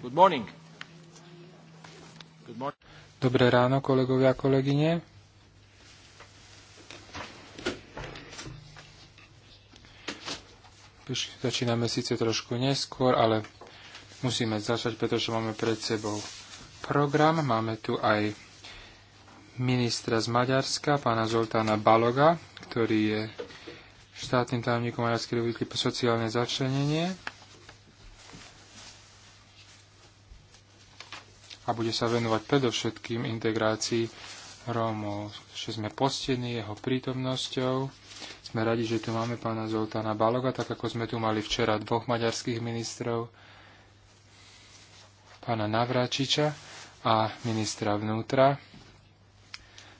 Good morning. Good morning. Dobré ráno, kolegovia a kolegyne. Začíname síce trošku neskôr, ale musíme začať, pretože máme pred sebou program. Máme tu aj ministra z Maďarska, pána Zoltána Baloga, ktorý je štátnym tajomníkom Maďarskej republiky pre sociálne začlenenie a bude sa venovať predovšetkým integrácii Rómov, že sme postení jeho prítomnosťou. Sme radi, že tu máme pána Zoltána Baloga, tak ako sme tu mali včera dvoch maďarských ministrov, pána Navračiča a ministra vnútra.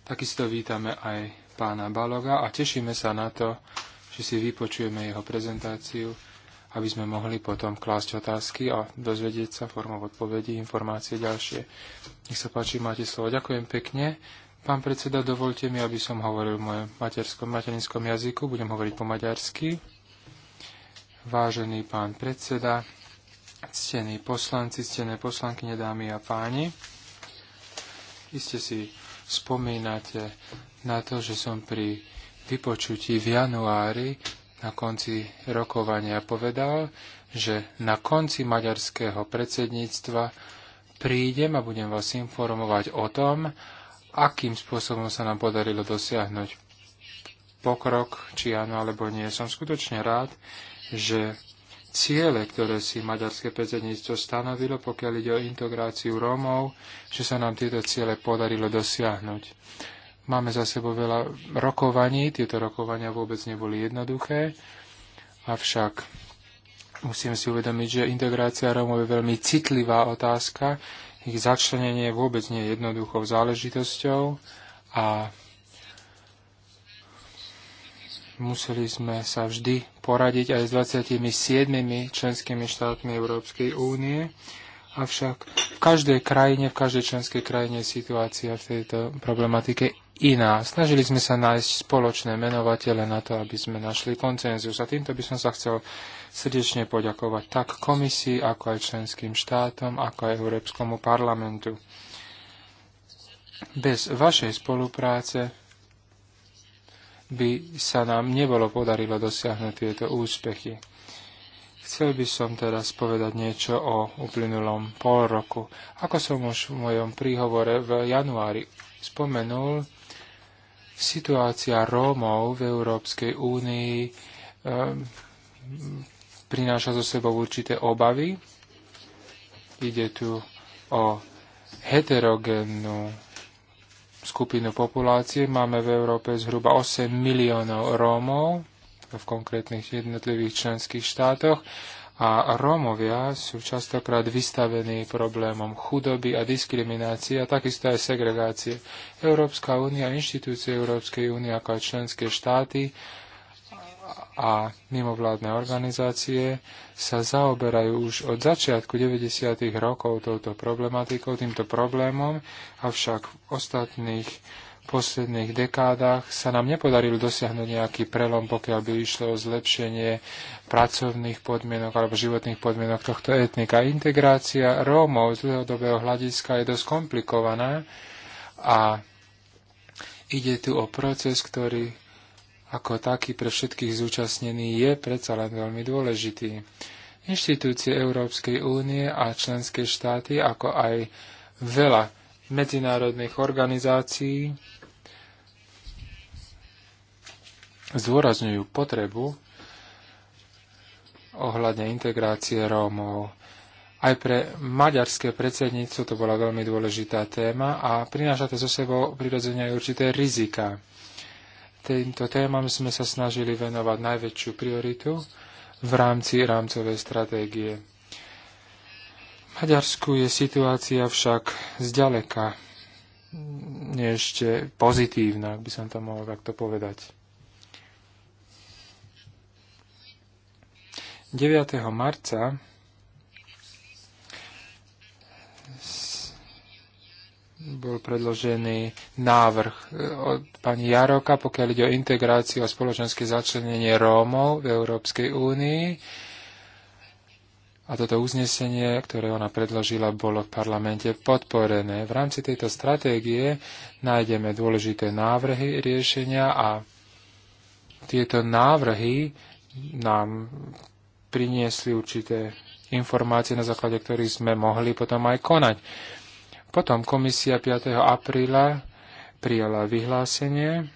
Takisto vítame aj pána Baloga a tešíme sa na to, že si vypočujeme jeho prezentáciu aby sme mohli potom klásť otázky a dozvedieť sa formou odpovedí, informácie ďalšie. Nech sa páči, máte slovo. Ďakujem pekne. Pán predseda, dovolte mi, aby som hovoril v mojom materskom, materinskom jazyku. Budem hovoriť po maďarsky. Vážený pán predseda, ctení poslanci, ctené poslankyne, dámy a páni, iste si spomínate na to, že som pri vypočutí v januári na konci rokovania povedal, že na konci maďarského predsedníctva prídem a budem vás informovať o tom, akým spôsobom sa nám podarilo dosiahnuť pokrok, či áno alebo nie. Som skutočne rád, že ciele, ktoré si maďarské predsedníctvo stanovilo, pokiaľ ide o integráciu Rómov, že sa nám tieto ciele podarilo dosiahnuť. Máme za sebou veľa rokovaní, tieto rokovania vôbec neboli jednoduché, avšak musíme si uvedomiť, že integrácia Rómov je veľmi citlivá otázka, ich začlenenie vôbec nie je jednoduchou záležitosťou a museli sme sa vždy poradiť aj s 27 členskými štátmi Európskej únie. Avšak v každej krajine, v každej členskej krajine je situácia v tejto problematike iná. Snažili sme sa nájsť spoločné menovatele na to, aby sme našli koncenzus. A týmto by som sa chcel srdečne poďakovať tak komisii, ako aj členským štátom, ako aj Európskomu parlamentu. Bez vašej spolupráce by sa nám nebolo podarilo dosiahnuť tieto úspechy. Chcel by som teraz povedať niečo o uplynulom pol roku. Ako som už v mojom príhovore v januári spomenul, Situácia Rómov v Európskej únii e, prináša zo sebou určité obavy. Ide tu o heterogénnu skupinu populácie. Máme v Európe zhruba 8 miliónov Rómov v konkrétnych jednotlivých členských štátoch a Rómovia sú častokrát vystavení problémom chudoby a diskriminácie a takisto aj segregácie. Európska únia, inštitúcie Európskej únie ako aj členské štáty a mimovládne organizácie sa zaoberajú už od začiatku 90. rokov touto problematikou, týmto problémom, avšak v ostatných posledných dekádach sa nám nepodarilo dosiahnuť nejaký prelom, pokiaľ by išlo o zlepšenie pracovných podmienok alebo životných podmienok tohto etnika. Integrácia Rómov z dlhodobého hľadiska je dosť komplikovaná a ide tu o proces, ktorý ako taký pre všetkých zúčastnený je predsa len veľmi dôležitý. Inštitúcie Európskej únie a členské štáty, ako aj veľa medzinárodných organizácií zdôrazňujú potrebu ohľadne integrácie Rómov. Aj pre maďarské predsedníctvo to bola veľmi dôležitá téma a prináša to so sebou prirodzene aj určité rizika. Týmto témam sme sa snažili venovať najväčšiu prioritu v rámci rámcovej stratégie. Maďarsku je situácia však zďaleka nie ešte pozitívna, ak by som to mohol takto povedať. 9. marca bol predložený návrh e, od pani Jaroka, pokiaľ ide o integráciu a spoločenské začlenenie Rómov v Európskej únii a toto uznesenie, ktoré ona predložila, bolo v parlamente podporené. V rámci tejto stratégie nájdeme dôležité návrhy riešenia a tieto návrhy nám priniesli určité informácie, na základe ktorých sme mohli potom aj konať. Potom komisia 5. apríla prijala vyhlásenie,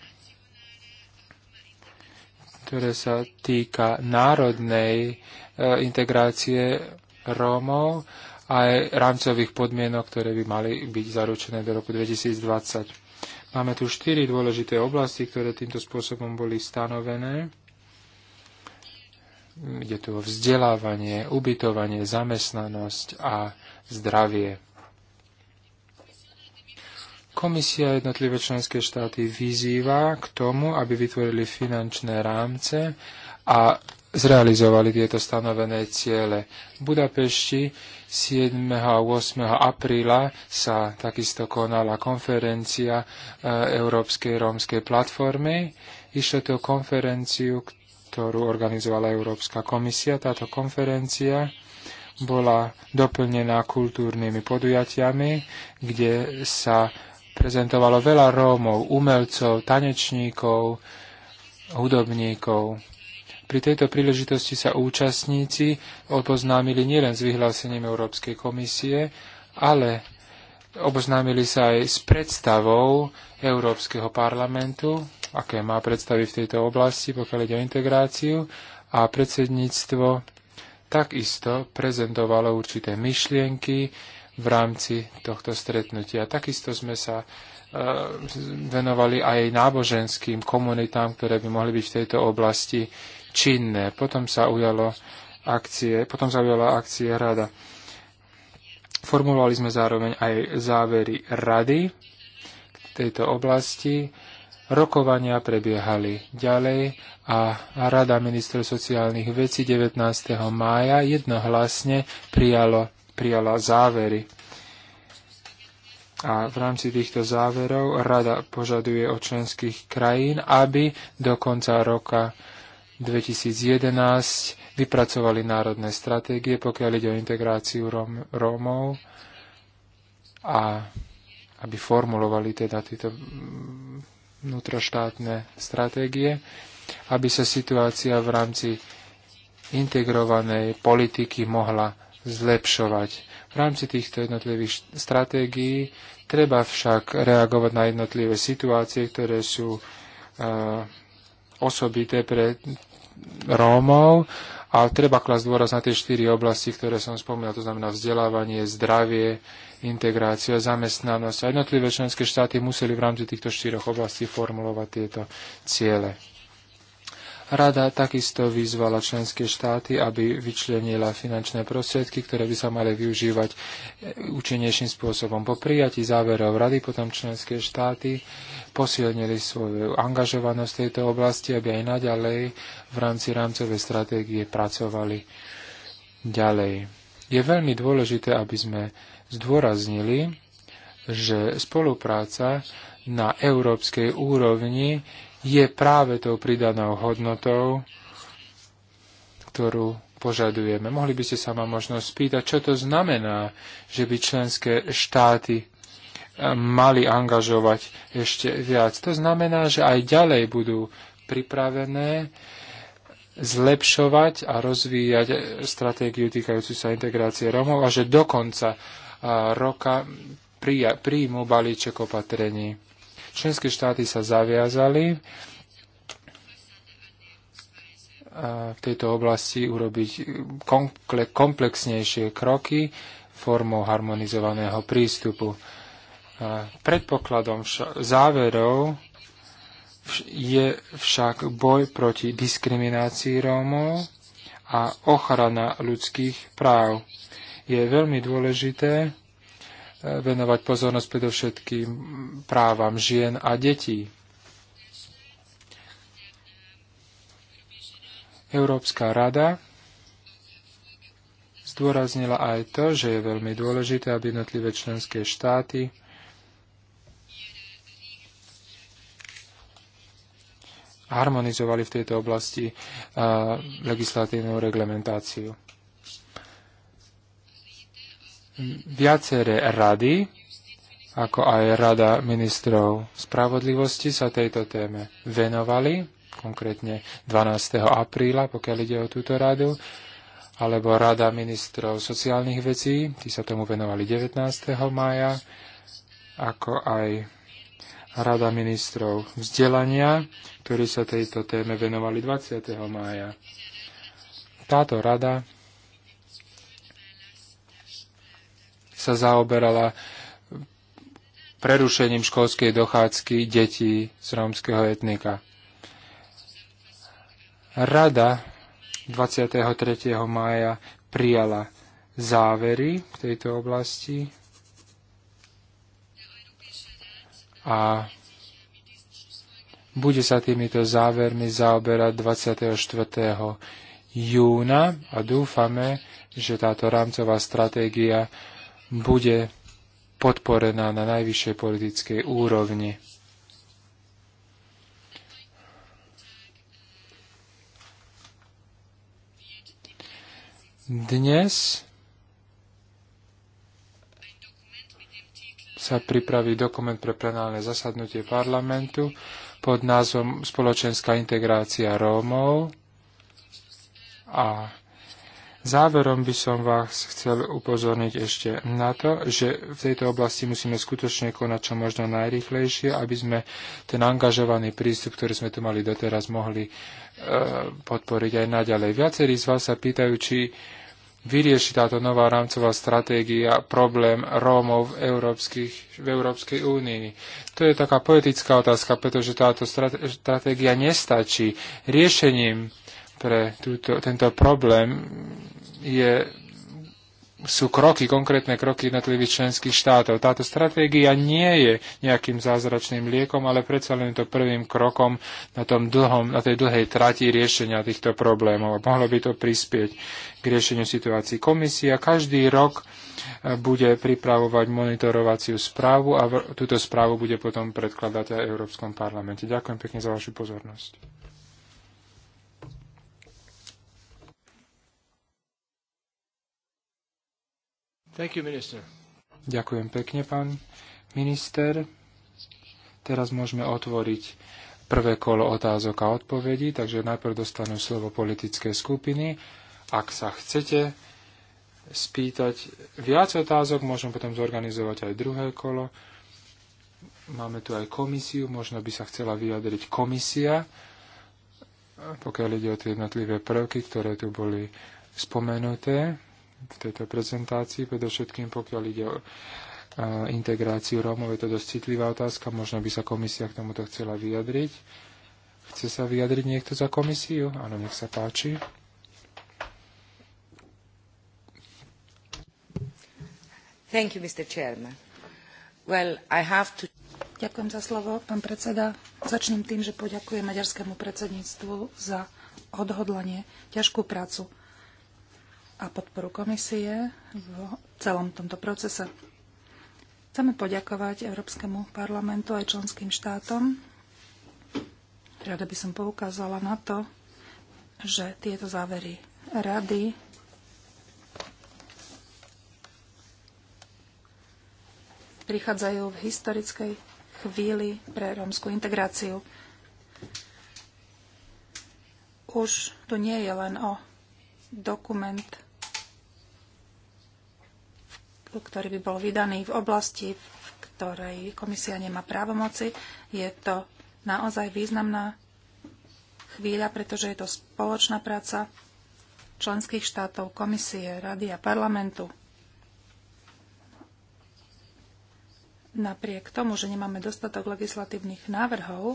ktoré sa týka národnej Eh, integrácie Rómov a aj rámcových podmienok, ktoré by mali byť zaručené do roku 2020. Máme tu štyri dôležité oblasti, ktoré týmto spôsobom boli stanovené. Ide tu o vzdelávanie, ubytovanie, zamestnanosť a zdravie. Komisia jednotlivé členské štáty vyzýva k tomu, aby vytvorili finančné rámce a zrealizovali tieto stanovené ciele. V Budapešti 7. a 8. apríla sa takisto konala konferencia e, Európskej rómskej platformy. Išlo to konferenciu, ktorú organizovala Európska komisia. Táto konferencia bola doplnená kultúrnymi podujatiami, kde sa prezentovalo veľa Rómov, umelcov, tanečníkov, hudobníkov. Pri tejto príležitosti sa účastníci oboznámili nielen s vyhlásením Európskej komisie, ale oboznámili sa aj s predstavou Európskeho parlamentu, aké má predstavy v tejto oblasti, pokiaľ ide o integráciu, a predsedníctvo takisto prezentovalo určité myšlienky v rámci tohto stretnutia. Takisto sme sa eh, venovali aj náboženským komunitám, ktoré by mohli byť v tejto oblasti činné. Potom sa ujalo akcie, potom zaujala akcie rada. Formulovali sme zároveň aj závery rady k tejto oblasti. Rokovania prebiehali ďalej a Rada ministrov sociálnych vecí 19. mája jednohlasne prijalo, prijala závery. A v rámci týchto záverov Rada požaduje od členských krajín, aby do konca roka 2011 vypracovali národné stratégie, pokiaľ ide o integráciu Róm, Rómov a aby formulovali teda tieto mm, vnútroštátne stratégie, aby sa situácia v rámci integrovanej politiky mohla zlepšovať. V rámci týchto jednotlivých stratégií treba však reagovať na jednotlivé situácie, ktoré sú eh, osobité pre Rómov a treba klasť dôraz na tie štyri oblasti, ktoré som spomínal, to znamená vzdelávanie, zdravie, integrácia, zamestnanosť. A jednotlivé členské štáty museli v rámci týchto štyroch oblastí formulovať tieto ciele. Rada takisto vyzvala členské štáty, aby vyčlenila finančné prostriedky, ktoré by sa mali využívať e, účinnejším spôsobom. Po prijatí záverov Rady potom členské štáty posilnili svoju angažovanosť v tejto oblasti, aby aj naďalej v rámci rámcovej stratégie pracovali ďalej. Je veľmi dôležité, aby sme zdôraznili, že spolupráca na európskej úrovni je práve tou pridanou hodnotou, ktorú požadujeme. Mohli by ste sa ma možno spýtať, čo to znamená, že by členské štáty eh, mali angažovať ešte viac. To znamená, že aj ďalej budú pripravené zlepšovať a rozvíjať eh, stratégiu týkajúcu sa integrácie Rómov a že do konca eh, roka príjmu balíček opatrení. Členské štáty sa zaviazali v tejto oblasti urobiť komplexnejšie kroky formou harmonizovaného prístupu. Predpokladom záverov je však boj proti diskriminácii Rómov a ochrana ľudských práv. Je veľmi dôležité, venovať pozornosť predovšetkým právam žien a detí. Európska rada zdôraznila aj to, že je veľmi dôležité, aby jednotlivé členské štáty harmonizovali v tejto oblasti uh, legislatívnu reglementáciu viaceré rady, ako aj Rada ministrov spravodlivosti sa tejto téme venovali, konkrétne 12. apríla, pokiaľ ide o túto radu, alebo Rada ministrov sociálnych vecí, tí sa tomu venovali 19. mája, ako aj Rada ministrov vzdelania, ktorí sa tejto téme venovali 20. mája. Táto rada sa zaoberala prerušením školskej dochádzky detí z rómskeho etnika. Rada 23. mája prijala závery v tejto oblasti a bude sa týmito závermi zaoberať 24. júna a dúfame, že táto rámcová stratégia bude podporená na najvyššej politickej úrovni. Dnes sa pripraví dokument pre plenálne zasadnutie parlamentu pod názvom Spoločenská integrácia Rómov a Záverom by som vás chcel upozorniť ešte na to, že v tejto oblasti musíme skutočne konať čo možno najrychlejšie, aby sme ten angažovaný prístup, ktorý sme tu mali doteraz, mohli e, podporiť aj naďalej. Viacerí z vás sa pýtajú, či vyrieši táto nová rámcová stratégia problém Rómov v, v Európskej únii. To je taká poetická otázka, pretože táto stratégia nestačí. Riešením pre túto, tento problém je, sú kroky, konkrétne kroky jednotlivých členských štátov. Táto stratégia nie je nejakým zázračným liekom, ale predsa len to prvým krokom na, tom dlhom, na tej dlhej trati riešenia týchto problémov. Mohlo by to prispieť k riešeniu situácií. Komisia každý rok e, bude pripravovať monitorovaciu správu a túto správu bude potom predkladať aj Európskom parlamente. Ďakujem pekne za vašu pozornosť. Ďakujem pekne, pán minister. Teraz môžeme otvoriť prvé kolo otázok a odpovedí, takže najprv dostanú slovo politické skupiny. Ak sa chcete spýtať viac otázok, môžem potom zorganizovať aj druhé kolo. Máme tu aj komisiu, možno by sa chcela vyjadriť komisia, pokiaľ ide o tie jednotlivé prvky, ktoré tu boli spomenuté v tejto prezentácii, predovšetkým pokiaľ ide o e, integráciu Rómov. Je to dosť citlivá otázka, možno by sa komisia k tomuto chcela vyjadriť. Chce sa vyjadriť niekto za komisiu? Áno, nech sa páči. Thank you, Mr. Chairman. Well, I have to... Ďakujem za slovo, pán predseda. Začnem tým, že poďakujem maďarskému predsedníctvu za odhodlanie, ťažkú prácu a podporu komisie v celom tomto procese. Chceme poďakovať Európskemu parlamentu aj členským štátom. Rada by som poukázala na to, že tieto závery rady prichádzajú v historickej chvíli pre rómskú integráciu. Už tu nie je len o dokument ktorý by bol vydaný v oblasti, v ktorej komisia nemá právomoci. Je to naozaj významná chvíľa, pretože je to spoločná práca členských štátov, komisie, rady a parlamentu. Napriek tomu, že nemáme dostatok legislatívnych návrhov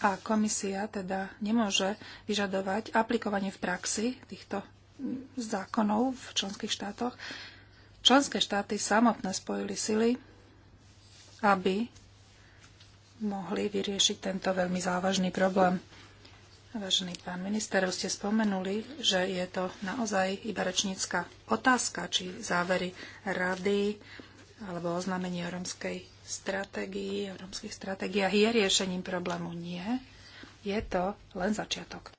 a komisia teda nemôže vyžadovať aplikovanie v praxi týchto zákonov v členských štátoch, členské štáty samotné spojili sily, aby mohli vyriešiť tento veľmi závažný problém. Vážený pán minister, ste spomenuli, že je to naozaj iba rečnícka otázka, či závery rady alebo oznámenie o romskej stratégii, o romských stratégiách je riešením problému. Nie, je to len začiatok.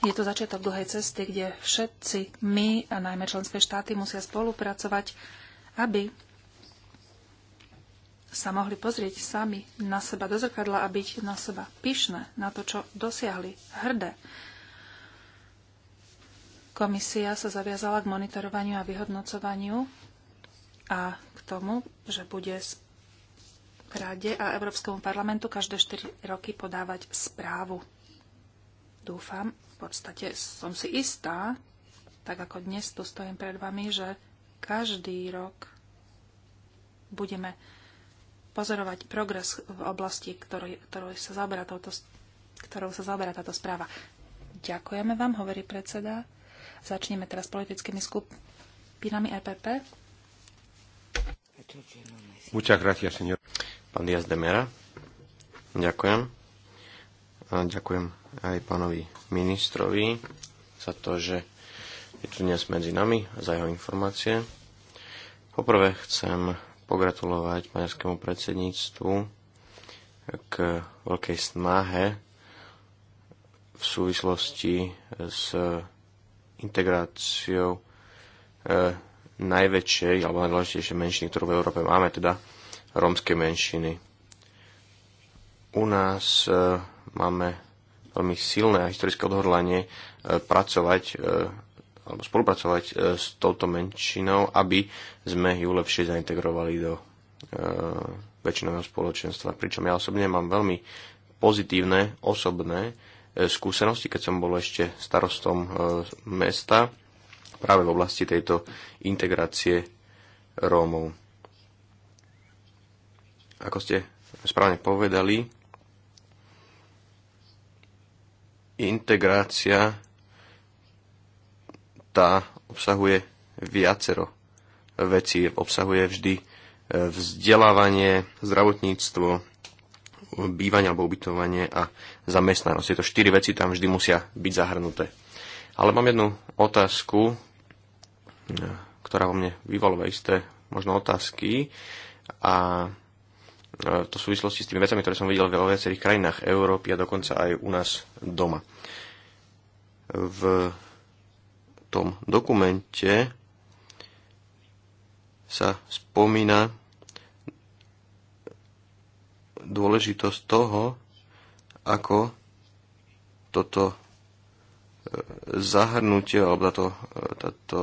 Je to začiatok dlhej cesty, kde všetci my a najmä členské štáty musia spolupracovať, aby sa mohli pozrieť sami na seba do zrkadla a byť na seba pyšné, na to, čo dosiahli, hrdé. Komisia sa zaviazala k monitorovaniu a vyhodnocovaniu a k tomu, že bude Rade a Európskemu parlamentu každé 4 roky podávať správu. Dúfam, podstate som si istá, tak ako dnes tu stojím pred vami, že každý rok budeme pozorovať progres v oblasti, ktorý, ktorou sa zaoberá touto, ktorou sa zaoberá táto správa. Ďakujeme vám, hovorí predseda. Začneme teraz politickými skupinami EPP. Muchas gracias, señor. Pán Diaz de Mera. Ďakujem. ďakujem aj pánovi ministrovi za to, že je tu dnes medzi nami a za jeho informácie. Poprvé chcem pogratulovať maďarskému predsedníctvu k veľkej snahe v súvislosti s integráciou e, najväčšej alebo najdôležitejšej menšiny, ktorú v Európe máme, teda rómskej menšiny. U nás e, máme veľmi silné a historické odhodlanie e, pracovať e, alebo spolupracovať e, s touto menšinou, aby sme ju lepšie zaintegrovali do väčšinového spoločenstva. Pričom ja osobne mám veľmi pozitívne osobné skúsenosti, keď som bol ešte starostom mesta práve v oblasti tejto integrácie Rómov. Ako ste správne povedali, integrácia tá obsahuje viacero vecí. Obsahuje vždy e, vzdelávanie, zdravotníctvo, bývanie alebo ubytovanie a zamestnanosť. Tieto štyri veci tam vždy musia byť zahrnuté. Ale mám jednu otázku, e, ktorá vo mne vyvalova isté možno otázky a E, to v súvislosti s tými vecami, ktoré som videl v viacerých krajinách Európy a dokonca aj u nás doma. V tom dokumente sa spomína dôležitosť toho, ako toto e, zahrnutie alebo táto, e, táto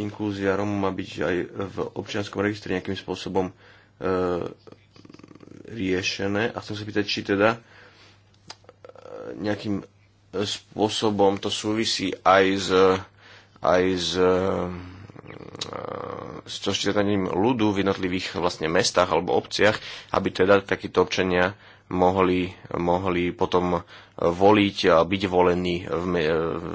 inklúzia Romov má byť aj v občianskom registri nejakým spôsobom e, riešené a chcem sa pýtať, či teda e, nejakým spôsobom to súvisí aj s, aj s, e, e, s čoštetaním ľudu v jednotlivých vlastne mestách alebo obciach, aby teda takíto občania mohli, mohli potom voliť a byť volení v, me, v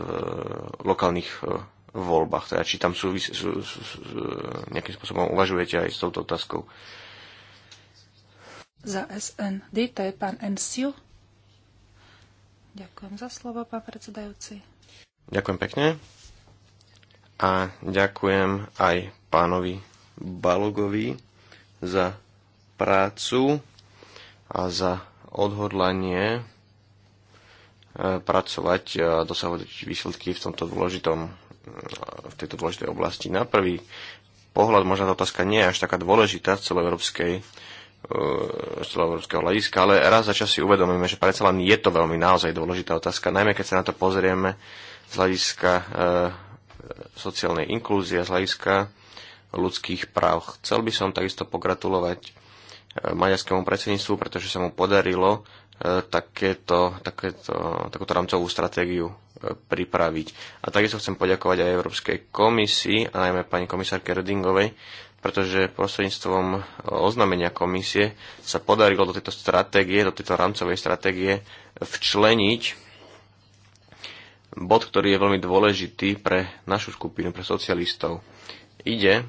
lokálnych voľbách. Teda či tam súvis, sú, sú, sú, nejakým spôsobom uvažujete aj s touto otázkou. Za SND to je pán Ensiu. Ďakujem za slovo, pán predsedajúci. Ďakujem pekne. A ďakujem aj pánovi Balogovi za prácu a za odhodlanie e, pracovať a dosahovať výsledky v tomto dôležitom, e, v tejto dôležitej oblasti. Na prvý pohľad možno tá otázka nie je až taká dôležitá v celoeurópskej európskej z e, celoeurópskeho hľadiska, ale raz za čas si uvedomíme, že predsa len je to veľmi naozaj dôležitá otázka, najmä keď sa na to pozrieme z hľadiska e, sociálnej inklúzie, z hľadiska ľudských práv. Chcel by som takisto pogratulovať e, maďarskému predsedníctvu, pretože sa mu podarilo e, takéto, takéto, takúto rámcovú stratégiu e, pripraviť. A takisto chcem poďakovať aj Európskej komisii, a najmä pani komisárke Redingovej, pretože prostredníctvom e, oznámenia komisie sa podarilo do tejto stratégie, do tejto rámcovej stratégie včleniť bod, ktorý je veľmi dôležitý pre našu skupinu, pre socialistov. Ide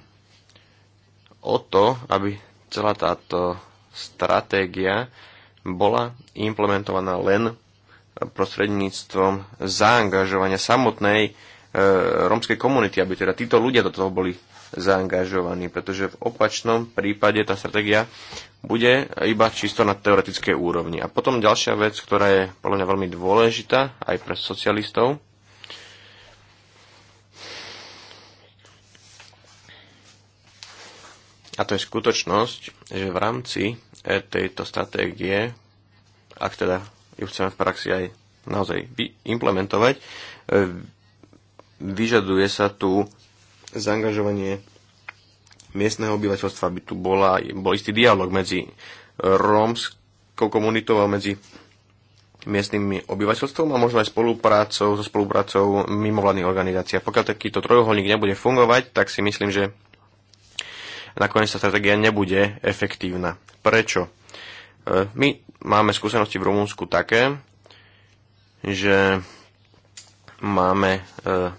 o to, aby celá táto stratégia bola implementovaná len prostredníctvom zaangažovania samotnej e, rómskej komunity, aby teda títo ľudia do toho boli zaangažovaní, pretože v opačnom prípade tá stratégia bude iba čisto na teoretickej úrovni. A potom ďalšia vec, ktorá je podľa mňa veľmi dôležitá aj pre socialistov, A to je skutočnosť, že v rámci e, tejto stratégie, ak teda ju chceme v praxi aj naozaj implementovať, e, vyžaduje sa tu zaangažovanie miestneho obyvateľstva, aby tu bola, bol istý dialog medzi rómskou komunitou a medzi miestnym obyvateľstvom a možno aj spoluprácou so spoluprácou mimovládnych organizácií. A pokiaľ takýto trojuholník nebude fungovať, tak si myslím, že nakoniec tá stratégia nebude efektívna. Prečo? E, my máme skúsenosti v Rumunsku také, že máme e,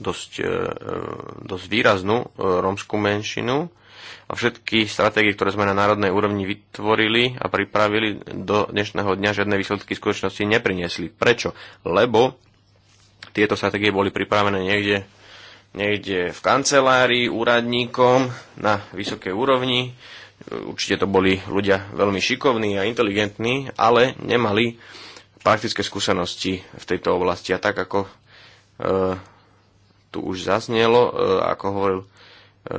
dosť, e, e, dosť výraznú e, rómskú menšinu a všetky stratégie, ktoré sme na národnej úrovni vytvorili a pripravili do dnešného dňa, žiadne výsledky v skutočnosti nepriniesli. Prečo? Lebo tieto stratégie boli pripravené niekde, niekde v kancelárii úradníkom na vysokej úrovni. Určite to boli ľudia veľmi šikovní a inteligentní, ale nemali praktické skúsenosti v tejto oblasti. A tak ako e, tu už zaznelo, e, ako hovoril e,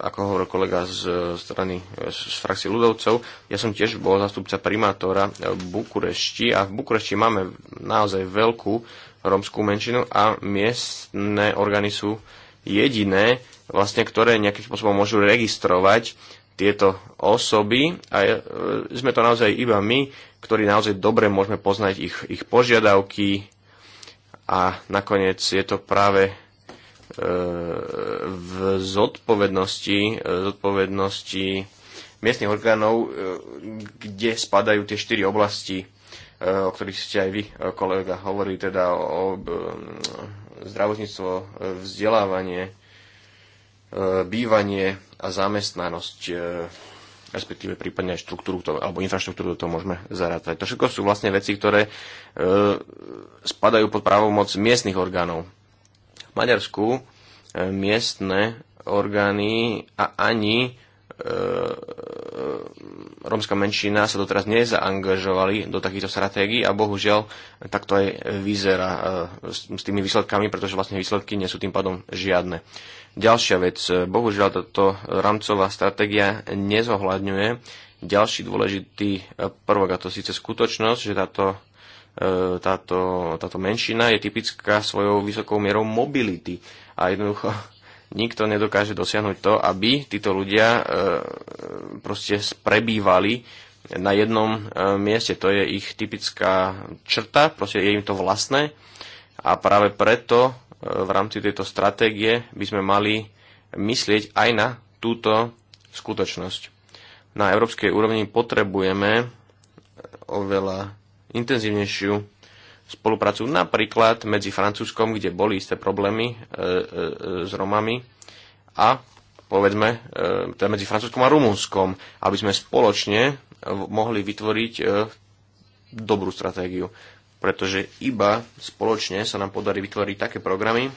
ako hovoril kolega z e, strany, z frakcie ľudovcov. Ja som tiež bol zastupca primátora v Bukurešti a v Bukurešti máme naozaj veľkú rómskú menšinu a miestne orgány sú jediné, vlastne, ktoré nejakým spôsobom môžu registrovať tieto osoby a sme to naozaj iba my, ktorí naozaj dobre môžeme poznať ich, ich požiadavky a nakoniec je to práve v zodpovednosti, e, zodpovednosti miestnych orgánov, e, kde spadajú tie štyri oblasti, e, o ktorých ste aj vy, kolega, hovorili, teda o zdravotníctvo, vzdelávanie, bývanie a zamestnanosť, respektíve prípadne aj štruktúru to, alebo infraštruktúru to toho môžeme zarátať. To všetko sú vlastne veci, ktoré spadajú pod právomoc miestnych orgánov Maďarsku e, miestne orgány a ani e, e, rómska menšina sa doteraz nezaangažovali do takýchto stratégií a bohužiaľ takto aj vyzerá e, s, s tými výsledkami, pretože vlastne výsledky nie sú tým pádom žiadne. Ďalšia vec, bohužiaľ táto rámcová stratégia nezohľadňuje ďalší dôležitý prvok a to síce skutočnosť, že táto E, táto, táto menšina je typická svojou vysokou mierou mobility. A jednoducho nikto nedokáže dosiahnuť to, aby títo ľudia e, proste prebývali na jednom e, mieste. To je ich typická črta, proste je im to vlastné. A práve preto v rámci tejto stratégie by sme mali myslieť aj na túto skutočnosť. Na európskej úrovni potrebujeme oveľa intenzívnejšiu spoluprácu napríklad medzi Francúzskom, kde boli isté problémy e, e, e, s Romami a povedzme, e, teda medzi Francúzskom a Rumunskom, aby sme spoločne mohli vytvoriť e, dobrú stratégiu. Pretože iba spoločne sa nám podarí vytvoriť také programy,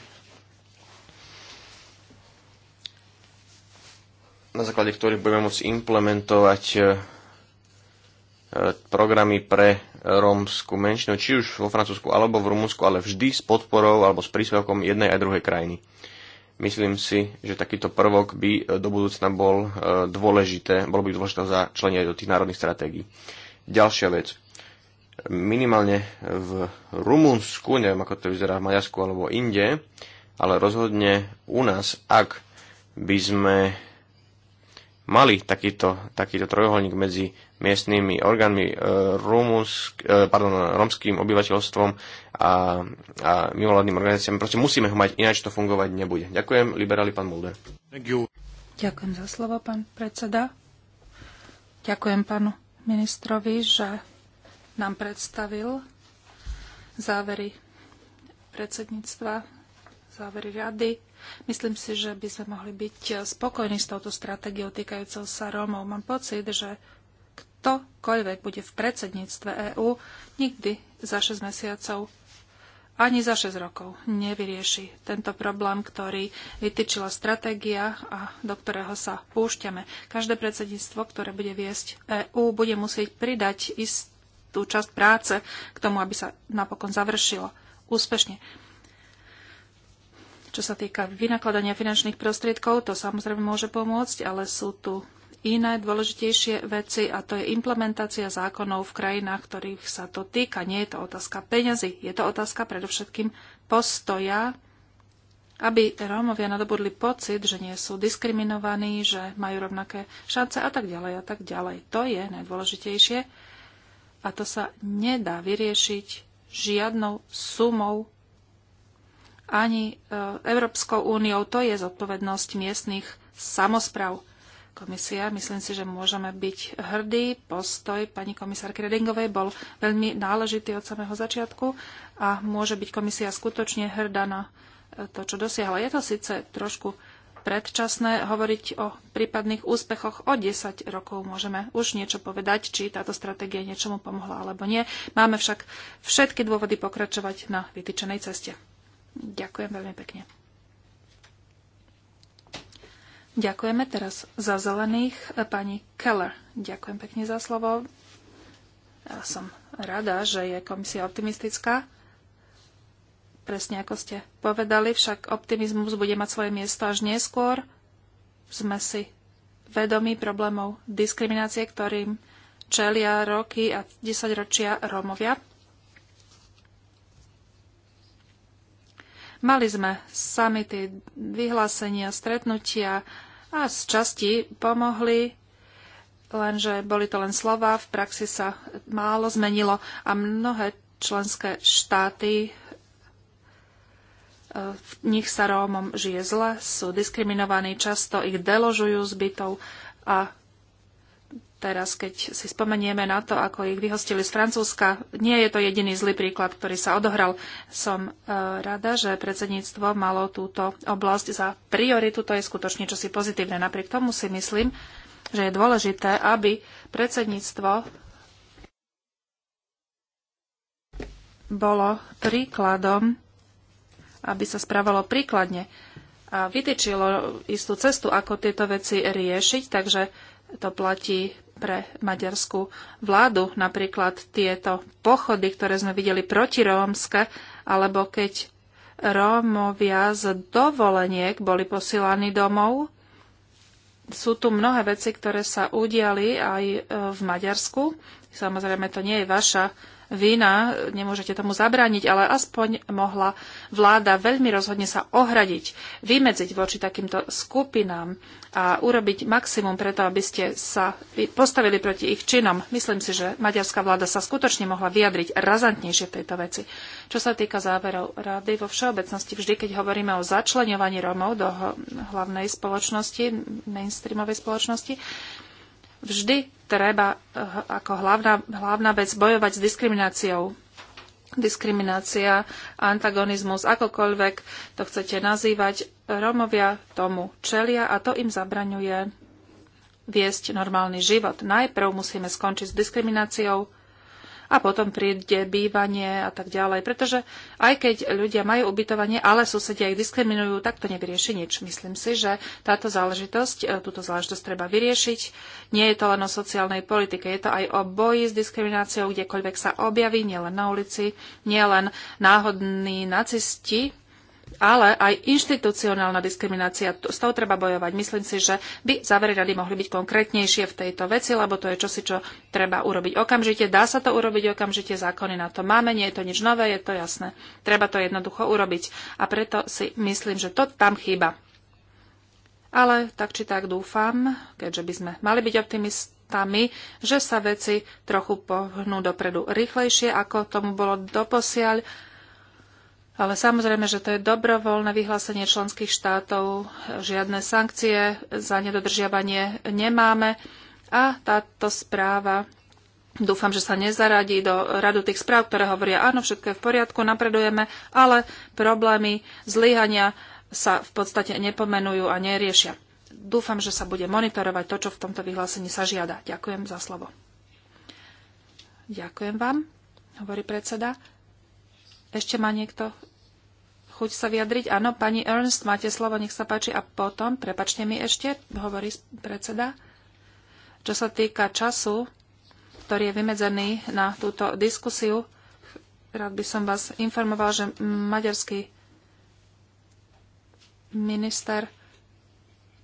na základe ktorých budeme môcť implementovať e, e, programy pre rómsku menšinu, či už vo Francúzsku alebo v Rumunsku, ale vždy s podporou alebo s príspevkom jednej aj druhej krajiny. Myslím si, že takýto prvok by e, do budúcna bol e, dôležité, bolo by dôležité členie do tých národných stratégií. Ďalšia vec. Minimálne v Rumunsku, neviem ako to vyzerá v Maďarsku alebo inde, ale rozhodne u nás, ak by sme mali takýto, takýto trojuholník medzi miestnymi orgánmi, e, rumúnsk, e, pardon, romským obyvateľstvom a, a mimovládnym organizáciám. Proste musíme ho mať, ináč to fungovať nebude. Ďakujem, liberáli pán Mulder. Ďakujem za slovo, pán predseda. Ďakujem pánu ministrovi, že nám predstavil závery predsedníctva, závery rady Myslím si, že by sme mohli byť spokojní s touto stratégiou týkajúcou sa Rómov. Mám pocit, že ktokoľvek bude v predsedníctve EÚ, nikdy za 6 mesiacov ani za 6 rokov nevyrieši tento problém, ktorý vytýčila stratégia a do ktorého sa púšťame. Každé predsedníctvo, ktoré bude viesť EÚ, bude musieť pridať istú časť práce k tomu, aby sa napokon završilo úspešne. Čo sa týka vynakladania finančných prostriedkov, to samozrejme môže pomôcť, ale sú tu iné dôležitejšie veci a to je implementácia zákonov v krajinách, ktorých sa to týka. Nie je to otázka peňazí, je to otázka predovšetkým postoja, aby Rómovia nadobudli pocit, že nie sú diskriminovaní, že majú rovnaké šance a tak ďalej a tak ďalej. To je najdôležitejšie a to sa nedá vyriešiť žiadnou sumou ani e, Európskou úniou. To je zodpovednosť miestnych samospráv. Komisia, myslím si, že môžeme byť hrdí. Postoj pani komisárky Redingovej bol veľmi náležitý od samého začiatku a môže byť komisia skutočne hrdá na e, to, čo dosiahla. Je to síce trošku predčasné hovoriť o prípadných úspechoch. O 10 rokov môžeme už niečo povedať, či táto stratégia niečomu pomohla alebo nie. Máme však všetky dôvody pokračovať na vytýčenej ceste. Ďakujem veľmi pekne. Ďakujeme teraz za zelených e, pani Keller. Ďakujem pekne za slovo. Ja som rada, že je komisia optimistická. Presne ako ste povedali, však optimizmus bude mať svoje miesto až neskôr. Sme si vedomí problémov diskriminácie, ktorým čelia roky a desaťročia Rómovia. Mali sme samity, vyhlásenia, stretnutia a z časti pomohli, lenže boli to len slova, v praxi sa málo zmenilo a mnohé členské štáty e, v nich sa Rómom žije zle, sú diskriminovaní, často ich deložujú z bytov a teraz, keď si spomenieme na to, ako ich vyhostili z Francúzska, nie je to jediný zlý príklad, ktorý sa odohral. Som e, rada, že predsedníctvo malo túto oblasť za prioritu. To je skutočne čosi pozitívne. Napriek tomu si myslím, že je dôležité, aby predsedníctvo bolo príkladom, aby sa správalo príkladne a vytýčilo istú cestu, ako tieto veci riešiť, takže to platí pre maďarskú vládu. Napríklad tieto pochody, ktoré sme videli proti Rómske, alebo keď Rómovia z dovoleniek boli posielaní domov. Sú tu mnohé veci, ktoré sa udiali aj e, v Maďarsku. Samozrejme, to nie je vaša vina, nemôžete tomu zabrániť, ale aspoň mohla vláda veľmi rozhodne sa ohradiť, vymedziť voči takýmto skupinám a urobiť maximum preto, aby ste sa postavili proti ich činom. Myslím si, že maďarská vláda sa skutočne mohla vyjadriť razantnejšie v tejto veci. Čo sa týka záverov rady, vo všeobecnosti vždy, keď hovoríme o začlenovaní Romov do hlavnej spoločnosti, mainstreamovej spoločnosti, Vždy treba eh, ako hlavná, hlavná vec bojovať s diskrimináciou. Diskriminácia, antagonizmus, akokoľvek to chcete nazývať, Romovia tomu čelia a to im zabraňuje viesť normálny život. Najprv musíme skončiť s diskrimináciou, a potom príde bývanie a tak ďalej. Pretože aj keď ľudia majú ubytovanie, ale susedia ich diskriminujú, tak to nevyrieši nič. Myslím si, že táto záležitosť, e, túto záležitosť treba vyriešiť. Nie je to len o sociálnej politike, je to aj o boji s diskrimináciou, kdekoľvek sa objaví, nielen na ulici, nielen náhodní nacisti, ale aj inštitucionálna diskriminácia. S tou treba bojovať. Myslím si, že by závery rady mohli byť konkrétnejšie v tejto veci, lebo to je čosi, čo treba urobiť okamžite. Dá sa to urobiť okamžite, zákony na to máme, nie je to nič nové, je to jasné. Treba to jednoducho urobiť. A preto si myslím, že to tam chýba. Ale tak či tak dúfam, keďže by sme mali byť optimistami, že sa veci trochu pohnú dopredu rýchlejšie, ako tomu bolo doposiaľ ale samozrejme, že to je dobrovoľné vyhlásenie členských štátov, žiadne sankcie za nedodržiavanie nemáme a táto správa dúfam, že sa nezaradí do radu tých správ, ktoré hovoria, áno, všetko je v poriadku, napredujeme, ale problémy zlyhania sa v podstate nepomenujú a neriešia. Dúfam, že sa bude monitorovať to, čo v tomto vyhlásení sa žiada. Ďakujem za slovo. Ďakujem vám, hovorí predseda. Ešte má niekto chuť sa vyjadriť? Áno, pani Ernst, máte slovo, nech sa páči. A potom, prepačte mi ešte, hovorí predseda, čo sa týka času, ktorý je vymedzený na túto diskusiu, rád by som vás informoval, že maďarský minister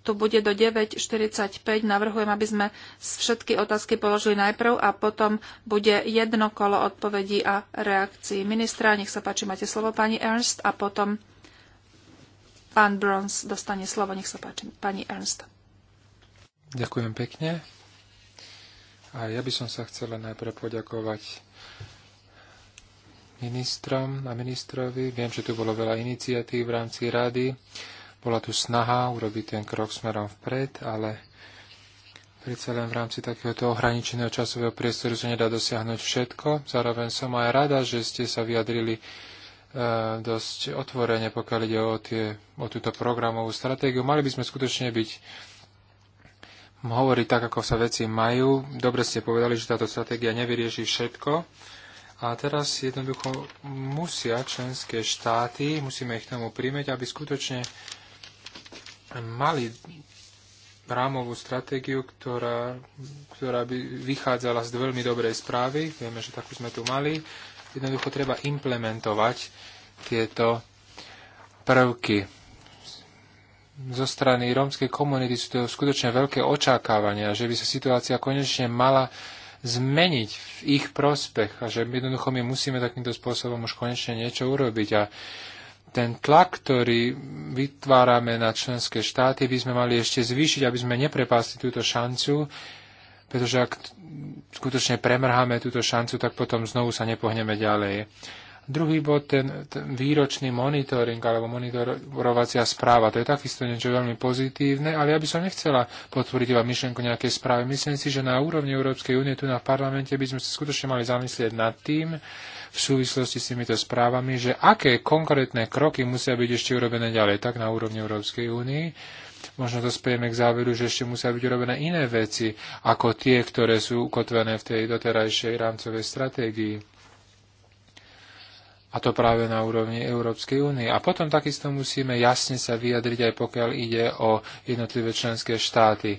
tu bude do 9.45. Navrhujem, aby sme všetky otázky položili najprv a potom bude jedno kolo odpovedí a reakcií ministra. Nech sa páči, máte slovo, pani Ernst, a potom pán Brons dostane slovo. Nech sa páči, pani Ernst. Ďakujem pekne. A ja by som sa chcela najprv poďakovať ministrom a ministrovi. Viem, že tu bolo veľa iniciatív v rámci rady bola tu snaha urobiť ten krok smerom vpred, ale predsa len v rámci takéhoto ohraničeného časového priestoru sa nedá dosiahnuť všetko. Zároveň som aj rada, že ste sa vyjadrili e, dosť otvorene, pokiaľ ide o, tie, o túto programovú stratégiu. Mali by sme skutočne byť hovoriť tak, ako sa veci majú. Dobre ste povedali, že táto stratégia nevyrieši všetko. A teraz jednoducho musia členské štáty, musíme ich tomu prímeť, aby skutočne mali rámovú stratégiu, ktorá, ktorá by vychádzala z veľmi dobrej správy. Vieme, že takú sme tu mali. Jednoducho treba implementovať tieto prvky. Zo strany rómskej komunity sú to skutočne veľké očakávania, že by sa situácia konečne mala zmeniť v ich prospech a že jednoducho my musíme takýmto spôsobom už konečne niečo urobiť. A ten tlak, ktorý vytvárame na členské štáty, by sme mali ešte zvýšiť, aby sme neprepásli túto šancu, pretože ak skutočne premrháme túto šancu, tak potom znovu sa nepohneme ďalej. Druhý bod, ten, ten výročný monitoring alebo monitorovacia správa, to je takisto niečo veľmi pozitívne, ale ja by som nechcela potvrdiť iba myšlenku nejakej správy. Myslím si, že na úrovni Európskej únie tu na parlamente by sme sa skutočne mali zamyslieť nad tým, v súvislosti s týmito správami, že aké konkrétne kroky musia byť ešte urobené ďalej, tak na úrovni Európskej únie. Možno to spejeme k záveru, že ešte musia byť urobené iné veci, ako tie, ktoré sú ukotvené v tej doterajšej rámcovej stratégii. A to práve na úrovni Európskej únie. A potom takisto musíme jasne sa vyjadriť aj pokiaľ ide o jednotlivé členské štáty.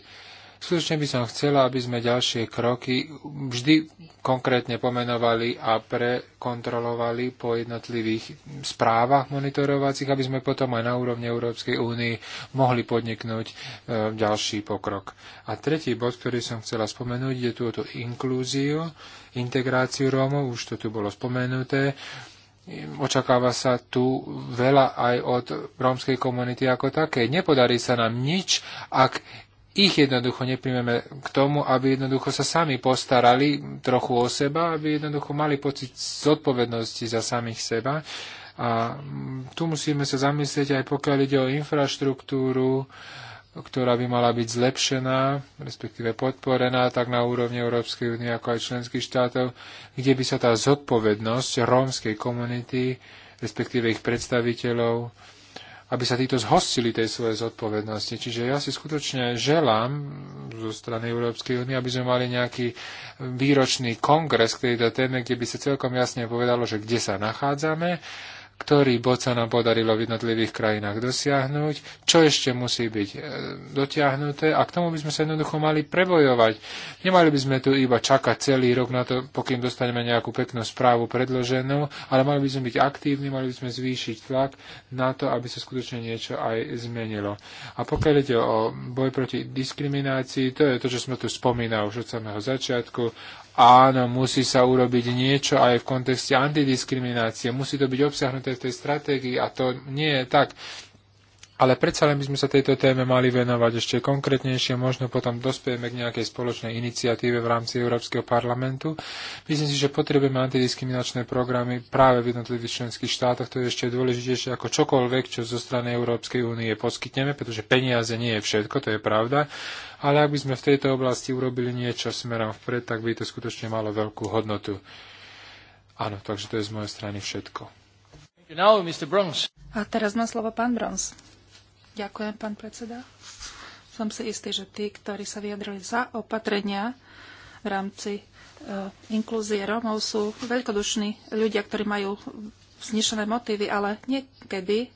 Skutočne by som chcela, aby sme ďalšie kroky vždy konkrétne pomenovali a prekontrolovali po jednotlivých správach monitorovacích, aby sme potom aj na úrovni Európskej únie mohli podniknúť e, ďalší pokrok. A tretí bod, ktorý som chcela spomenúť, je túto inklúziu, integráciu Rómov, už to tu bolo spomenuté očakáva sa tu veľa aj od rómskej komunity ako také. Nepodarí sa nám nič, ak ich jednoducho neprimeme k tomu, aby jednoducho sa sami postarali trochu o seba, aby jednoducho mali pocit zodpovednosti za samých seba. A tu musíme sa zamyslieť aj pokiaľ ide o infraštruktúru, uh, ktorá by mala byť zlepšená, respektíve podporená tak na úrovni Európskej únie ako aj členských štátov, kde by sa tá zodpovednosť rómskej komunity, respektíve ich predstaviteľov, aby sa títo zhostili tej svojej zodpovednosti. Čiže ja si skutočne želám zo strany Európskej únie, aby sme mali nejaký výročný kongres k tejto téme, kde by sa celkom jasne povedalo, že kde sa nachádzame ktorý bod sa nám podarilo v jednotlivých krajinách dosiahnuť, čo ešte musí byť e, dotiahnuté a k tomu by sme sa jednoducho mali prebojovať. Nemali by sme tu iba čakať celý rok na to, pokým dostaneme nejakú peknú správu predloženú, ale mali by sme byť aktívni, mali by sme zvýšiť tlak na to, aby sa skutočne niečo aj zmenilo. A pokiaľ ide o boj proti diskriminácii, to je to, čo sme tu spomínali už od samého začiatku áno, musí sa urobiť niečo aj v kontexte antidiskriminácie. Musí to byť obsiahnuté v tej stratégii a to nie je tak. Ale predsa len by sme sa tejto téme mali venovať ešte konkrétnejšie, možno potom dospieme k nejakej spoločnej iniciatíve v rámci Európskeho parlamentu. Myslím si, že potrebujeme antidiskriminačné programy práve v jednotlivých členských štátoch, to je ešte dôležitejšie ako čokoľvek, čo zo strany Európskej únie poskytneme, pretože peniaze nie je všetko, to je pravda, ale ak by sme v tejto oblasti urobili niečo smerom vpred, tak by to skutočne malo veľkú hodnotu. Áno, takže to je z mojej strany všetko. A teraz má slovo pán Brons. Ďakujem, pán predseda. Som si istý, že tí, ktorí sa vyjadrili za opatrenia v rámci e, inklúzie Rómov, sú veľkodušní ľudia, ktorí majú znišené motívy, ale niekedy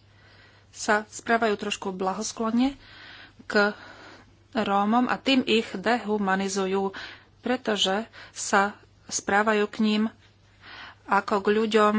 sa správajú trošku blahosklonne k Rómom a tým ich dehumanizujú, pretože sa správajú k ním ako k ľuďom,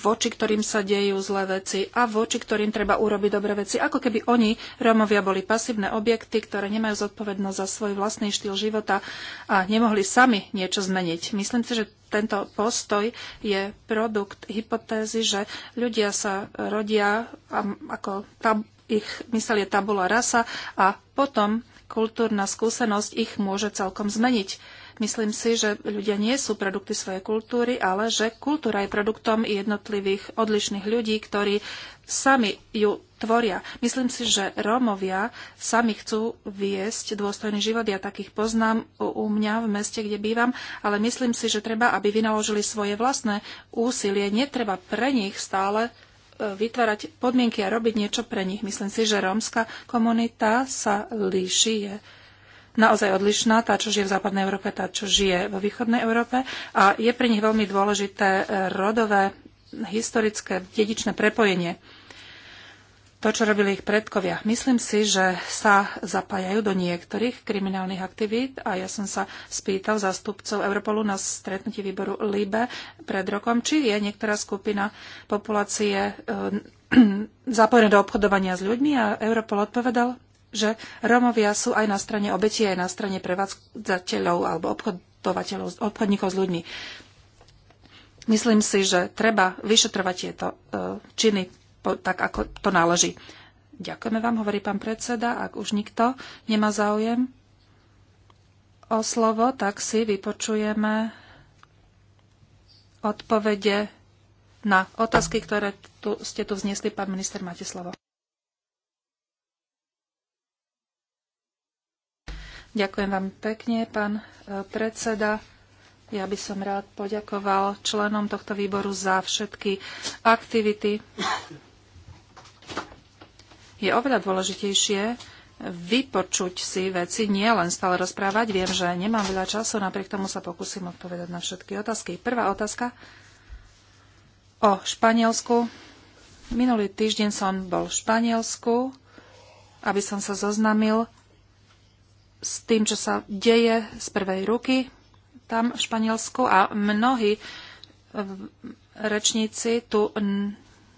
voči ktorým sa dejú zlé veci a voči ktorým treba urobiť dobré veci. Ako keby oni, Rómovia, boli pasívne objekty, ktoré nemajú zodpovednosť za svoj vlastný štýl života a nemohli sami niečo zmeniť. Myslím si, že tento postoj je produkt hypotézy, že ľudia sa rodia a ako tab- ich mysel je tabula rasa a potom kultúrna skúsenosť ich môže celkom zmeniť Myslím si, že ľudia nie sú produkty svojej kultúry, ale že kultúra je produktom jednotlivých odlišných ľudí, ktorí sami ju tvoria. Myslím si, že Rómovia sami chcú viesť dôstojný život. Ja takých poznám u mňa v meste, kde bývam, ale myslím si, že treba, aby vynaložili svoje vlastné úsilie. Netreba pre nich stále e, vytvárať podmienky a robiť niečo pre nich. Myslím si, že rómska komunita sa líši, je naozaj odlišná, tá, čo žije v západnej Európe, tá, čo žije vo východnej Európe. A je pre nich veľmi dôležité eh, rodové, historické, dedičné prepojenie. To, čo robili ich predkovia. Myslím si, že sa zapájajú do niektorých kriminálnych aktivít a ja som sa spýtal zástupcov Europolu na stretnutí výboru LIBE pred rokom, či je niektorá skupina populácie eh, zapojená do obchodovania s ľuďmi a Europol odpovedal, že Romovia sú aj na strane obetí, aj na strane prevádzateľov alebo obchodovateľov, obchodníkov s ľuďmi. Myslím si, že treba vyšetrovať tieto e, činy tak, ako to náleží. Ďakujeme vám, hovorí pán predseda. Ak už nikto nemá záujem o slovo, tak si vypočujeme odpovede na otázky, ktoré tu, ste tu vznesli. Pán minister, máte slovo. Ďakujem vám pekne, pán e, predseda. Ja by som rád poďakoval členom tohto výboru za všetky aktivity. Je oveľa dôležitejšie vypočuť si veci, nie len stále rozprávať. Viem, že nemám veľa času, napriek tomu sa pokúsim odpovedať na všetky otázky. Prvá otázka o Španielsku. Minulý týždeň som bol v Španielsku, aby som sa zoznamil s tým, čo sa deje z prvej ruky tam v Španielsku a mnohí eh, rečníci tu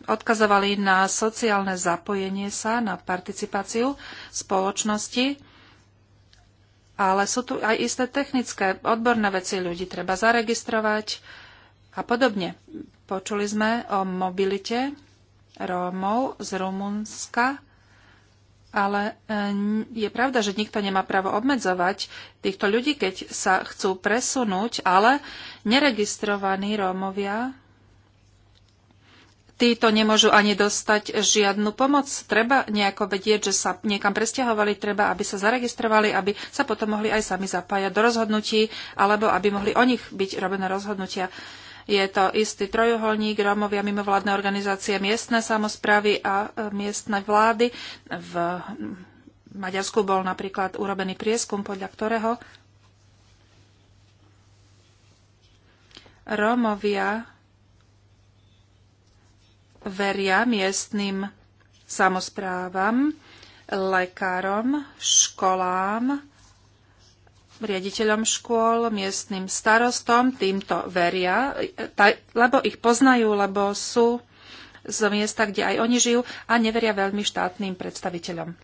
odkazovali na sociálne zapojenie sa, na participáciu spoločnosti, ale sú tu aj isté technické, odborné veci ľudí treba zaregistrovať a podobne. Počuli sme o mobilite Rómov z Rumunska ale e, je pravda, že nikto nemá právo obmedzovať týchto ľudí, keď sa chcú presunúť, ale neregistrovaní Rómovia títo nemôžu ani dostať žiadnu pomoc. Treba nejako vedieť, že sa niekam presťahovali, treba, aby sa zaregistrovali, aby sa potom mohli aj sami zapájať do rozhodnutí, alebo aby mohli o nich byť robené rozhodnutia. Je to istý trojuholník Rómovia, mimovládne organizácie, miestne samozpravy a e, miestne vlády. V Maďarsku bol napríklad urobený prieskum, podľa ktorého Rómovia veria miestnym samozprávam, lekárom, školám, riaditeľom škôl, miestnym starostom, týmto veria, lebo ich poznajú, lebo sú z miesta, kde aj oni žijú a neveria veľmi štátnym predstaviteľom.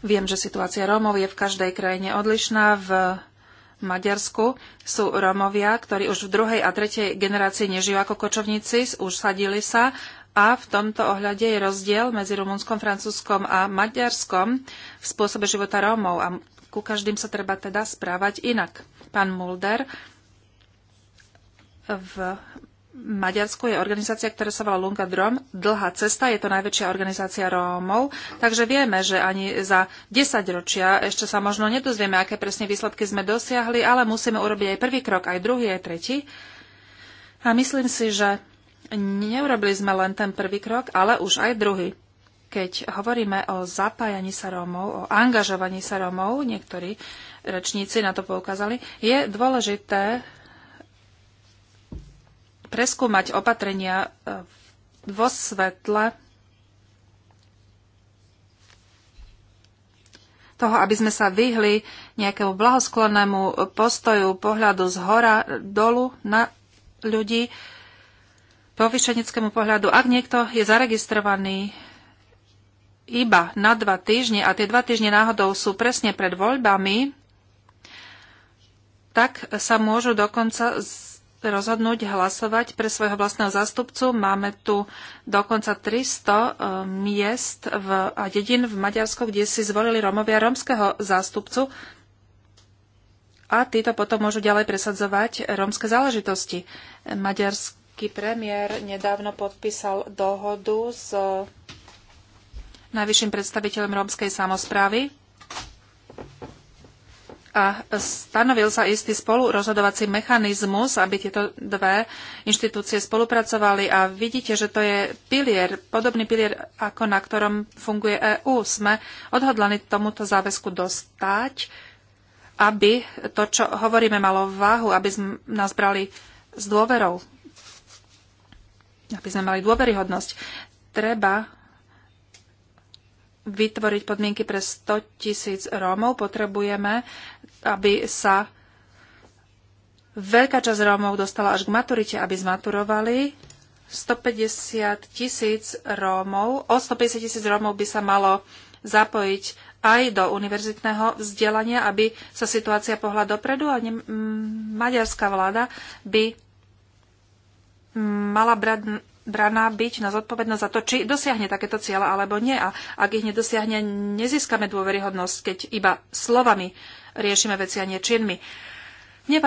Viem, že situácia Rómov je v každej krajine odlišná. V Maďarsku sú Rómovia, ktorí už v druhej a tretej generácii nežijú ako kočovníci, už sadili sa a v tomto ohľade je rozdiel medzi Rumunskom, Francúzskom a Maďarskom v spôsobe života Rómov a ku každým sa treba teda správať inak. Pán Mulder, v Maďarsku je organizácia, ktorá sa volá Lunga Drom, dlhá cesta, je to najväčšia organizácia Rómov, takže vieme, že ani za 10 ročia ešte sa možno nedozvieme, aké presne výsledky sme dosiahli, ale musíme urobiť aj prvý krok, aj druhý, aj tretí. A myslím si, že neurobili sme len ten prvý krok, ale už aj druhý. Keď hovoríme o zapájaní sa Rómov, o angažovaní sa Rómov, niektorí rečníci na to poukázali, je dôležité preskúmať opatrenia e, vo svetle toho, aby sme sa vyhli nejakému blahosklonému postoju, pohľadu z hora dolu na ľudí, povyšeneckému pohľadu, ak niekto je zaregistrovaný iba na dva týždne a tie dva týždne náhodou sú presne pred voľbami, tak sa môžu dokonca rozhodnúť hlasovať pre svojho vlastného zástupcu. Máme tu dokonca 300 e, miest v, a dedin v Maďarsku, kde si zvolili Romovia romského zástupcu a títo potom môžu ďalej presadzovať romské záležitosti. Maďarsk Maďarský premiér nedávno podpísal dohodu s e, najvyšším predstaviteľom rómskej samozprávy a stanovil sa istý spolurozhodovací mechanizmus, aby tieto dve inštitúcie spolupracovali a vidíte, že to je pilier, podobný pilier, ako na ktorom funguje EÚ. Sme odhodlani tomuto záväzku dostať, aby to, čo hovoríme, malo váhu, aby nás brali s dôverou aby sme mali dôveryhodnosť, treba vytvoriť podmienky pre 100 tisíc Rómov. Potrebujeme, aby sa veľká časť Rómov dostala až k maturite, aby zmaturovali. 150 tisíc Rómov, o 150 tisíc Rómov by sa malo zapojiť aj do univerzitného vzdelania, aby sa situácia pohla dopredu a ne- maďarská vláda by mala brať braná byť na zodpovednosť za to, či dosiahne takéto cieľa alebo nie. A ak ich nedosiahne, nezískame dôveryhodnosť, keď iba slovami riešime veci a nie činmi. e,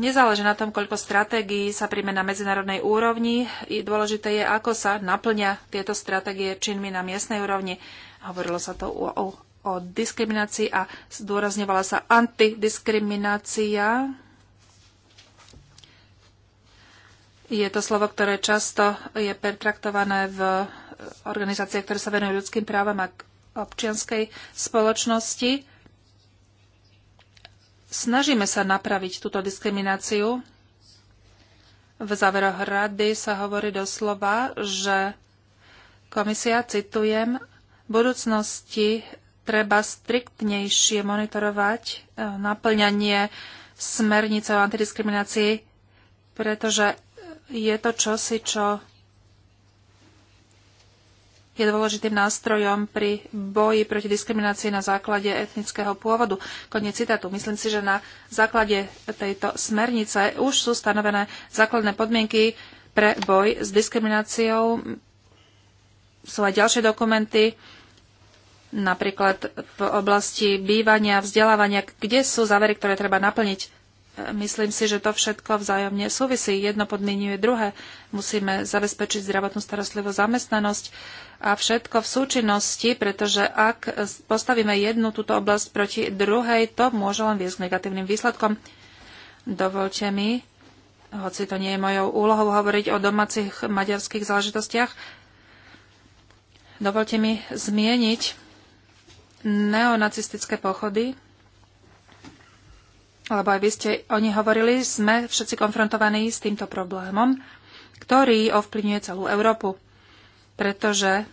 nezáleží na tom, koľko stratégií sa príjme na medzinárodnej úrovni. I dôležité je, ako sa naplňa tieto stratégie činmi na miestnej úrovni. Hovorilo sa to o, o, o diskriminácii a zdôrazňovala sa antidiskriminácia Je to slovo, ktoré často je pertraktované v organizáciách, ktoré sa venujú ľudským právam a občianskej spoločnosti. Snažíme sa napraviť túto diskrimináciu. V záveroch rady sa hovorí doslova, že komisia, citujem, v budúcnosti treba striktnejšie monitorovať eh, naplňanie smernice o antidiskriminácii, pretože je to čosi, čo je dôležitým nástrojom pri boji proti diskriminácii na základe etnického pôvodu. Koniec citátu. Myslím si, že na základe tejto smernice už sú stanovené základné podmienky pre boj s diskrimináciou. Sú aj ďalšie dokumenty, napríklad v oblasti bývania, vzdelávania, kde sú závery, ktoré treba naplniť. Myslím si, že to všetko vzájomne súvisí. Jedno podmienuje druhé. Musíme zabezpečiť zdravotnú starostlivosť, zamestnanosť a všetko v súčinnosti, pretože ak postavíme jednu túto oblasť proti druhej, to môže len viesť k negatívnym výsledkom. Dovolte mi, hoci to nie je mojou úlohou hovoriť o domácich maďarských záležitostiach, dovolte mi zmieniť neonacistické pochody lebo aj vy ste o nich hovorili, sme všetci konfrontovaní s týmto problémom, ktorý ovplyvňuje celú Európu. Pretože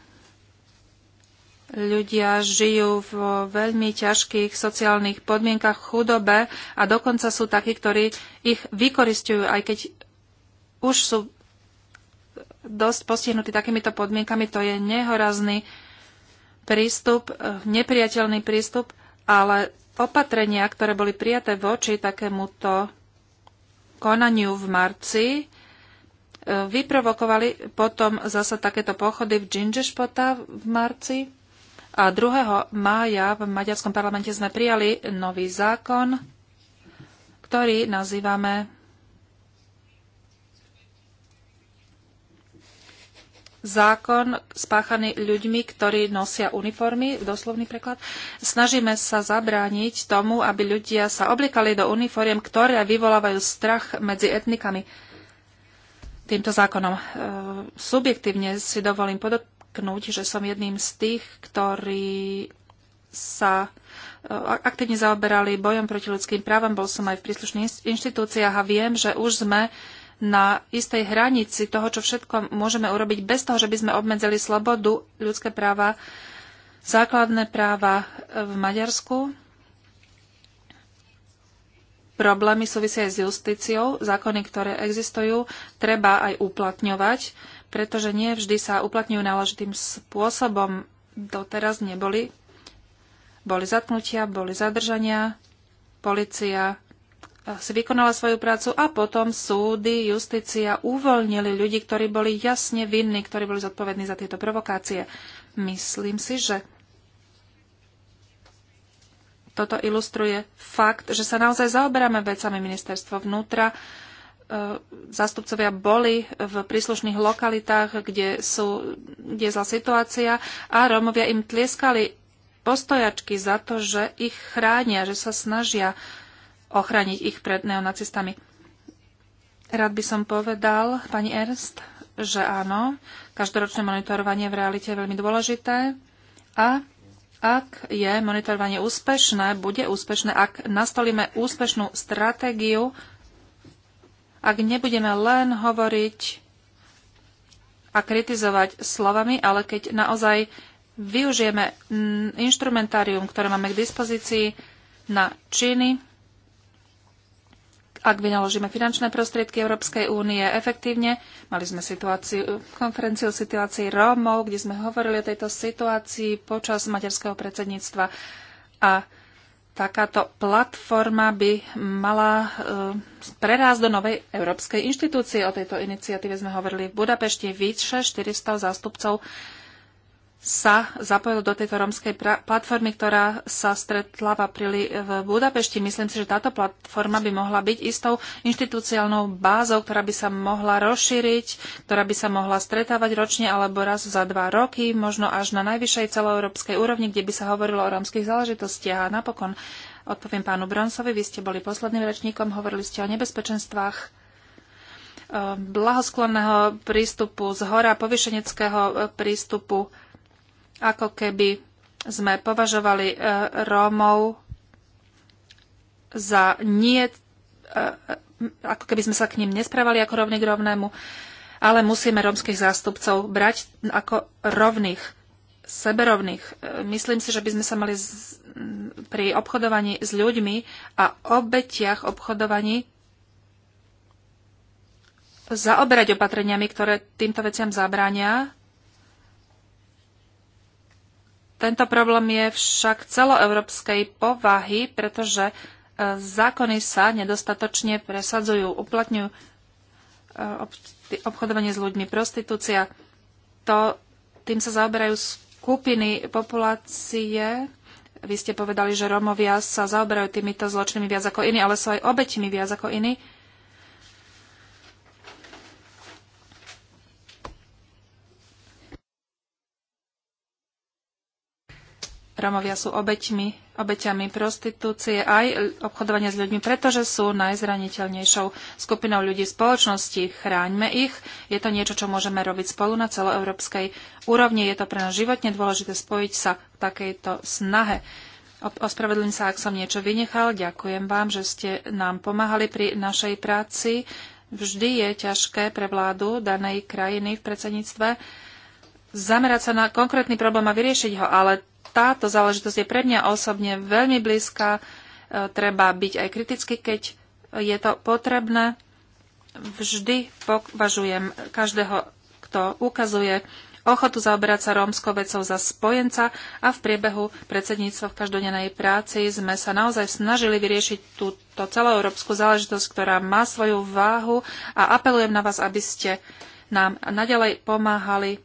ľudia žijú v veľmi ťažkých sociálnych podmienkach, chudobe a dokonca sú takí, ktorí ich vykoristujú, aj keď už sú dosť postihnutí takýmito podmienkami. To je nehorazný prístup, eh, nepriateľný prístup, ale opatrenia, ktoré boli prijaté voči takémuto konaniu v marci, e, vyprovokovali potom zase takéto pochody v Džinžešpota v marci. A 2. mája v Maďarskom parlamente sme prijali nový zákon, ktorý nazývame zákon spáchaný ľuďmi, ktorí nosia uniformy, doslovný preklad. Snažíme sa zabrániť tomu, aby ľudia sa oblikali do uniformiem, ktoré vyvolávajú strach medzi etnikami. Týmto zákonom e, subjektívne si dovolím podotknúť, že som jedným z tých, ktorí sa e, aktívne zaoberali bojom proti ľudským právam. Bol som aj v príslušných inštitúciách a viem, že už sme na istej hranici toho, čo všetko môžeme urobiť bez toho, že by sme obmedzili slobodu, ľudské práva, základné práva e, v Maďarsku. Problémy súvisia aj s justíciou, zákony, ktoré existujú, treba aj uplatňovať, pretože nie vždy sa uplatňujú náležitým spôsobom. Doteraz neboli. Boli zatknutia, boli zadržania, policia si vykonala svoju prácu a potom súdy, justícia uvoľnili ľudí, ktorí boli jasne vinní, ktorí boli zodpovední za tieto provokácie. Myslím si, že toto ilustruje fakt, že sa naozaj zaoberáme vecami ministerstvo vnútra. E, zástupcovia boli v príslušných lokalitách, kde, sú, kde je zlá situácia a Rómovia im tlieskali postojačky za to, že ich chránia, že sa snažia ochrániť ich pred neonacistami. Rád by som povedal, pani Ernst, že áno, každoročné monitorovanie v realite je veľmi dôležité a ak je monitorovanie úspešné, bude úspešné, ak nastolíme úspešnú stratégiu, ak nebudeme len hovoriť a kritizovať slovami, ale keď naozaj využijeme instrumentárium, ktoré máme k dispozícii na činy, ak vynaložíme finančné prostriedky Európskej únie efektívne, mali sme situáciu, konferenciu o situácii Rómov, kde sme hovorili o tejto situácii počas materského predsedníctva a takáto platforma by mala uh, prerásť do novej európskej inštitúcie. O tejto iniciatíve sme hovorili v Budapešti. Vyše 400 zástupcov sa zapojil do tejto romskej platformy, ktorá sa stretla v apríli v Budapešti. Myslím si, že táto platforma by mohla byť istou inštitúciálnou bázou, ktorá by sa mohla rozšíriť, ktorá by sa mohla stretávať ročne alebo raz za dva roky, možno až na najvyššej celoeurópskej úrovni, kde by sa hovorilo o romských záležitostiach. A napokon odpoviem pánu Bronsovi, vy ste boli posledným rečníkom, hovorili ste o nebezpečenstvách eh, blahosklonného prístupu, z hora povyšeneckého eh, prístupu ako keby sme považovali e, Rómov za nie, e, e, ako keby sme sa k ním nesprávali ako rovný k rovnému, ale musíme rómskych zástupcov brať ako rovných, seberovných. Myslím si, že by sme sa mali z, pri obchodovaní s ľuďmi a obetiach obchodovaní zaoberať opatreniami, ktoré týmto veciam zabránia Tento problém je však celoeurópskej povahy, pretože e, zákony sa nedostatočne presadzujú, uplatňujú e, obchodovanie s ľuďmi, prostitúcia. To, tým sa zaoberajú skupiny populácie. Vy ste povedali, že Romovia sa zaoberajú týmito zločinmi viac ako iní, ale sú aj obeťmi viac ako iní. Romovia sú obeťmi, obeťami prostitúcie aj obchodovania s ľuďmi, pretože sú najzraniteľnejšou skupinou ľudí v spoločnosti. Chráňme ich. Je to niečo, čo môžeme robiť spolu na celoeurópskej úrovni. Je to pre nás životne dôležité spojiť sa v takejto snahe. Ospravedlím sa, ak som niečo vynechal. Ďakujem vám, že ste nám pomáhali pri našej práci. Vždy je ťažké pre vládu danej krajiny v predsedníctve zamerať sa na konkrétny problém a vyriešiť ho, ale táto záležitosť je pre mňa osobne veľmi blízka. E, treba byť aj kriticky, keď je to potrebné. Vždy považujem každého, kto ukazuje ochotu zaoberať sa rómskou vecou za spojenca a v priebehu predsedníctva v každodennej práci sme sa naozaj snažili vyriešiť túto celoeurópsku záležitosť, ktorá má svoju váhu a apelujem na vás, aby ste nám naďalej pomáhali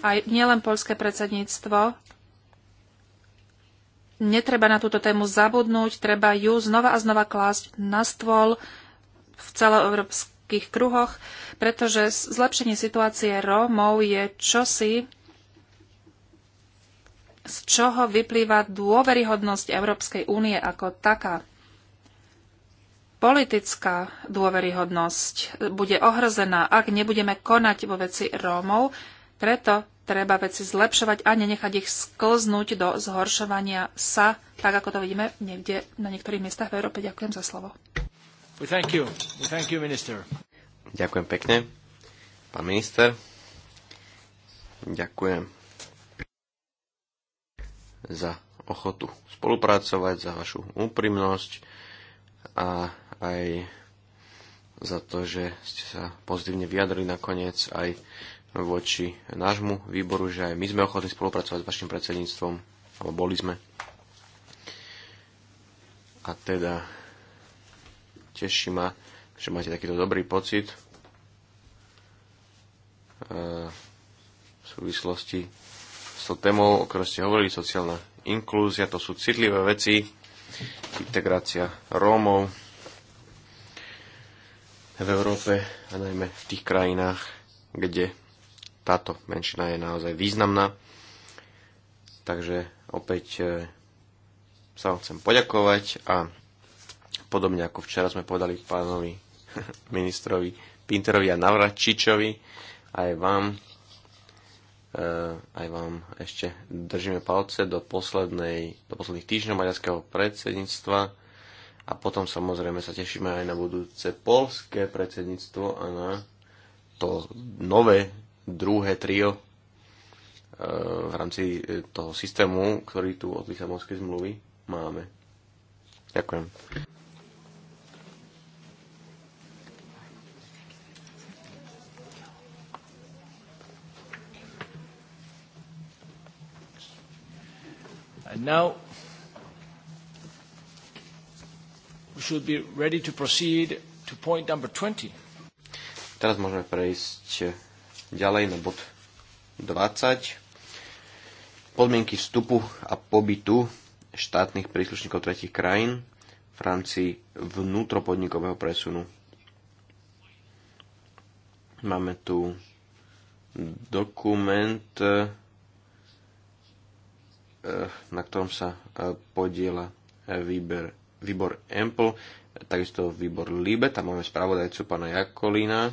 aj nielen poľské predsedníctvo. Netreba na túto tému zabudnúť, treba ju znova a znova klásť na stôl v celoeurópskych kruhoch, pretože zlepšenie situácie Rómov je čosi, z čoho vyplýva dôveryhodnosť Európskej únie ako taká. Politická dôveryhodnosť bude ohrozená, ak nebudeme konať vo veci Rómov, preto treba veci zlepšovať a nenechať ich sklznúť do zhoršovania sa, tak ako to vidíme niekde na niektorých miestach v Európe. Ďakujem za slovo. We thank you. We thank you, minister. Ďakujem pekne. Pán minister, ďakujem za ochotu spolupracovať, za vašu úprimnosť a aj za to, že ste sa pozitívne vyjadrili nakoniec aj voči nášmu výboru, že aj my sme ochotní spolupracovať s vašim predsedníctvom, alebo boli sme. A teda teší ma, že máte takýto dobrý pocit e, v súvislosti s tou témou, o ktorej ste hovorili, sociálna inklúzia, to sú citlivé veci, integrácia Rómov v Európe a najmä v tých krajinách, kde táto menšina je naozaj významná. Takže opäť e, sa vám chcem poďakovať a podobne ako včera sme povedali pánovi ministrovi Pinterovi a Navračičovi, aj vám, e, aj vám ešte držíme palce do, poslednej, do posledných týždňov maďarského predsedníctva a potom samozrejme sa tešíme aj na budúce polské predsedníctvo a na to nové druhé trio e, v rámci e, toho systému, ktorý tu od Lisabonskej zmluvy máme. Ďakujem. now we should be ready to proceed to point number 20. Teraz môžeme prejsť Ďalej na bod 20. Podmienky vstupu a pobytu štátnych príslušníkov tretich krajín v rámci vnútropodnikového presunu. Máme tu dokument, e, na ktorom sa e, podiela výber, výbor EMPL, takisto výbor LIBE, tam máme spravodajcu pána Jakolina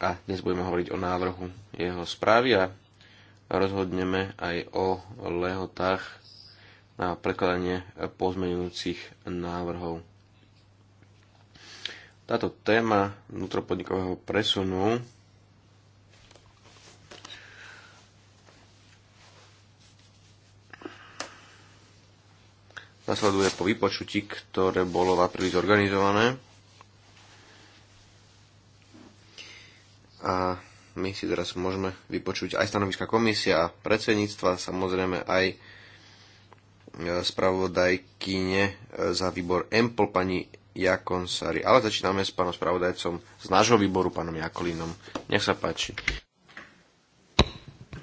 a dnes budeme hovoriť o návrhu jeho správy a rozhodneme aj o lehotách na prekladanie pozmenujúcich návrhov. Táto téma vnútropodnikového presunu nasleduje po vypočutí, ktoré bolo v apríli zorganizované a my si teraz môžeme vypočuť aj stanoviska komisia a predsedníctva, samozrejme aj e, spravodajkyne e, za výbor EMPL pani Jakonsari. Ale začíname s pánom spravodajcom z nášho výboru, pánom Jakolinom. Nech sa páči.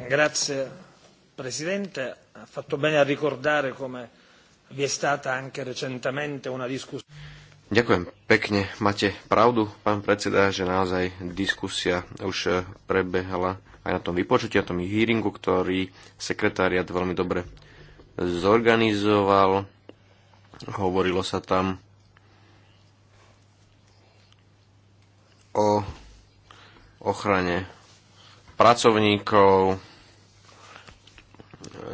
Grazie, Presidente. Ha fatto bene a ricordare come vi è stata anche recentemente una discussione. Ďakujem pekne. Máte pravdu, pán predseda, že naozaj diskusia už e, prebehala aj na tom vypočutí, na tom hearingu, ktorý sekretariat veľmi dobre zorganizoval. Hovorilo sa tam o ochrane pracovníkov.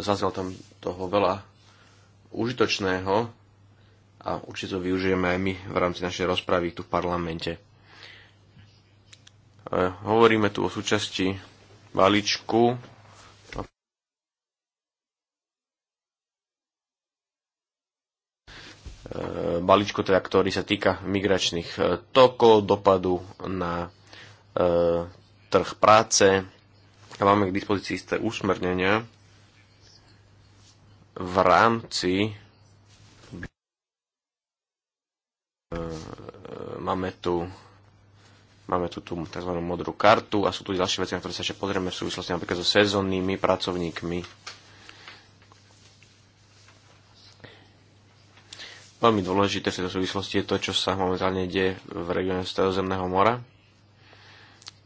Zaznel tam toho veľa užitočného a určite to využijeme aj my v rámci našej rozpravy tu v parlamente. E, hovoríme tu o súčasti balíčku. E, Balíčko teda, ktorý sa týka migračných e, tokov, dopadu na trh práce. A máme k dispozícii isté usmernenia v rámci E, e, máme tu máme tu tú tzv. modrú kartu a sú tu ďalšie veci, na ktoré sa ešte pozrieme v súvislosti napríklad so sezónnymi pracovníkmi. Veľmi dôležité v tejto súvislosti je to, čo sa momentálne deje v regióne Stredozemného mora.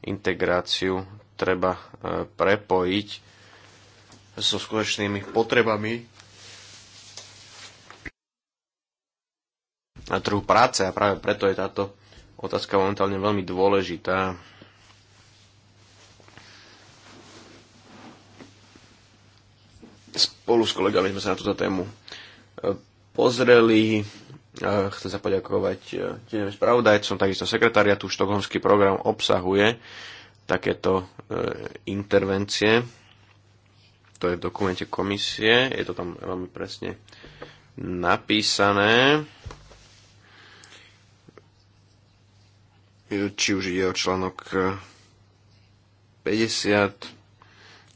Integráciu treba e, prepojiť so skutočnými potrebami na trhu práce a práve preto je táto otázka momentálne veľmi dôležitá. Spolu s kolegami sme sa na túto tému e, pozreli. E, chcem sa poďakovať e, tým spravodajcom, takisto sekretariatu. Štokholmský program obsahuje takéto intervencie. To je v dokumente komisie, je to tam veľmi presne napísané. či už ide o článok 50, eh,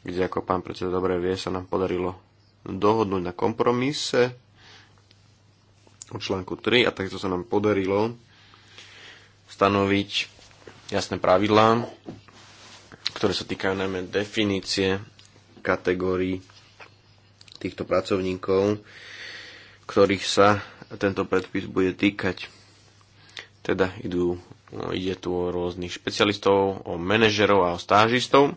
kde ako pán predseda dobre vie, sa nám podarilo dohodnúť na kompromise o článku 3 a takto sa nám podarilo stanoviť jasné pravidlá, ktoré sa týkajú najmä definície kategórií týchto pracovníkov, ktorých sa tento predpis bude týkať. Teda idú No, ide tu o rôznych špecialistov, o manažerov a o stážistov.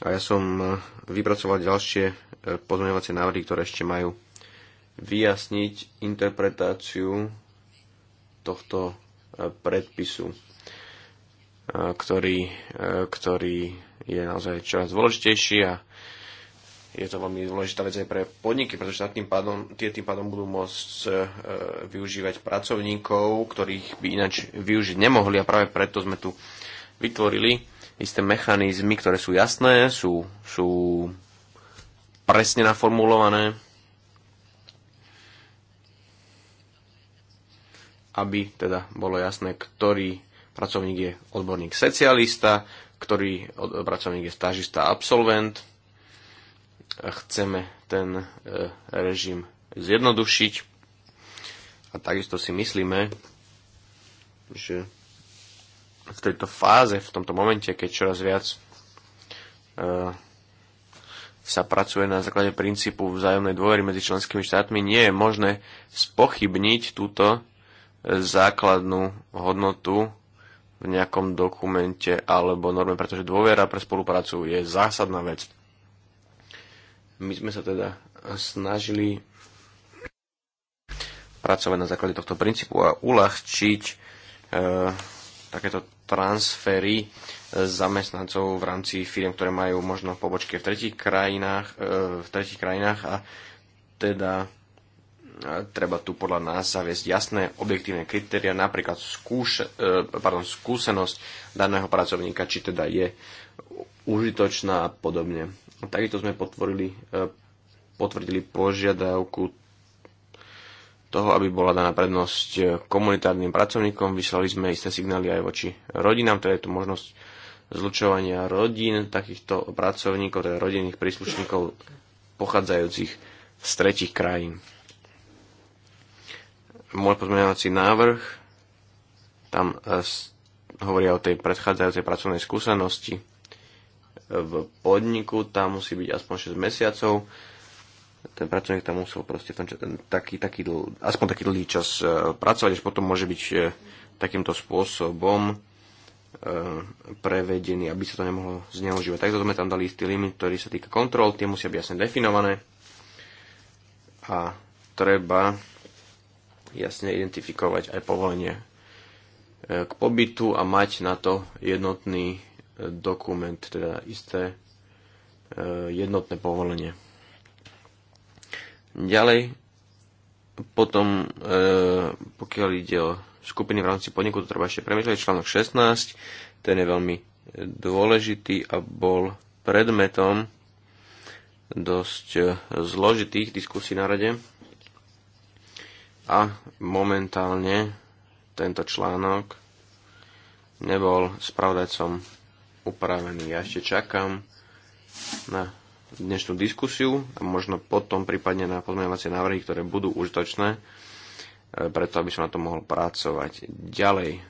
A ja som e, vypracoval ďalšie e, pozmeňovacie návrhy, ktoré ešte majú vyjasniť interpretáciu tohto e, predpisu, ktorý, ktorý je naozaj čoraz dôležitejší a je to veľmi dôležitá vec aj pre podniky, pretože tým pádom, tie tým pádom budú môcť e, využívať pracovníkov, ktorých by ináč využiť nemohli a práve preto sme tu vytvorili isté mechanizmy, ktoré sú jasné, sú, sú presne naformulované, aby teda bolo jasné, ktorý pracovník je odborník specialista, ktorý pracovník je stážista absolvent, chceme ten e, režim zjednodušiť a takisto si myslíme, že v tejto fáze, v tomto momente, keď čoraz viac e, sa pracuje na základe princípu vzájomnej dôvery medzi členskými štátmi, nie je možné spochybniť túto e, základnú hodnotu v nejakom dokumente alebo norme, pretože dôvera pre spoluprácu je zásadná vec. My sme sa teda snažili pracovať na základe tohto princípu a uľahčiť e, takéto transfery zamestnancov v rámci firm, ktoré majú možno pobočky v tretich krajinách, e, v tretich krajinách a teda e, treba tu podľa nás zaviesť jasné objektívne kritéria, napríklad skúš, e, pardon, skúsenosť daného pracovníka, či teda je užitočná a podobne. Takisto sme potvorili, e, potvrdili požiadavku toho, aby bola daná prednosť komunitárnym pracovníkom. Vyslali sme isté signály aj voči rodinám, teda je tu možnosť zlučovania rodín takýchto pracovníkov, teda rodinných príslušníkov pochádzajúcich z tretich krajín. Môj pozmeňovací návrh tam e, hovoria o tej predchádzajúcej pracovnej skúsenosti v podniku, tam musí byť aspoň 6 mesiacov. Ten pracovník tam musel proste ten, ten, taký, taký, aspoň taký dlhý čas e, pracovať, až potom môže byť e, takýmto spôsobom e, prevedený, aby sa to nemohlo zneužívať. Takto sme tam dali istý limit, ktorý sa týka kontrol, tie musia byť jasne definované a treba jasne identifikovať aj povolenie k pobytu a mať na to jednotný dokument, teda isté e, jednotné povolenie. Ďalej, potom e, pokiaľ ide o skupiny v rámci podniku, to treba ešte premyšľať. Článok 16, ten je veľmi dôležitý a bol predmetom dosť e, zložitých diskusí na rade. A momentálne tento článok nebol spravdajcom upravený. Ja ešte čakám na dnešnú diskusiu a možno potom prípadne na pozmeňovacie návrhy, ktoré budú užitočné, e, preto aby som na to mohol pracovať. Ďalej.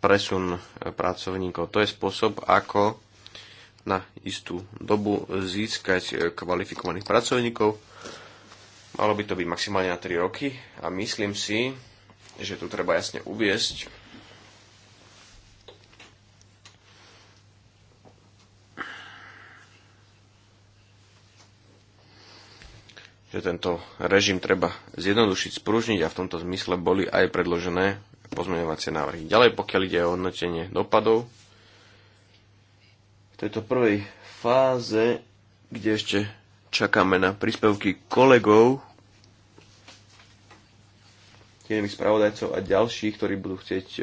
Presun pracovníkov. To je spôsob, ako na istú dobu získať kvalifikovaných pracovníkov. Malo by to byť maximálne na 3 roky a myslím si, že tu treba jasne uviesť, že tento režim treba zjednodušiť, spružniť a v tomto zmysle boli aj predložené pozmeňovacie návrhy. Ďalej, pokiaľ ide o hodnotenie dopadov, v tejto prvej fáze, kde ešte čakáme na príspevky kolegov, tieňových spravodajcov a ďalších, ktorí budú chcieť e,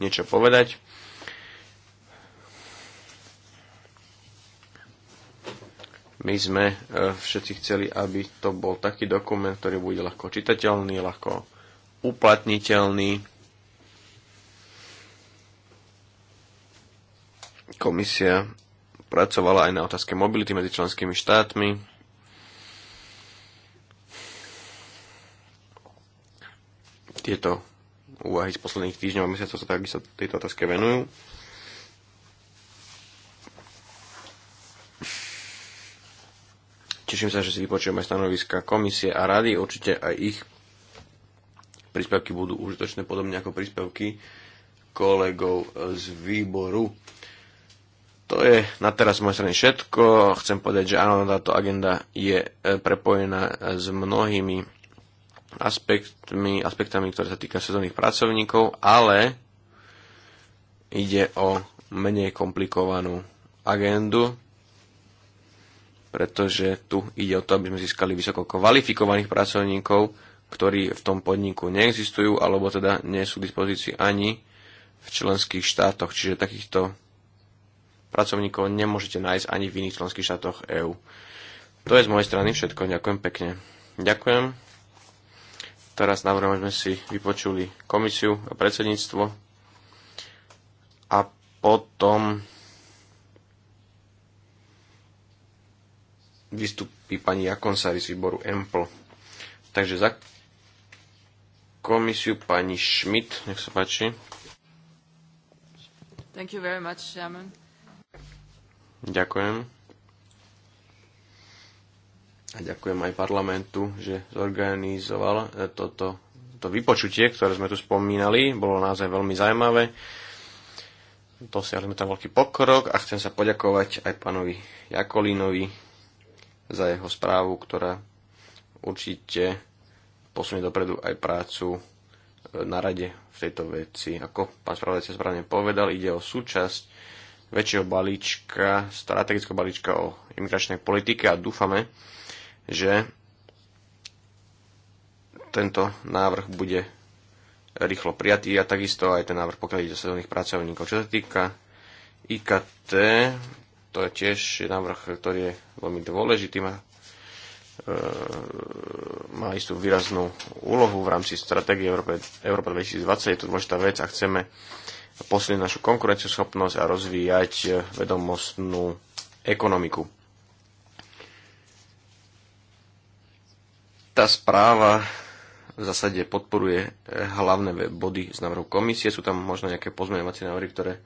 niečo povedať. My sme e, všetci chceli, aby to bol taký dokument, ktorý bude ľahko čitateľný, ľahko uplatniteľný. Komisia pracovala aj na otázke mobility medzi členskými štátmi Tieto úvahy z posledných týždňov a mesiacov sa takisto tejto otázke venujú. Teším sa, že si vypočujeme stanoviska komisie a rady. Určite aj ich príspevky budú užitočné, podobne ako príspevky kolegov z výboru. To je na teraz z mojej strany všetko. Chcem povedať, že áno, táto agenda je e, prepojená s mnohými aspektmi, aspektami, ktoré sa týka sezónnych pracovníkov, ale ide o menej komplikovanú agendu, pretože tu ide o to, aby sme získali vysoko kvalifikovaných pracovníkov, ktorí v tom podniku neexistujú, alebo teda nie sú k dispozícii ani v členských štátoch. Čiže takýchto pracovníkov nemôžete nájsť ani v iných členských štátoch EÚ. To je z mojej strany všetko. Ďakujem pekne. Ďakujem. Teraz navrhujem, sme si vypočuli komisiu a predsedníctvo a potom vystupí pani Jakonsari z výboru EMPL. Takže za komisiu pani Schmidt, nech sa páči. Thank you very much, Ďakujem a ďakujem aj parlamentu, že zorganizoval e, toto to vypočutie, ktoré sme tu spomínali. Bolo naozaj veľmi zaujímavé. Dosiahli sme tam veľký pokrok a chcem sa poďakovať aj pánovi Jakolínovi za jeho správu, ktorá určite posunie dopredu aj prácu e, na rade v tejto veci. Ako pán spravodajca správne povedal, ide o súčasť väčšieho balíčka, strategického balíčka o imigračnej politike a dúfame, že tento návrh bude rýchlo prijatý a takisto aj ten návrh, pokiaľ ide o sezónnych pracovníkov. Čo sa týka IKT, to je tiež návrh, ktorý je veľmi dôležitý, má, e, má istú výraznú úlohu v rámci stratégie Európe, Európa 2020. Je to dôležitá vec a chceme posilniť našu konkurencieschopnosť a rozvíjať vedomostnú ekonomiku. Tá správa v zásade podporuje eh, hlavné body z návrhu komisie. Sú tam možno nejaké pozmeňovacie návrhy, ktoré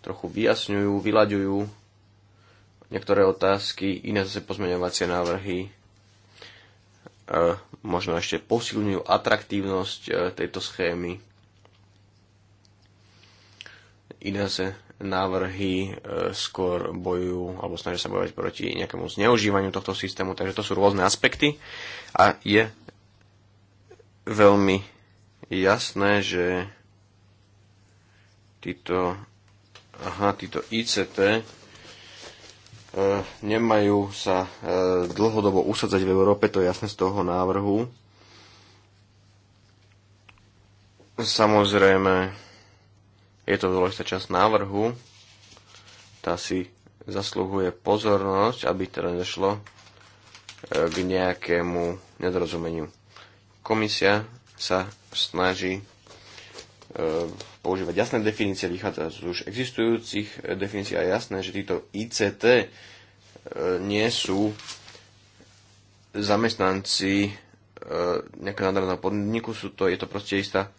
trochu vyjasňujú, vyľaďujú niektoré otázky, iné zase pozmeňovacie návrhy eh, možno ešte posilňujú atraktívnosť eh, tejto schémy. Iné zase návrhy e, skôr bojujú alebo snažia sa bojovať proti nejakému zneužívaniu tohto systému, takže to sú rôzne aspekty a je veľmi jasné, že títo, aha, títo ICT e, nemajú sa e, dlhodobo usadzať v Európe, to je jasné z toho návrhu. Samozrejme, je to dôležitá časť návrhu, tá si zasluhuje pozornosť, aby teda nešlo e, k nejakému nedorozumeniu. Komisia sa snaží e, používať jasné definície, vychádza z už existujúcich definícií a jasné, že títo ICT e, nie sú zamestnanci nejakého nadarného podniku, sú to, je to proste istá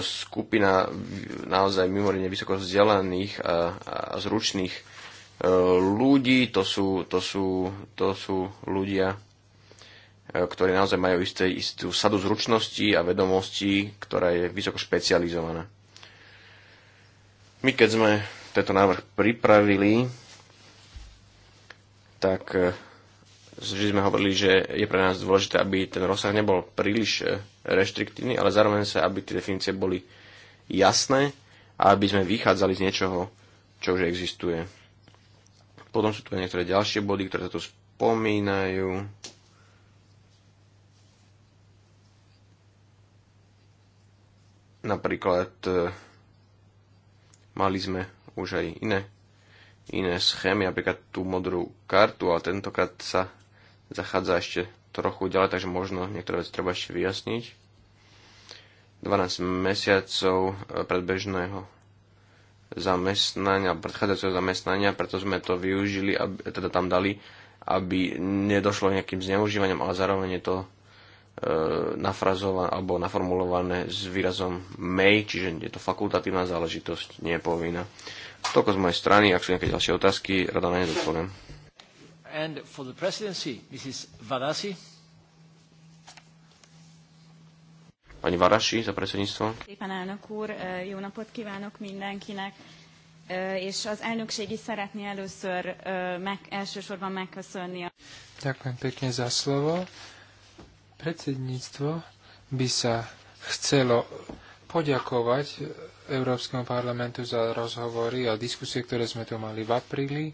skupina naozaj mimoriadne vysoko vzdelaných a, a zručných e, ľudí. To sú, to sú, to sú ľudia, e, ktorí naozaj majú isté, istú sadu zručností a vedomostí, ktorá je vysoko špecializovaná. My keď sme tento návrh pripravili, tak e, vždy sme hovorili, že je pre nás dôležité, aby ten rozsah nebol príliš e, reštriktívny, ale zároveň sa, aby tie definície boli jasné a aby sme vychádzali z niečoho, čo už existuje. Potom sú tu niektoré ďalšie body, ktoré sa tu spomínajú. Napríklad e, mali sme už aj iné iné schémy, napríklad tú modrú kartu, ale tentokrát sa zachádza ešte trochu ďalej, takže možno niektoré veci treba ešte vyjasniť. 12 mesiacov e, predbežného zamestnania, predchádzajúceho zamestnania, preto sme to využili, aby, teda tam dali, aby nedošlo nejakým zneužívaniam, ale zároveň je to e, nafrazované alebo naformulované s výrazom may, čiže je to fakultatívna záležitosť, nie je povinná. Toľko z mojej strany, ak sú nejaké ďalšie otázky, rada na ne zodpoviem. And for the presidency, Mrs. Pani Varasi za predsedníctvo. Szépen elnök úr, e, jó napot kívánok mindenkinek, e, és az elnökség is szeretné először e, meg, elsősorban megköszönni a... Ďakujem pekne za slovo. Predsedníctvo by sa chcelo poďakovať Európskemu parlamentu za rozhovory a diskusie, ktoré sme tu mali v apríli.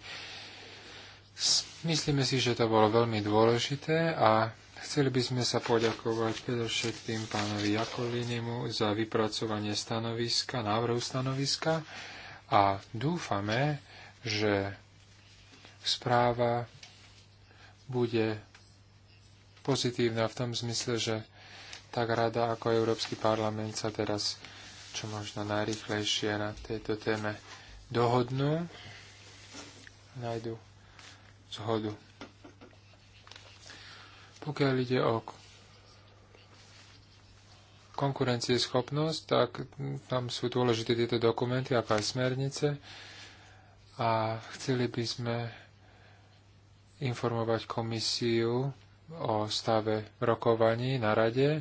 Myslíme si, že to bolo veľmi dôležité a chceli by sme sa poďakovať predovšetkým pánovi Jakolinimu za vypracovanie stanoviska, návrhu stanoviska a dúfame, že správa bude pozitívna v tom zmysle, že tak rada ako Európsky parlament sa teraz čo možno najrychlejšie na tejto téme dohodnú, nájdu zhodu. Pokiaľ ide o konkurencieschopnosť, tak tam sú dôležité tieto dokumenty, ako aj smernice. A chceli by sme informovať komisiu o stave rokovaní na rade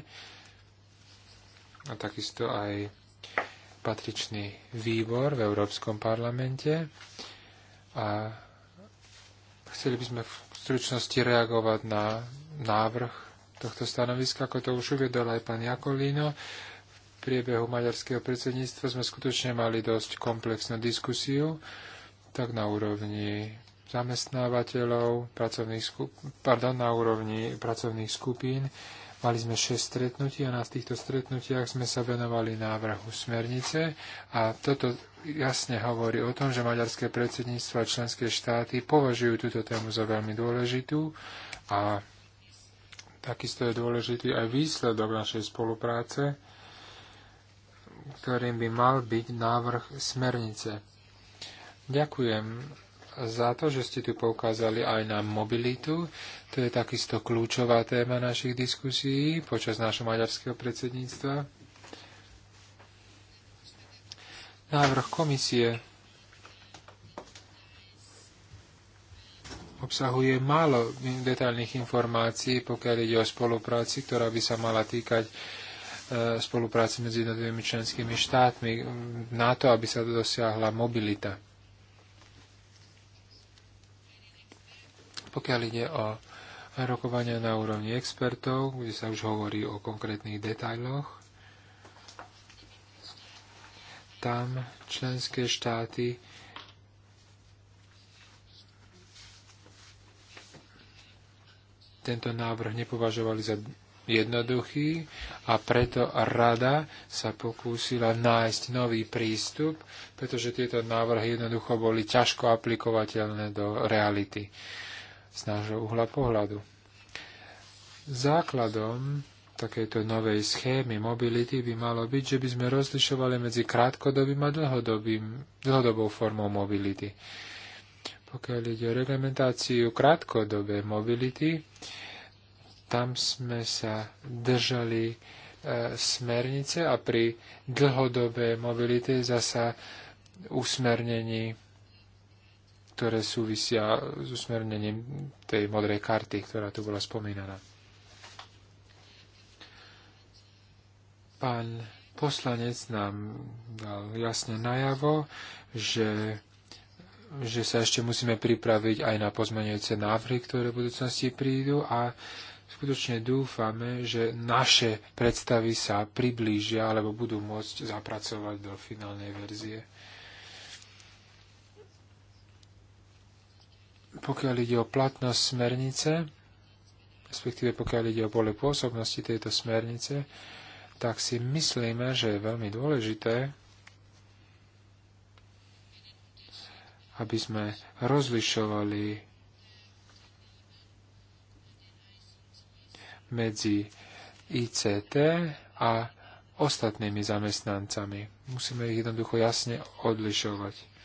a takisto aj patričný výbor v Európskom parlamente. A Chceli by sme v stručnosti reagovať na návrh tohto stanoviska, ako to už uvedol aj pán Jakolino. V priebehu maďarského predsedníctva sme skutočne mali dosť komplexnú diskusiu, tak na úrovni zamestnávateľov, pracovných skup- pardon, na úrovni pracovných skupín, Mali sme 6 stretnutí a na týchto stretnutiach sme sa venovali návrhu smernice a toto jasne hovorí o tom, že maďarské predsedníctvo a členské štáty považujú túto tému za veľmi dôležitú a takisto je dôležitý aj výsledok našej spolupráce, ktorým by mal byť návrh smernice. Ďakujem za to, že ste tu poukázali aj na mobilitu. To je takisto kľúčová téma našich diskusí počas nášho maďarského predsedníctva. Návrh komisie obsahuje málo detailných informácií, pokiaľ ide o spolupráci, ktorá by sa mala týkať e, spolupráci medzi jednotlivými členskými štátmi na to, aby sa dosiahla mobilita. Pokiaľ ide o rokovania na úrovni expertov, kde sa už hovorí o konkrétnych detailoch, tam členské štáty tento návrh nepovažovali za jednoduchý a preto rada sa pokúsila nájsť nový prístup, pretože tieto návrhy jednoducho boli ťažko aplikovateľné do reality z nášho uhla pohľadu. Základom takejto novej schémy mobility by malo byť, že by sme rozlišovali medzi krátkodobým a dlhodobým, dlhodobou formou mobility. Pokiaľ ide o reglementáciu krátkodobé mobility, tam sme sa držali e, smernice a pri dlhodobé mobility zasa usmernení ktoré súvisia s usmernením tej modrej karty, ktorá tu bola spomínaná. Pán poslanec nám dal jasne najavo, že, že sa ešte musíme pripraviť aj na pozmenujúce návrhy, ktoré v budúcnosti prídu a skutočne dúfame, že naše predstavy sa priblížia alebo budú môcť zapracovať do finálnej verzie. pokiaľ ide o platnosť smernice, respektíve pokiaľ ide o pole pôsobnosti tejto smernice, tak si myslíme, že je veľmi dôležité, aby sme rozlišovali medzi ICT a ostatnými zamestnancami. Musíme ich jednoducho jasne odlišovať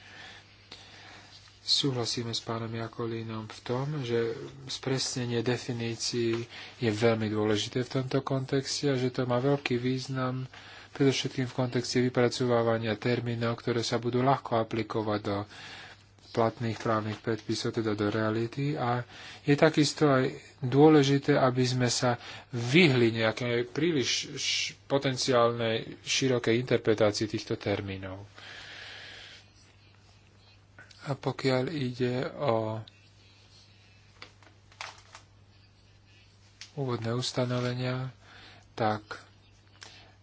súhlasíme s pánom Jakolínom v tom, že spresnenie definícií je veľmi dôležité v tomto kontexte a že to má veľký význam predovšetkým v kontexte vypracovávania termínov, ktoré sa budú ľahko aplikovať do platných právnych predpisov, teda do reality. A je takisto aj dôležité, aby sme sa vyhli nejakej príliš potenciálnej širokej interpretácii týchto termínov. A pokiaľ ide o úvodné ustanovenia, tak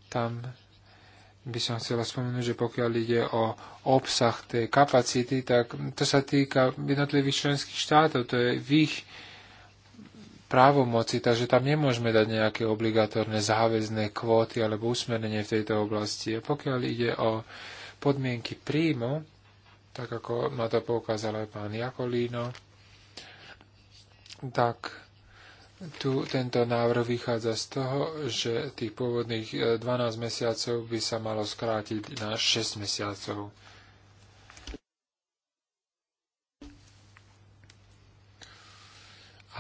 tam by som chcela spomenúť, že pokiaľ ide o obsah tej kapacity, tak to sa týka jednotlivých členských štátov, to je v ich právomoci, takže tam nemôžeme dať nejaké obligatórne záväzné kvóty alebo usmernenie v tejto oblasti. A pokiaľ ide o podmienky príjmu, tak ako na to poukázal aj pán Jakolíno, tak tu tento návrh vychádza z toho, že tých pôvodných 12 e, mesiacov by sa malo skrátiť na 6 mesiacov.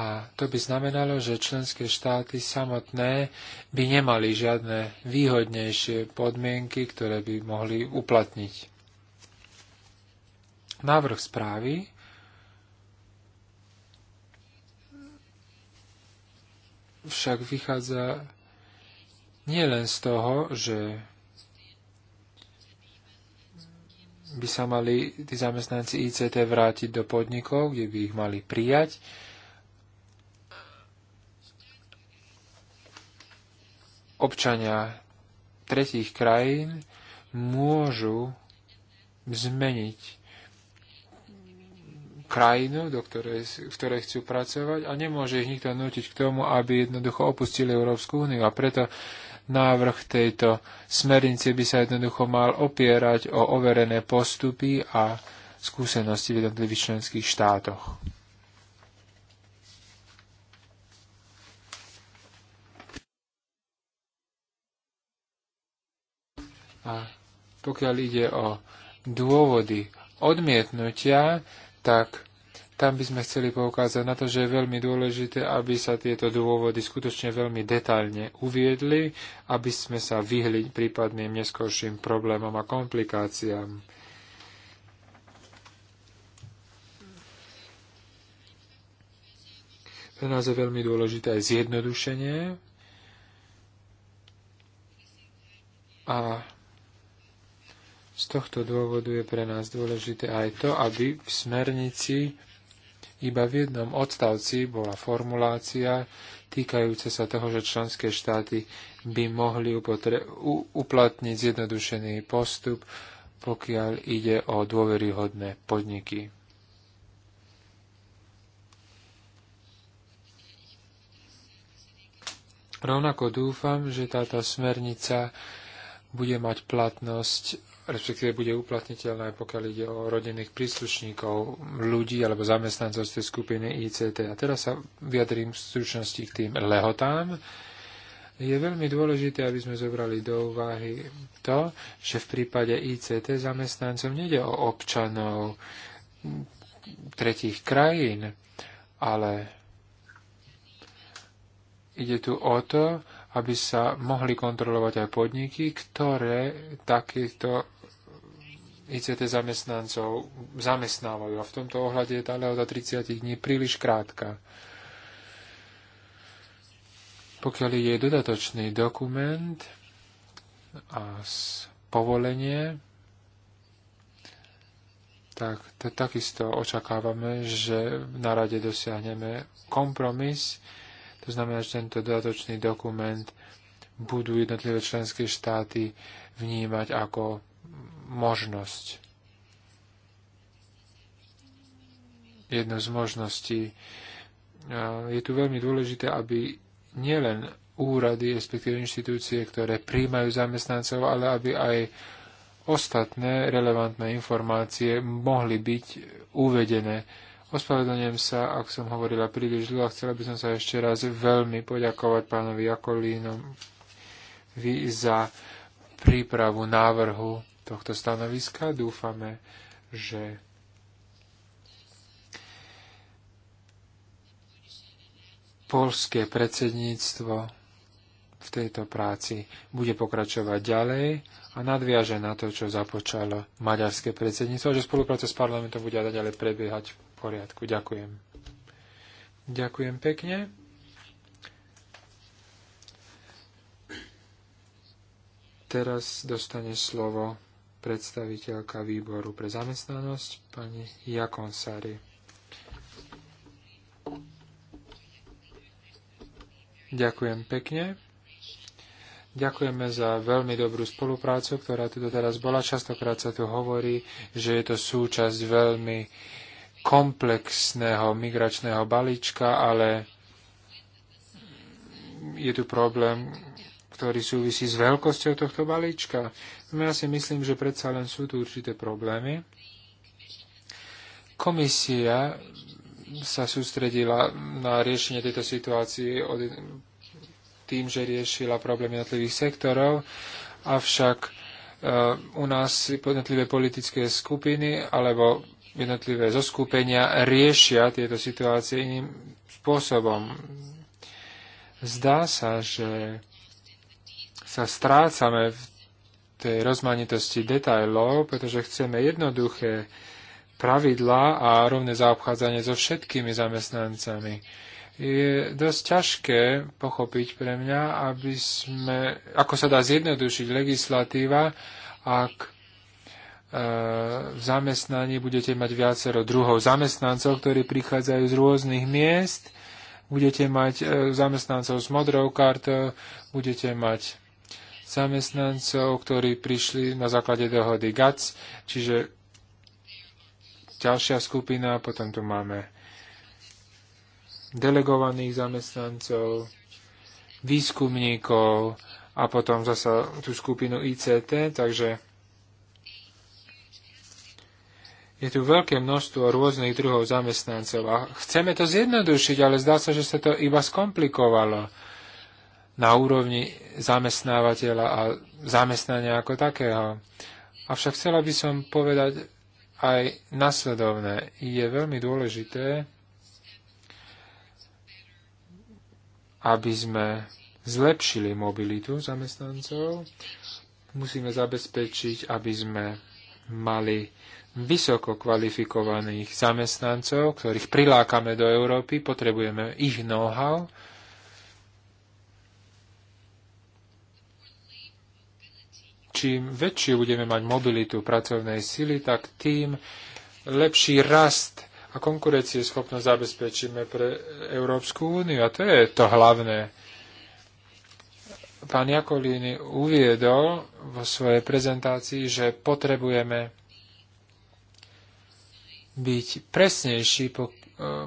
A to by znamenalo, že členské štáty samotné by nemali žiadne výhodnejšie podmienky, ktoré by mohli uplatniť. Návrh správy však vychádza nielen z toho, že by sa mali tí zamestnanci ICT vrátiť do podnikov, kde by ich mali prijať. Občania tretích krajín môžu zmeniť krajinu, do ktorej, v ktorej chcú pracovať a nemôže ich nikto nutiť k tomu, aby jednoducho opustili Európsku úniu. A preto návrh tejto smernice by sa jednoducho mal opierať o overené postupy a skúsenosti v jednotlivých členských štátoch. A pokiaľ ide o dôvody odmietnutia, tak tam by sme chceli poukázať na to, že je veľmi dôležité, aby sa tieto dôvody skutočne veľmi detailne uviedli, aby sme sa vyhli prípadným neskôrším problémom a komplikáciám. Pre nás je veľmi dôležité aj zjednodušenie a z tohto dôvodu je pre nás dôležité aj to, aby v smernici iba v jednom odstavci bola formulácia týkajúca sa toho, že členské štáty by mohli uplatniť zjednodušený postup, pokiaľ ide o dôveryhodné podniky. Rovnako dúfam, že táto smernica bude mať platnosť respektíve bude uplatniteľné, pokiaľ ide o rodinných príslušníkov, ľudí alebo zamestnancov z tej skupiny ICT. A teraz sa vyjadrím v stručnosti k tým lehotám. Je veľmi dôležité, aby sme zobrali do úvahy to, že v prípade ICT zamestnancov nejde o občanov tretích krajín, ale ide tu o to, aby sa mohli kontrolovať aj podniky, ktoré takýchto ICT zamestnancov zamestnávajú. A v tomto ohľade je tá lehota 30 dní príliš krátka. Pokiaľ je dodatočný dokument a povolenie, tak to takisto očakávame, že na rade dosiahneme kompromis, to znamená, že tento dodatočný dokument budú jednotlivé členské štáty vnímať ako možnosť. Jedno z možností. Je tu veľmi dôležité, aby nielen úrady, respektíve inštitúcie, ktoré príjmajú zamestnancov, ale aby aj ostatné relevantné informácie mohli byť uvedené Ospravedlňujem sa, ak som hovorila príliš dlho. Chcela by som sa ešte raz veľmi poďakovať pánovi Jakolínovi za prípravu návrhu tohto stanoviska. Dúfame, že polské predsedníctvo v tejto práci bude pokračovať ďalej a nadviaže na to, čo započalo maďarské predsedníctvo, že spolupráca s parlamentom bude ďalej prebiehať poriadku. Ďakujem. Ďakujem pekne. Teraz dostane slovo predstaviteľka výboru pre zamestnanosť, pani Jakonsari. Ďakujem pekne. Ďakujeme za veľmi dobrú spoluprácu, ktorá tu teraz bola. Častokrát sa tu hovorí, že je to súčasť veľmi komplexného migračného balíčka, ale je tu problém, ktorý súvisí s veľkosťou tohto balíčka. No, ja si myslím, že predsa len sú tu určité problémy. Komisia sa sústredila na riešenie tejto situácie od, tým, že riešila problém jednotlivých sektorov, avšak e, u nás jednotlivé politické skupiny alebo jednotlivé zoskupenia riešia tieto situácie iným spôsobom. Zdá sa, že sa strácame v tej rozmanitosti detajlov, pretože chceme jednoduché pravidlá a rovné zaobchádzanie so všetkými zamestnancami. Je dosť ťažké pochopiť pre mňa, aby sme, ako sa dá zjednodušiť legislatíva, ak v zamestnaní budete mať viacero druhov zamestnancov, ktorí prichádzajú z rôznych miest. Budete mať e, zamestnancov s modrou kartou, budete mať zamestnancov, ktorí prišli na základe dohody GATS, čiže ďalšia skupina, potom tu máme delegovaných zamestnancov, výskumníkov a potom zasa tú skupinu ICT, takže je tu veľké množstvo rôznych druhov zamestnancov a chceme to zjednodušiť, ale zdá sa, že sa to iba skomplikovalo na úrovni zamestnávateľa a zamestnania ako takého. Avšak chcela by som povedať aj nasledovné. Je veľmi dôležité, aby sme zlepšili mobilitu zamestnancov. Musíme zabezpečiť, aby sme mali vysoko kvalifikovaných zamestnancov, ktorých prilákame do Európy, potrebujeme ich know-how. Čím väčšiu budeme mať mobilitu pracovnej sily, tak tým lepší rast a konkurencie schopnosť zabezpečíme pre Európsku úniu. A to je to hlavné. Pán Jakolíny uviedol vo svojej prezentácii, že potrebujeme byť presnejší, eh,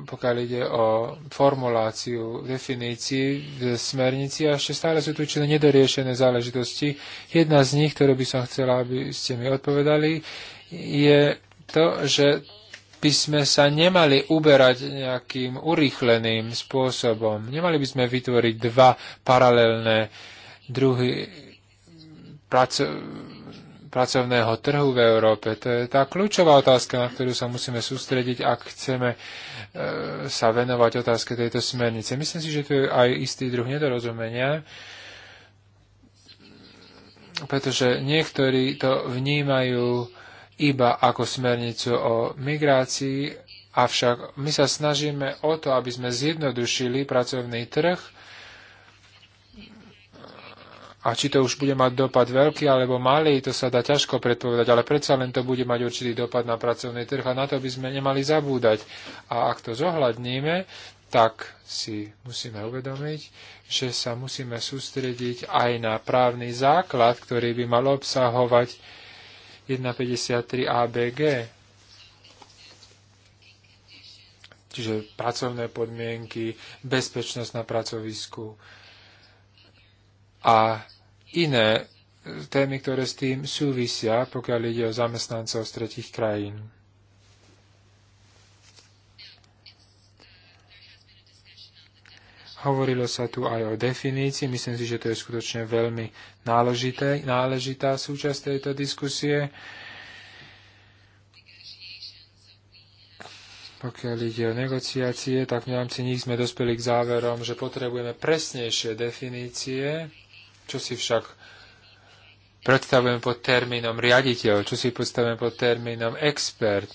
pokiaľ ide o formuláciu definícií v smernici a ešte stále sú tu určité nedoriešené záležitosti. Jedna z nich, ktorú by som chcela, aby ste mi odpovedali, je to, že by sme sa nemali uberať nejakým urýchleným spôsobom. Nemali by sme vytvoriť dva paralelné druhy pracov pracovného trhu v Európe. To je tá kľúčová otázka, na ktorú sa musíme sústrediť, ak chceme e, sa venovať otázke tejto smernice. Myslím si, že tu je aj istý druh nedorozumenia, pretože niektorí to vnímajú iba ako smernicu o migrácii, avšak my sa snažíme o to, aby sme zjednodušili pracovný trh, a či to už bude mať dopad veľký alebo malý, to sa dá ťažko predpovedať, ale predsa len to bude mať určitý dopad na pracovný trh a na to by sme nemali zabúdať. A ak to zohľadníme, tak si musíme uvedomiť, že sa musíme sústrediť aj na právny základ, ktorý by mal obsahovať 153 ABG. Čiže pracovné podmienky, bezpečnosť na pracovisku, a iné e, témy, ktoré s tým súvisia, pokiaľ ide o zamestnancov z tretich krajín. Hovorilo sa tu aj o definícii. Myslím si, že to je skutočne veľmi náležité, náležitá súčasť tejto diskusie. Pokiaľ ide o negociácie, tak v rámci nich sme dospeli k záverom, že potrebujeme presnejšie definície čo si však predstavujem pod termínom riaditeľ? Čo si predstavujem pod termínom expert?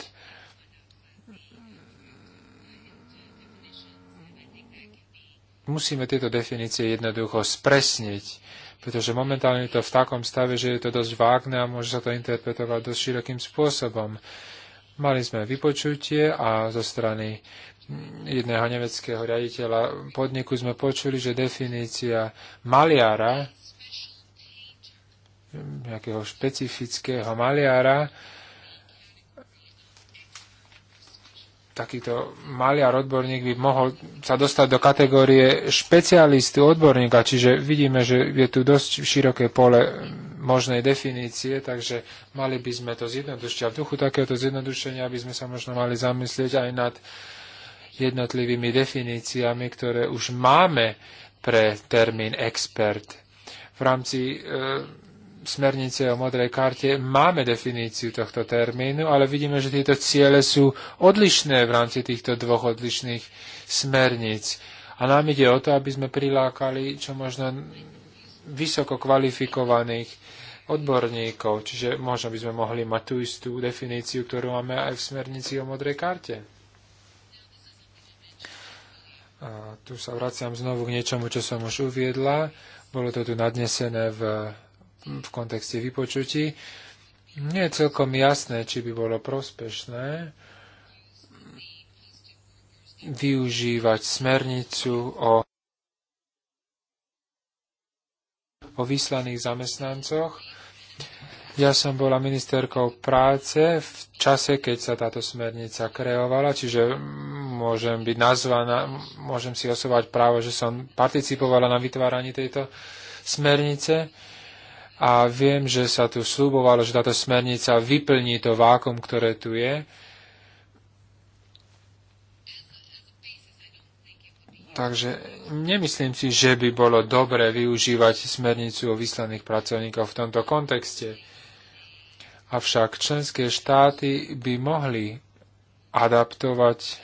Musíme tieto definície jednoducho spresniť pretože momentálne je to v takom stave, že je to dosť vágne a môže sa to interpretovať dosť širokým spôsobom. Mali sme vypočutie a zo strany jedného nemeckého riaditeľa podniku sme počuli, že definícia maliara nejakého špecifického maliara, takýto maliar odborník by mohol sa dostať do kategórie špecialistu odborníka, čiže vidíme, že je tu dosť široké pole možnej definície, takže mali by sme to zjednodušiť. A v duchu takéhoto zjednodušenia by sme sa možno mali zamyslieť aj nad jednotlivými definíciami, ktoré už máme pre termín expert. V rámci e, smernice o modrej karte máme definíciu tohto termínu, ale vidíme, že tieto ciele sú odlišné v rámci týchto dvoch odlišných smerníc. A nám ide o to, aby sme prilákali čo možno vysoko kvalifikovaných odborníkov, čiže možno by sme mohli mať tú istú definíciu, ktorú máme aj v smernici o modrej karte. A tu sa vraciam znovu k niečomu, čo som už uviedla. Bolo to tu nadnesené v v kontexte vypočutí. Nie je celkom jasné, či by bolo prospešné využívať smernicu o, o vyslaných zamestnancoch. Ja som bola ministerkou práce v čase, keď sa táto smernica kreovala, čiže môžem byť nazvaná, môžem si osovať právo, že som participovala na vytváraní tejto smernice a viem, že sa tu slúbovalo, že táto smernica vyplní to vákum, ktoré tu je. Takže nemyslím si, že by bolo dobré využívať smernicu o vyslaných pracovníkov v tomto kontexte. Avšak členské štáty by mohli adaptovať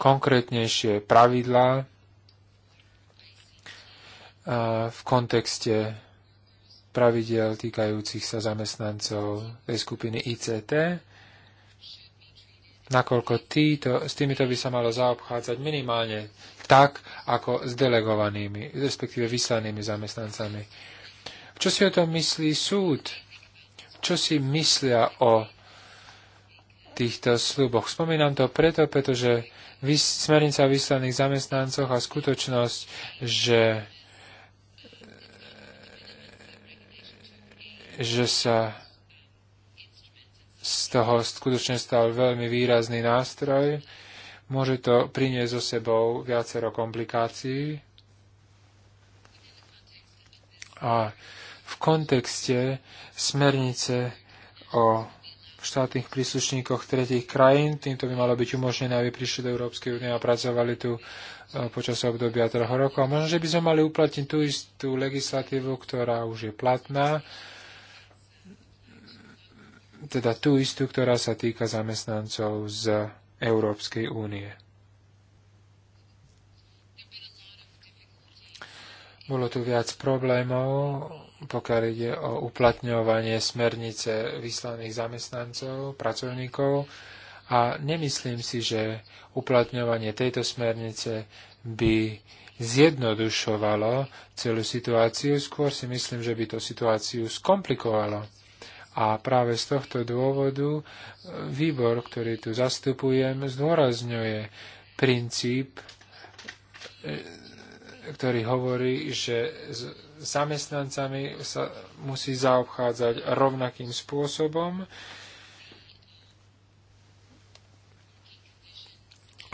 konkrétnejšie pravidlá v kontexte pravidel týkajúcich sa zamestnancov tej skupiny ICT, nakoľko týto, s týmito by sa malo zaobchádzať minimálne tak, ako s delegovanými, respektíve vyslanými zamestnancami. Čo si o tom myslí súd? Čo si myslia o týchto sluboch? Spomínam to preto, pretože smernica o vyslaných zamestnancoch a skutočnosť, že že sa z toho skutočne stal veľmi výrazný nástroj. Môže to priniesť so sebou viacero komplikácií. A v kontexte smernice o štátnych príslušníkoch tretich krajín, týmto by malo byť umožnené, aby prišli do Európskej únie a pracovali tu e, počas obdobia troch rokov. A možno, že by sme mali uplatniť tú istú legislatívu, ktorá už je platná, teda tú istú, ktorá sa týka zamestnancov z Európskej únie. Bolo tu viac problémov, pokiaľ ide o uplatňovanie smernice vyslaných zamestnancov, pracovníkov. A nemyslím si, že uplatňovanie tejto smernice by zjednodušovalo celú situáciu, skôr si myslím, že by to situáciu skomplikovalo. A práve z tohto dôvodu e, výbor, ktorý tu zastupujem, zdôrazňuje princíp, e, ktorý hovorí, že s zamestnancami sa musí zaobchádzať rovnakým spôsobom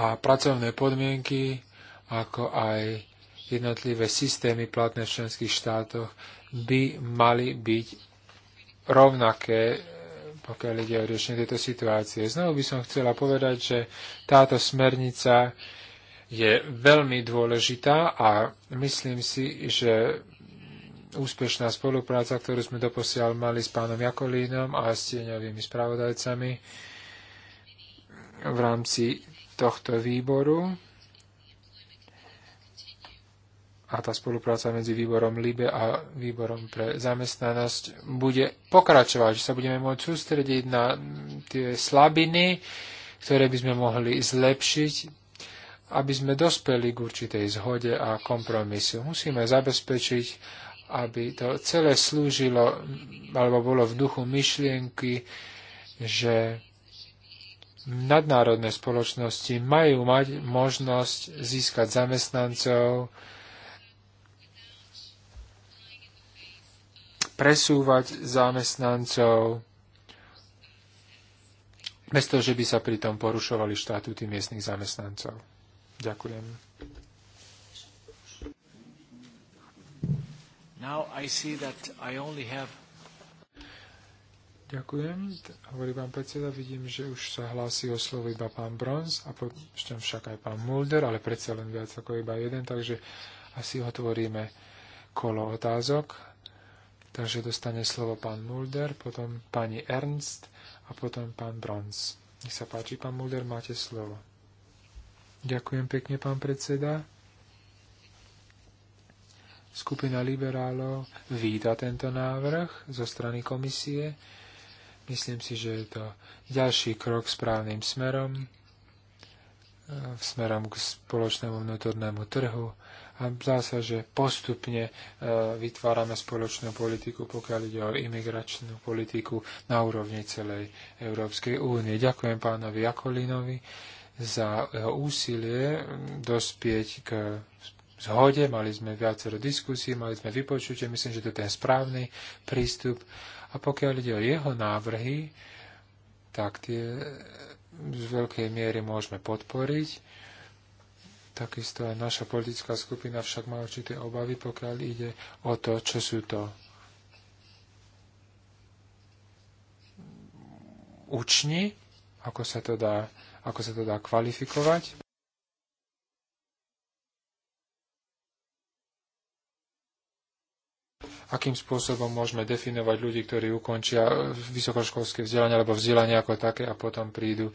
a pracovné podmienky, ako aj jednotlivé systémy platné v členských štátoch by mali byť rovnaké, pokiaľ ide o riešenie tejto situácie. Znovu by som chcela povedať, že táto smernica je veľmi dôležitá a myslím si, že úspešná spolupráca, ktorú sme doposiaľ mali s pánom Jakolínom a s tieňovými spravodajcami v rámci tohto výboru, a tá spolupráca medzi výborom LIBE a výborom pre zamestnanosť bude pokračovať, že sa budeme môcť sústrediť na tie slabiny, ktoré by sme mohli zlepšiť, aby sme dospeli k určitej zhode a kompromisu. Musíme zabezpečiť, aby to celé slúžilo alebo bolo v duchu myšlienky, že nadnárodné spoločnosti majú mať možnosť získať zamestnancov, presúvať zamestnancov, bez toho, že by sa pritom porušovali štatúty miestnych zamestnancov. Ďakujem. Now I see that I only have... Ďakujem, hovorí pán predseda. Vidím, že už sa hlási o slovo iba pán Bronz a ešte však aj pán Mulder, ale predsa len viac ako iba jeden, takže asi otvoríme kolo otázok Takže dostane slovo pán Mulder, potom pani Ernst a potom pán Brons. Nech sa páči, pán Mulder, máte slovo. Ďakujem pekne, pán predseda. Skupina liberálov víta tento návrh zo strany komisie. Myslím si, že je to ďalší krok správnym smerom, e, smerom k spoločnému vnútornému trhu a zdá sa, že postupne e, vytvárame spoločnú politiku, pokiaľ ide o imigračnú politiku na úrovni celej Európskej únie. Ďakujem pánovi Jakolinovi za jeho úsilie dospieť k zhode, mali sme viacero diskusí, mali sme vypočutie, myslím, že to je ten správny prístup. A pokiaľ ide o jeho návrhy, tak tie z veľkej miery môžeme podporiť. Takisto aj naša politická skupina však má určité obavy, pokiaľ ide o to, čo sú to učni, ako sa to dá, ako sa to dá kvalifikovať. akým spôsobom môžeme definovať ľudí, ktorí ukončia vysokoškolské vzdelanie alebo vzdelanie ako také a potom prídu uh,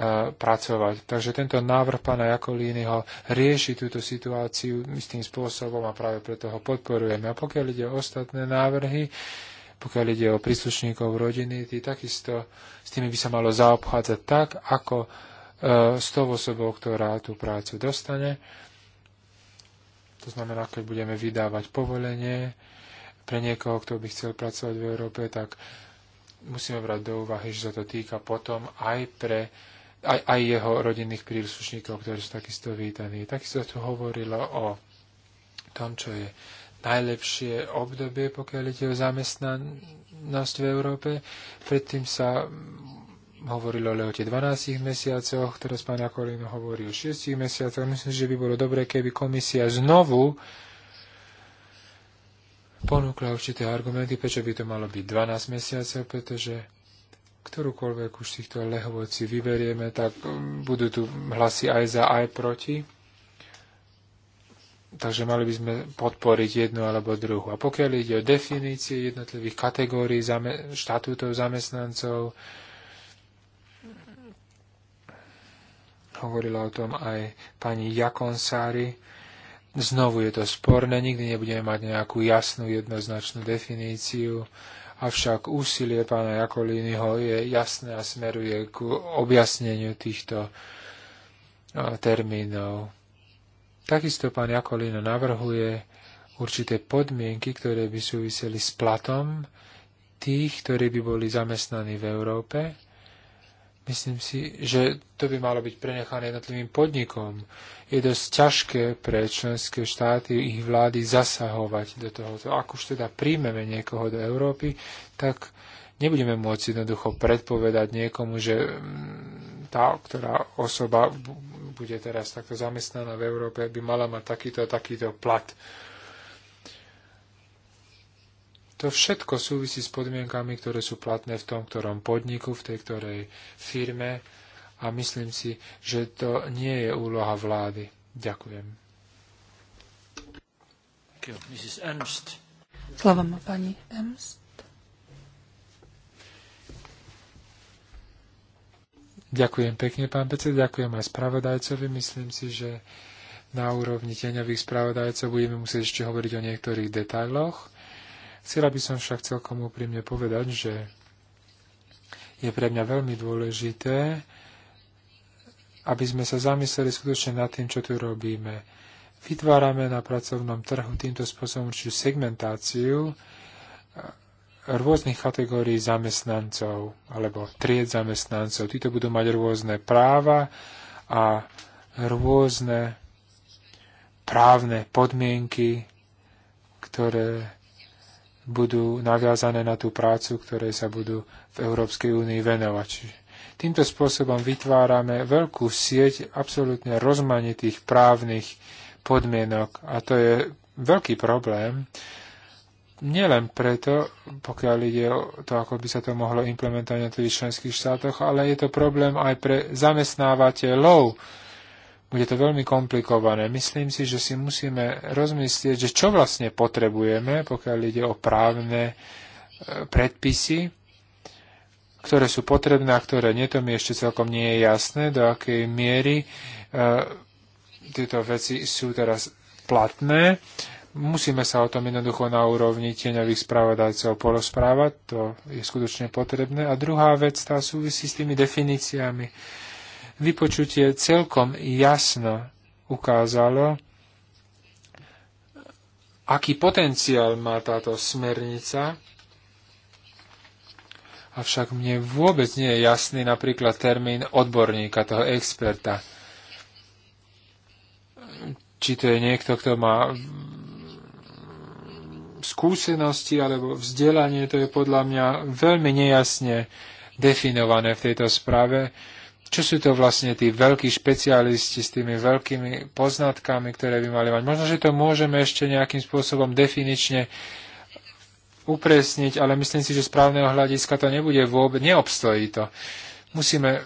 E, pracovať. Takže tento návrh pána Jakolínyho rieši túto situáciu istým spôsobom a práve preto ho podporujeme. A pokiaľ ide o ostatné návrhy, pokiaľ ide o príslušníkov rodiny, tí takisto s tými by sa malo zaobchádzať tak, ako e, s tou osobou, ktorá tú prácu dostane. To znamená, keď budeme vydávať povolenie pre niekoho, kto by chcel pracovať v Európe, tak musíme brať do úvahy, že sa to týka potom aj pre aj, aj jeho rodinných príslušníkov, ktorí sú takisto vítaní. Takisto tu hovorilo o tom, čo je najlepšie obdobie, pokiaľ ide o zamestnanosť v Európe. Predtým sa hovorilo o tie 12 mesiacoch, teraz pán Jakolino hovorí o 6 mesiacoch. Myslím, že by bolo dobre, keby komisia znovu ponúkla určité argumenty, prečo by to malo byť 12 mesiacov, pretože ktorúkoľvek už týchto lehôd vyberieme, tak um, budú tu hlasy aj za, aj proti. Takže mali by sme podporiť jednu alebo druhú. A pokiaľ ide o definície jednotlivých kategórií zame- štatútov zamestnancov, hovorila o tom aj pani Jakonsári, znovu je to sporné, nikdy nebudeme mať nejakú jasnú, jednoznačnú definíciu avšak úsilie pána Jakolínyho je jasné a smeruje k objasneniu týchto no, termínov. Takisto pán Jakolino navrhuje určité podmienky, ktoré by súviseli s platom tých, ktorí by boli zamestnaní v Európe Myslím si, že to by malo byť prenechané jednotlivým podnikom. Je dosť ťažké pre členské štáty ich vlády zasahovať do tohoto. Ak už teda príjmeme niekoho do Európy, tak nebudeme môcť jednoducho predpovedať niekomu, že mm, tá, ktorá osoba bude teraz takto zamestnaná v Európe, by mala mať takýto a takýto plat. To všetko súvisí s podmienkami, ktoré sú platné v tom ktorom podniku, v tej ktorej firme a myslím si, že to nie je úloha vlády. Ďakujem. Slovo má pani Ernst. Ďakujem pekne, pán Pece, ďakujem aj spravodajcovi. Myslím si, že na úrovni teňových spravodajcov budeme musieť ešte hovoriť o niektorých detailoch Chcela by som však celkom úprimne povedať, že je pre mňa veľmi dôležité, aby sme sa zamysleli skutočne nad tým, čo tu robíme. Vytvárame na pracovnom trhu týmto spôsobom určitú segmentáciu rôznych kategórií zamestnancov alebo tried zamestnancov. Títo budú mať rôzne práva a rôzne právne podmienky, ktoré budú naviazané na tú prácu, ktoré sa budú v Európskej únii venovať. týmto spôsobom vytvárame veľkú sieť absolútne rozmanitých právnych podmienok a to je veľký problém, nielen preto, pokiaľ ide o to, ako by sa to mohlo implementovať na tých členských štátoch, ale je to problém aj pre zamestnávateľov, bude to veľmi komplikované. Myslím si, že si musíme rozmyslieť, že čo vlastne potrebujeme, pokiaľ ide o právne e, predpisy, ktoré sú potrebné a ktoré nie, to mi ešte celkom nie je jasné, do akej miery e, tieto veci sú teraz platné. Musíme sa o tom jednoducho na úrovni tieňových spravodajcov porozprávať, to je skutočne potrebné. A druhá vec, tá súvisí s tými definíciami vypočutie celkom jasno ukázalo, aký potenciál má táto smernica, avšak mne vôbec nie je jasný napríklad termín odborníka, toho experta. Či to je niekto, kto má skúsenosti alebo vzdelanie, to je podľa mňa veľmi nejasne definované v tejto správe čo sú to vlastne tí veľkí špecialisti s tými veľkými poznatkami, ktoré by mali mať. Možno, že to môžeme ešte nejakým spôsobom definične upresniť, ale myslím si, že z právneho hľadiska to nebude vôbec, neobstojí to. Musíme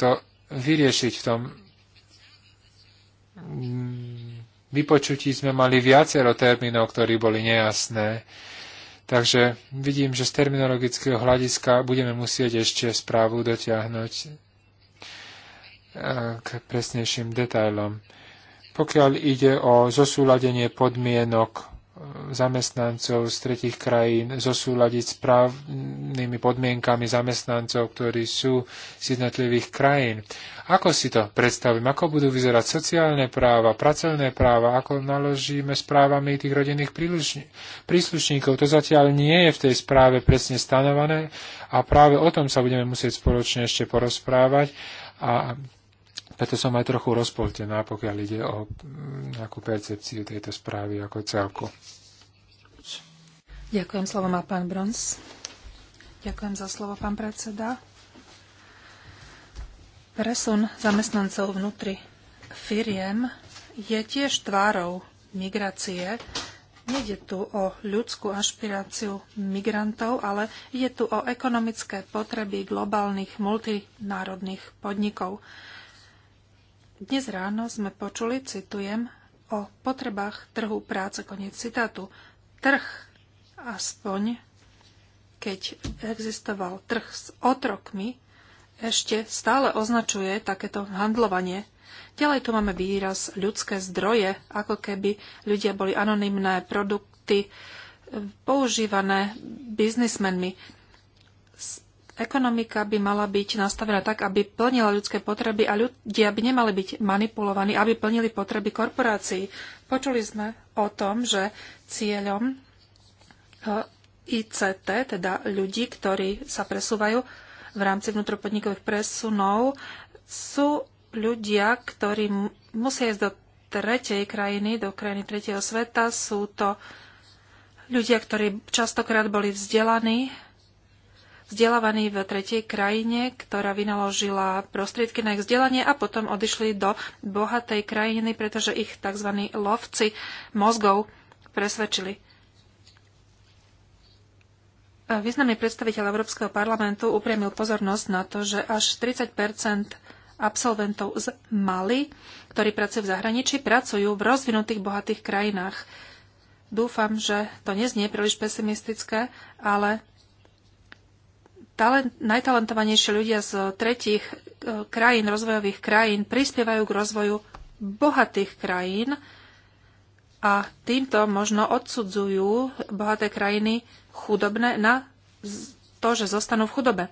to vyriešiť v tom vypočutí sme mali viacero termínov, ktorí boli nejasné. Takže vidím, že z terminologického hľadiska budeme musieť ešte správu dotiahnuť k presnejším detailom. Pokiaľ ide o zosúladenie podmienok e, zamestnancov z tretich krajín zosúľadiť s právnymi podmienkami zamestnancov, ktorí sú z jednotlivých krajín. Ako si to predstavím? Ako budú vyzerať sociálne práva, pracovné práva? Ako naložíme s právami tých rodinných príslušníkov? To zatiaľ nie je v tej správe presne stanovené a práve o tom sa budeme musieť spoločne ešte porozprávať a preto som aj trochu rozpoltená, pokiaľ ide o mm, nejakú percepciu tejto správy ako celku. Ďakujem, slovo má pán Brons. Ďakujem za slovo, pán predseda. Presun zamestnancov vnútri firiem je tiež tvárou migrácie. Nede tu o ľudskú ašpiráciu migrantov, ale ide tu o ekonomické potreby globálnych multinárodných podnikov. Dnes ráno sme počuli, citujem, o potrebách trhu práce, koniec citátu. Trh, aspoň keď existoval trh s otrokmi, ešte stále označuje takéto handlovanie. Ďalej tu máme výraz ľudské zdroje, ako keby ľudia boli anonymné produkty e, používané biznismenmi. Ekonomika by mala byť nastavená tak, aby plnila ľudské potreby a ľudia by nemali byť manipulovaní, aby plnili potreby korporácií. Počuli sme o tom, že cieľom eh, ICT, teda ľudí, ktorí sa presúvajú v rámci vnútropodnikových presunov, sú ľudia, ktorí musia ísť do tretej krajiny, do krajiny tretieho sveta. Sú to ľudia, ktorí častokrát boli vzdelaní vzdelávaní v tretej krajine, ktorá vynaložila prostriedky na ich vzdelanie a potom odišli do bohatej krajiny, pretože ich tzv. lovci mozgov presvedčili. Významný predstaviteľ Európskeho parlamentu upriamil pozornosť na to, že až 30 absolventov z Mali, ktorí pracujú v zahraničí, pracujú v rozvinutých bohatých krajinách. Dúfam, že to neznie príliš pesimistické, ale talent, najtalentovanejšie ľudia z tretich e, krajín, rozvojových krajín, prispievajú k rozvoju bohatých krajín a týmto možno odsudzujú bohaté krajiny chudobné na to, že zostanú v chudobe.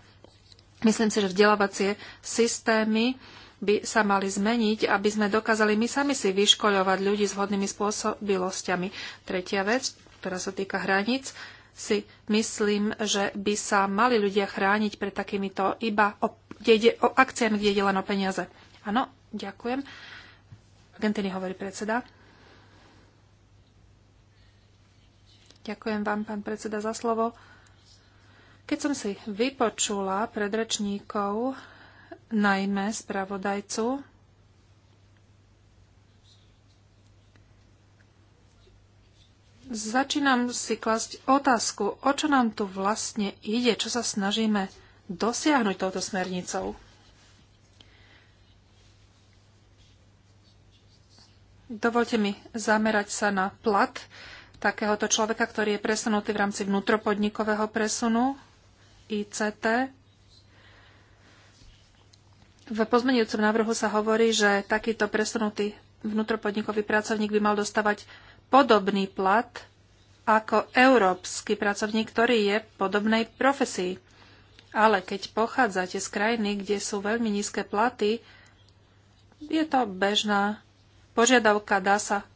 Myslím si, že vzdelávacie systémy by sa mali zmeniť, aby sme dokázali my sami si vyškoľovať ľudí s vhodnými spôsobilosťami. Tretia vec, ktorá sa týka hraníc, si myslím, že by sa mali ľudia chrániť pred takýmito iba o, kde ide, o akciami, kde ide len o peniaze. Áno, ďakujem. Argentíny hovorí predseda. Ďakujem vám, pán predseda, za slovo. Keď som si vypočula predrečníkov, najmä spravodajcu, začínam si klasť otázku, o čo nám tu vlastne ide, čo sa snažíme dosiahnuť touto smernicou. Dovolte mi zamerať sa na plat takéhoto človeka, ktorý je presunutý v rámci vnútropodnikového presunu ICT. V pozmenujúcom návrhu sa hovorí, že takýto presunutý vnútropodnikový pracovník by mal dostávať podobný plat ako európsky pracovník, ktorý je v podobnej profesii. Ale keď pochádzate z krajiny, kde sú veľmi nízke platy, je to bežná požiadavka, dá sa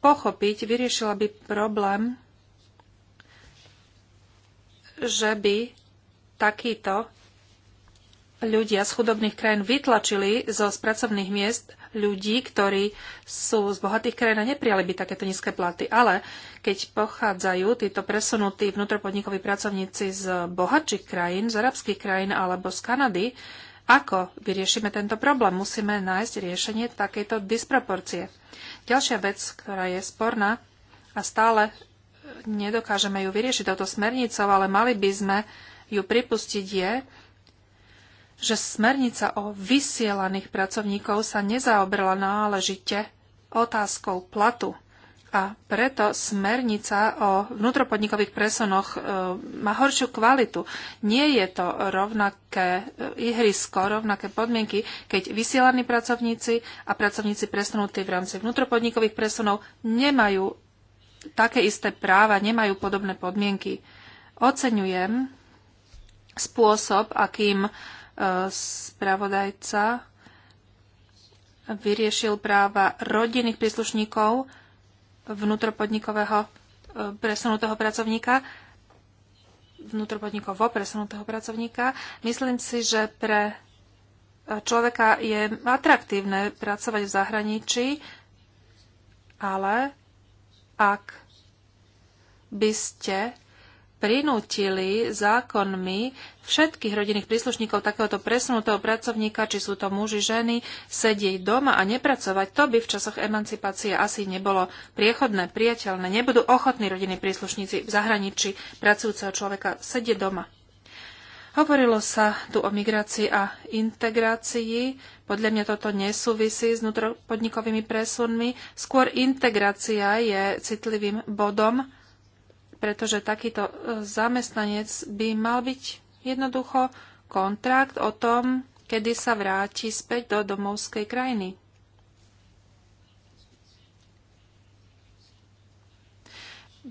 pochopiť, vyriešila by problém, že by takíto ľudia z chudobných krajín vytlačili zo pracovných miest ľudí, ktorí sú z bohatých krajín a neprijali by takéto nízke platy. Ale keď pochádzajú títo presunutí vnútropodnikoví pracovníci z bohatších krajín, z arabských krajín alebo z Kanady, ako vyriešime tento problém? Musíme nájsť riešenie takejto disproporcie. Ďalšia vec, ktorá je sporná a stále nedokážeme ju vyriešiť touto smernicou, ale mali by sme ju pripustiť je, že smernica o vysielaných pracovníkov sa nezaobrala náležite otázkou platu. A preto smernica o vnútropodnikových presunoch e, má horšiu kvalitu. Nie je to rovnaké e, ihrisko, rovnaké podmienky, keď vysielaní pracovníci a pracovníci presunutí v rámci vnútropodnikových presunov nemajú také isté práva, nemajú podobné podmienky. Oceňujem spôsob, akým spravodajca vyriešil práva rodinných príslušníkov vnútropodnikového e, presunutého pracovníka, vnútropodnikovo presunutého pracovníka. Myslím si, že pre e, človeka je atraktívne pracovať v zahraničí, ale ak by ste prinútili zákonmi všetkých rodinných príslušníkov takéhoto presunutého pracovníka, či sú to muži, ženy, sedieť doma a nepracovať, to by v časoch emancipácie asi nebolo priechodné, priateľné. Nebudú ochotní rodinní príslušníci v zahraničí pracujúceho človeka sedieť doma. Hovorilo sa tu o migrácii a integrácii. Podľa mňa toto nesúvisí s nutropodnikovými presunmi. Skôr integrácia je citlivým bodom pretože takýto e, zamestnanec by mal byť jednoducho kontrakt o tom, kedy sa vráti späť do domovskej krajiny.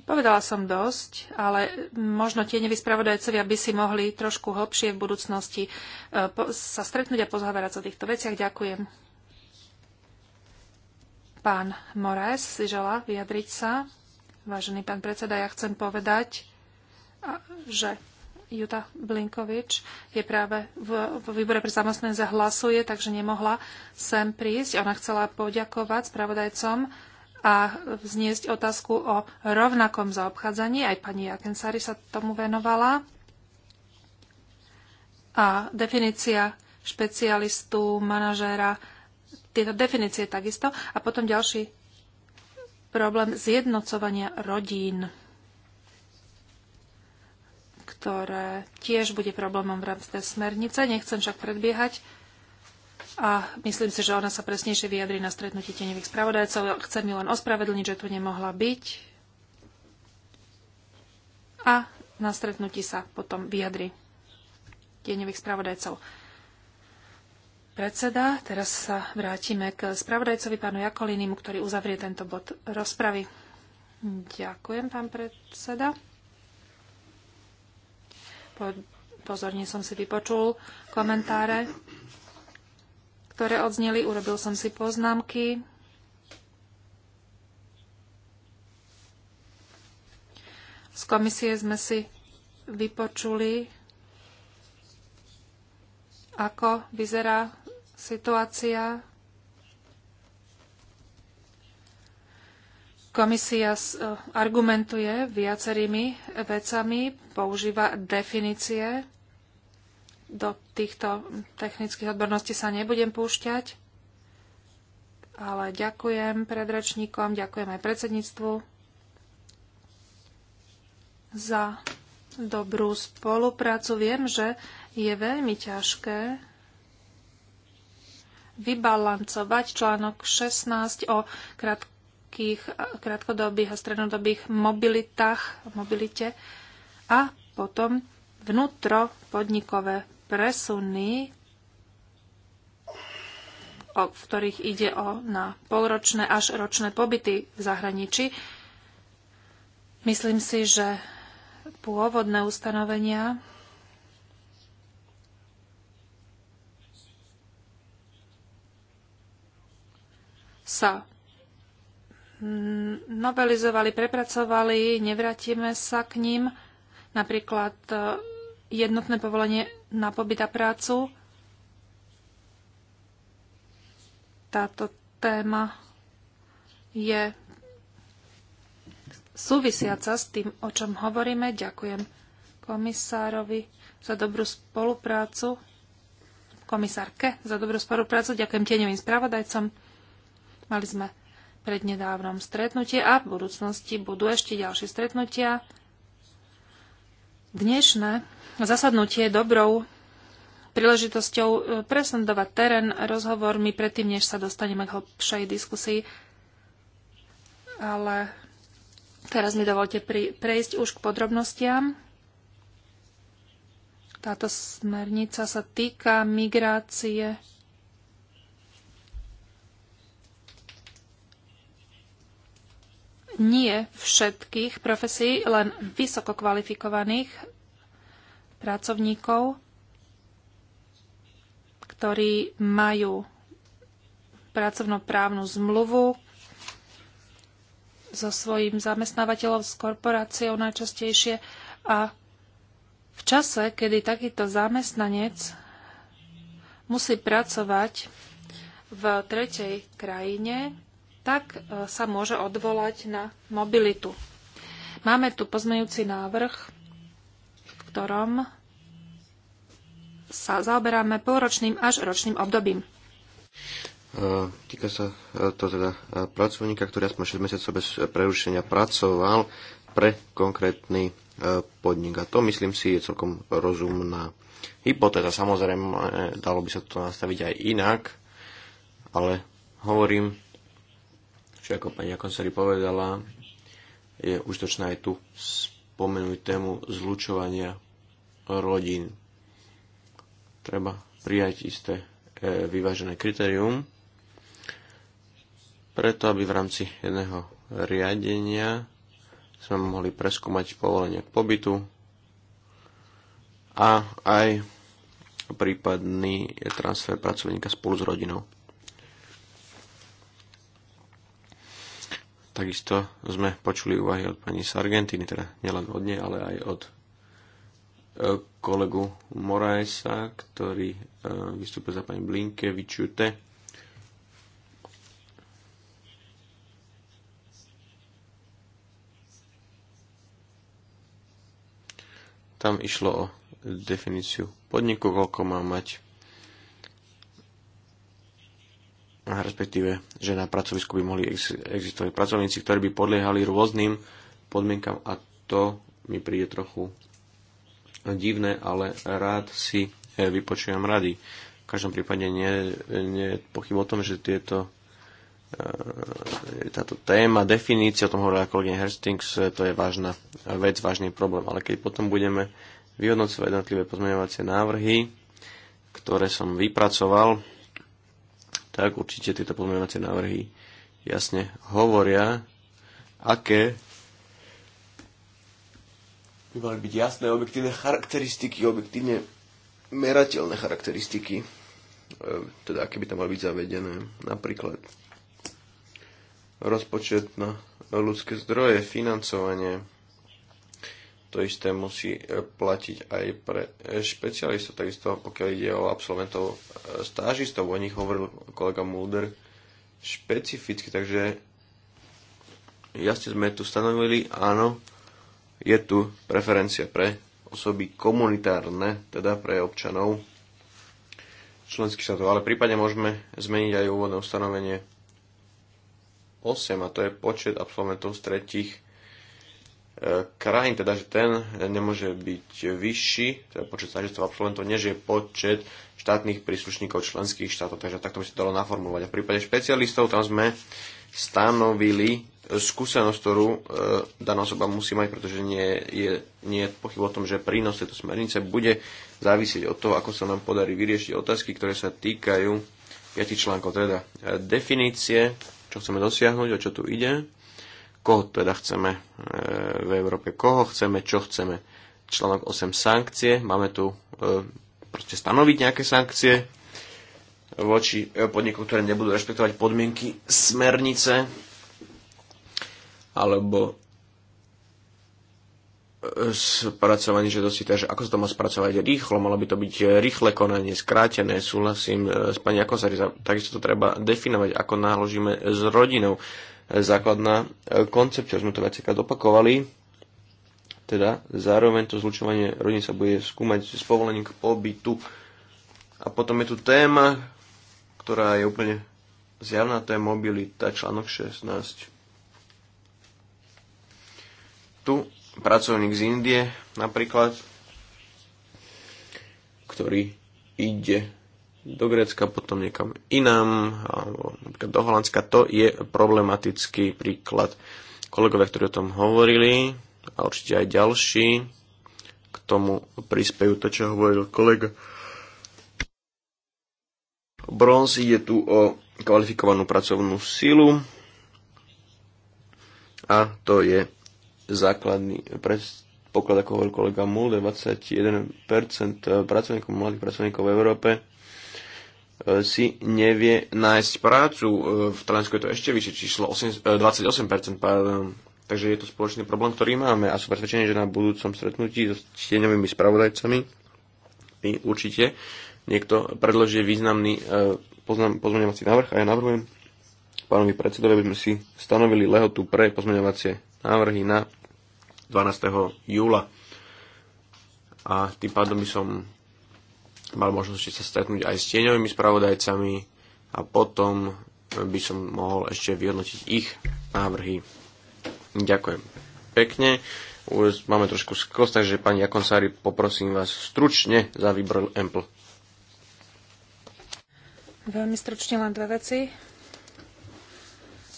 Povedala som dosť, ale možno tie nevyspravodajcovia by si mohli trošku hlbšie v budúcnosti e, sa stretnúť a pozhovárať o týchto veciach. Ďakujem. Pán Moraes si želá vyjadriť sa. Vážený pán predseda, ja chcem povedať, že Juta Blinkovič je práve v, v výbore pre samostné zahlasuje, takže nemohla sem prísť. Ona chcela poďakovať spravodajcom a vzniesť otázku o rovnakom zaobchádzaní. Aj pani Jakensari sa tomu venovala. A definícia špecialistu, manažéra, tieto definície takisto. A potom ďalší problém zjednocovania rodín, ktoré tiež bude problémom v rámci tej smernice. Nechcem však predbiehať a myslím si, že ona sa presnejšie vyjadri na stretnutí tenevých spravodajcov. Chcem ju len ospravedlniť, že tu nemohla byť a na stretnutí sa potom vyjadri tenevých spravodajcov predseda. Teraz sa vrátime k spravodajcovi pánu Jakolinimu, ktorý uzavrie tento bod rozpravy. Ďakujem, pán predseda. Po, pozorne som si vypočul komentáre, ktoré odzneli. Urobil som si poznámky. Z komisie sme si vypočuli, ako vyzerá situácia. Komisia e, argumentuje viacerými vecami, používa definície. Do týchto technických odborností sa nebudem púšťať, ale ďakujem predrečníkom, ďakujem aj predsedníctvu za dobrú spoluprácu. Viem, že je veľmi ťažké vybalancovať článok 16 o krátkých, krátkodobých a strednodobých mobilitách, mobilite a potom vnútropodnikové presuny, o, v ktorých ide o na polročné až ročné pobyty v zahraničí. Myslím si, že pôvodné ustanovenia sa novelizovali, prepracovali, nevrátime sa k ním, napríklad e, jednotné povolenie na pobyt a prácu. Táto téma je súvisiaca s tým, o čom hovoríme. Ďakujem komisárovi za dobrú spoluprácu, komisárke za dobrú spoluprácu, ďakujem tieňovým spravodajcom Mali sme prednedávnom stretnutie a v budúcnosti budú ešte ďalšie stretnutia. Dnešné zasadnutie je dobrou príležitosťou e, presendovať terén rozhovormi predtým, než sa dostaneme k hlbšej diskusii. Ale teraz mi dovolte prejsť už k podrobnostiam. Táto smernica sa týka migrácie nie všetkých profesí, len vysoko kvalifikovaných pracovníkov, ktorí majú pracovnoprávnu zmluvu so svojím zamestnávateľom, s korporáciou najčastejšie. A v čase, kedy takýto zamestnanec musí pracovať v tretej krajine, tak e, sa môže odvolať na mobilitu. Máme tu pozmeňujúci návrh, v ktorom sa zaoberáme polročným až ročným obdobím. E, týka sa e, to teda pracovníka, ktorý aspoň 6 mesiacov bez prerušenia pracoval pre konkrétny podnik. A to, myslím si, je celkom rozumná hypotéza. Samozrejme, dalo by sa to nastaviť aj inak, ale hovorím čo ako pani Akonsari povedala, je užitočná aj tu spomenúť tému zlučovania rodín. Treba prijať isté e, vyvážené kritérium, preto aby v rámci jedného riadenia sme mohli preskúmať povolenie k pobytu a aj prípadný transfer pracovníka spolu s rodinou. Takisto sme počuli úvahy od pani Sargentiny, teda nielen od nej, ale aj od e, kolegu Moraesa, ktorý e, vystúpil za pani Blinke, vyčujte. Tam išlo o definíciu podniku, koľko má mať respektíve, že na pracovisku by mohli existovať pracovníci, ktorí by podliehali rôznym podmienkam a to mi príde trochu divné, ale rád si e, vypočujem rady. V každom prípade nie, nie pochyb o tom, že tieto e, táto téma, definícia, o tom hovorila kolegyňa Herstings, e, to je vážna vec, vážny problém. Ale keď potom budeme vyhodnocovať jednotlivé pozmeňovacie návrhy, ktoré som vypracoval, tak určite tieto pozmeňovacie návrhy jasne hovoria, aké by mali byť jasné objektívne charakteristiky, objektívne merateľné charakteristiky, e, teda aké by tam mali byť zavedené. Napríklad rozpočet na ľudské zdroje, financovanie, to isté musí e, platiť aj pre e, špecialistov, takisto pokiaľ ide o absolventov e, stážistov, o nich hovoril kolega Mulder špecificky, takže jasne sme tu stanovili, áno, je tu preferencia pre osoby komunitárne, teda pre občanov členských štátov, ale prípadne môžeme zmeniť aj úvodné ustanovenie 8, a to je počet absolventov z tretich E, krajín, teda že ten nemôže byť vyšší, teda počet stažistov absolventov, než je počet štátnych príslušníkov členských štátov. Takže takto by sa dalo naformulovať. A v prípade špecialistov tam sme stanovili skúsenosť, ktorú e, daná osoba musí mať, pretože nie je, nie je pochyb o tom, že prínos tejto smernice bude závisieť od toho, ako sa nám podarí vyriešiť otázky, ktoré sa týkajú piatich článkov, teda e, definície, čo chceme dosiahnuť, o čo tu ide, koho teda chceme e, v Európe, koho chceme, čo chceme. Článok 8 sankcie, máme tu e, proste stanoviť nejaké sankcie voči e, podnikom, ktoré nebudú rešpektovať podmienky smernice alebo spracovanie žiadosti, takže ako sa to má spracovať rýchlo, malo by to byť rýchle konanie, skrátené, súhlasím s pani Akosari, takisto to treba definovať, ako náložíme s rodinou, základná e, koncepcia. Sme to viackrát opakovali. Teda zároveň to zlučovanie rodín sa bude skúmať s povolením k pobytu. A potom je tu téma, ktorá je úplne zjavná, to je mobilita, článok 16. Tu pracovník z Indie napríklad, ktorý ide do Grécka, potom niekam inám, alebo do Holandska. To je problematický príklad. Kolegovia, ktorí o tom hovorili, a určite aj ďalší, k tomu prispejú to, čo hovoril kolega. Bronz ide tu o kvalifikovanú pracovnú silu a to je základný predpoklad, ako hovoril kolega Mulde, 21% pracovníkov, mladých pracovníkov v Európe si nevie nájsť prácu. E, v Taliansku je to ešte vyššie číslo, 28%, e, pardon. Takže je to spoločný problém, ktorý máme a sú presvedčení, že na budúcom stretnutí so stieňovými spravodajcami mi určite niekto predloží významný e, pozmeňovací návrh a ja navrhujem pánovi predsedovi, aby sme si stanovili lehotu pre pozmeňovacie návrhy na 12. júla. A tým pádom by som mal možnosť sa stretnúť aj s tieňovými spravodajcami a potom by som mohol ešte vyhodnotiť ich návrhy. Ďakujem pekne. Už máme trošku skos, takže pani Jakonsári, poprosím vás stručne za výbor EMPL. Veľmi stručne len dve veci,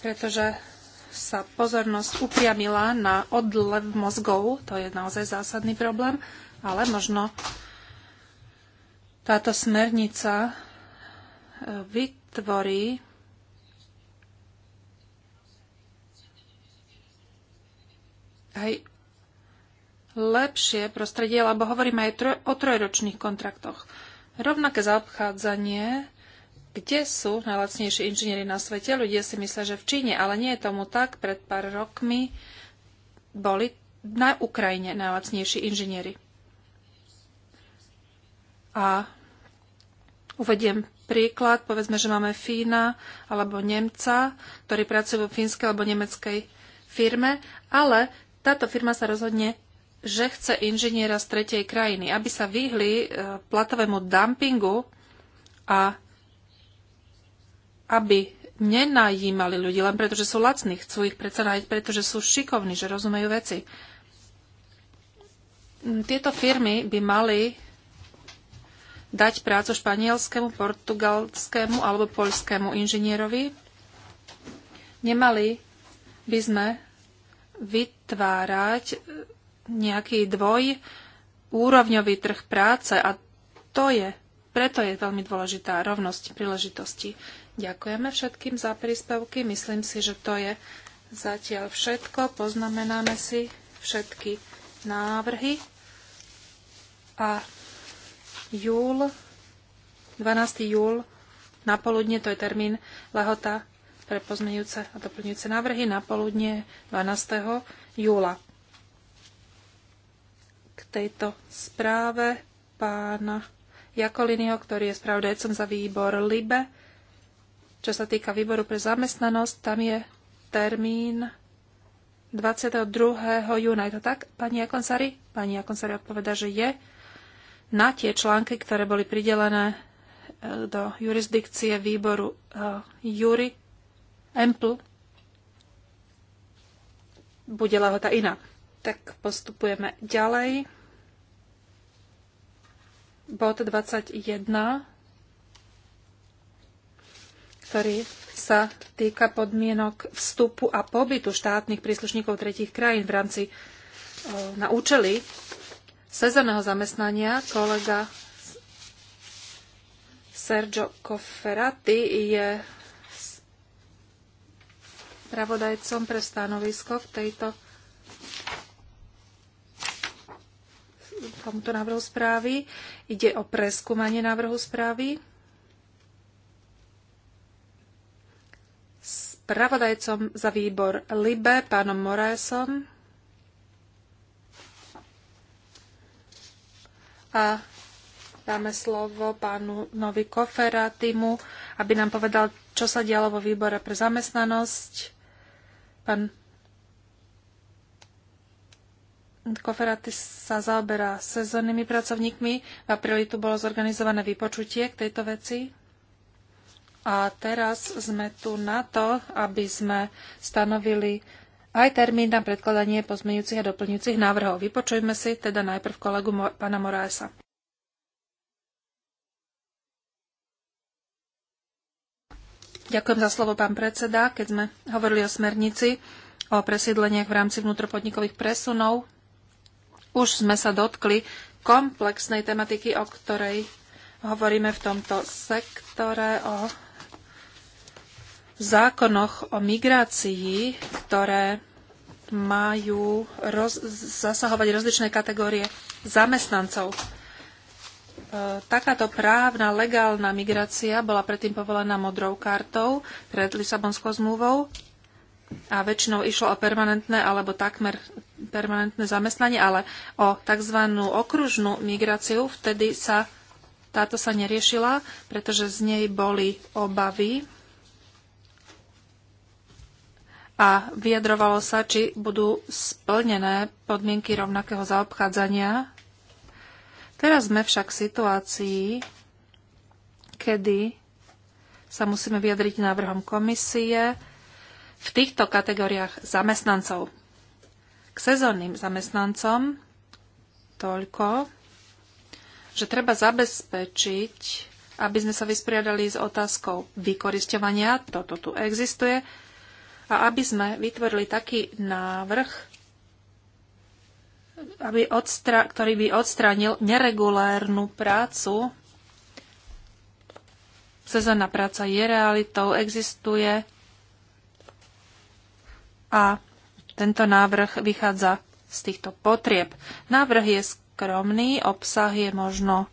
pretože sa pozornosť upriamila na odlev mozgov, to je naozaj zásadný problém, ale možno táto smernica e, vytvorí aj lepšie prostredie, lebo hovoríme aj troj, o trojročných kontraktoch. Rovnaké zaobchádzanie, kde sú najlacnejší inžinieri na svete, ľudia si myslia, že v Číne, ale nie je tomu tak. Pred pár rokmi boli na Ukrajine najlacnejší inžinieri. A uvediem príklad, povedzme, že máme Fína alebo Nemca, ktorí pracujú vo fínskej alebo nemeckej firme, ale táto firma sa rozhodne že chce inžiniera z tretej krajiny, aby sa vyhli e, platovému dumpingu a aby nenajímali ľudí len preto, že sú lacní, chcú ich predsa nájsť, pretože sú šikovní, že rozumejú veci. Tieto firmy by mali dať prácu španielskému, portugalskému alebo poľskému inžinierovi? Nemali by sme vytvárať e, nejaký dvoj úrovňový trh práce a to je, preto je veľmi dôležitá rovnosť príležitosti. Ďakujeme všetkým za príspevky. Myslím si, že to je zatiaľ všetko. Poznamenáme si všetky návrhy a júl, 12. júl, na poludne, to je termín lehota pre pozmeňujúce a doplňujúce návrhy, na poludne 12. júla. K tejto správe pána Jakoliniho, ktorý je spravodajcom za výbor LIBE, čo sa týka výboru pre zamestnanosť, tam je termín 22. júna. Je to tak, pani Jakonsari? Pani Jakonsari odpoveda, že je na tie články, ktoré boli pridelené e, do jurisdikcie výboru uh, e, Jury Empl. Bude lehota iná. Tak postupujeme ďalej. Bod 21, ktorý sa týka podmienok vstupu a pobytu štátnych príslušníkov tretich krajín v rámci uh, na účely sezónneho zamestnania kolega Sergio Cofferati je pravodajcom pre stanovisko v tejto tomuto návrhu správy. Ide o preskúmanie návrhu správy. Spravodajcom za výbor LIBE, pánom Moraesom. a dáme slovo pánu Novi Koferatimu, aby nám povedal, čo sa dialo vo výbore pre zamestnanosť. Pán Koferaty sa zaoberá sezónnymi pracovníkmi. V apríli tu bolo zorganizované vypočutie k tejto veci. A teraz sme tu na to, aby sme stanovili aj termín na predkladanie pozmeňujúcich a doplňujúcich návrhov. Vypočujme si teda najprv kolegu Mo- pána Moraesa. Ďakujem za slovo, pán predseda. Keď sme hovorili o smernici, o presídleniach v rámci vnútropodnikových presunov, už sme sa dotkli komplexnej tematiky, o ktorej hovoríme v tomto sektore, o v zákonoch o migrácii, ktoré majú roz, zasahovať rozličné kategórie zamestnancov. E, takáto právna, legálna migrácia bola predtým povolená modrou kartou pred Lisabonskou zmluvou a väčšinou išlo o permanentné alebo takmer permanentné zamestnanie, ale o tzv. okružnú migráciu. Vtedy sa táto sa neriešila, pretože z nej boli obavy a vyjadrovalo sa, či budú splnené podmienky rovnakého zaobchádzania. Teraz sme však v situácii, kedy sa musíme vyjadriť návrhom komisie v týchto kategóriách zamestnancov. K sezónnym zamestnancom toľko, že treba zabezpečiť, aby sme sa vysporiadali s otázkou vykoristovania, toto tu existuje, a aby sme vytvorili taký návrh, aby odstra- ktorý by odstránil neregulárnu prácu. Sezónna práca je realitou, existuje a tento návrh vychádza z týchto potrieb. Návrh je skromný, obsah je možno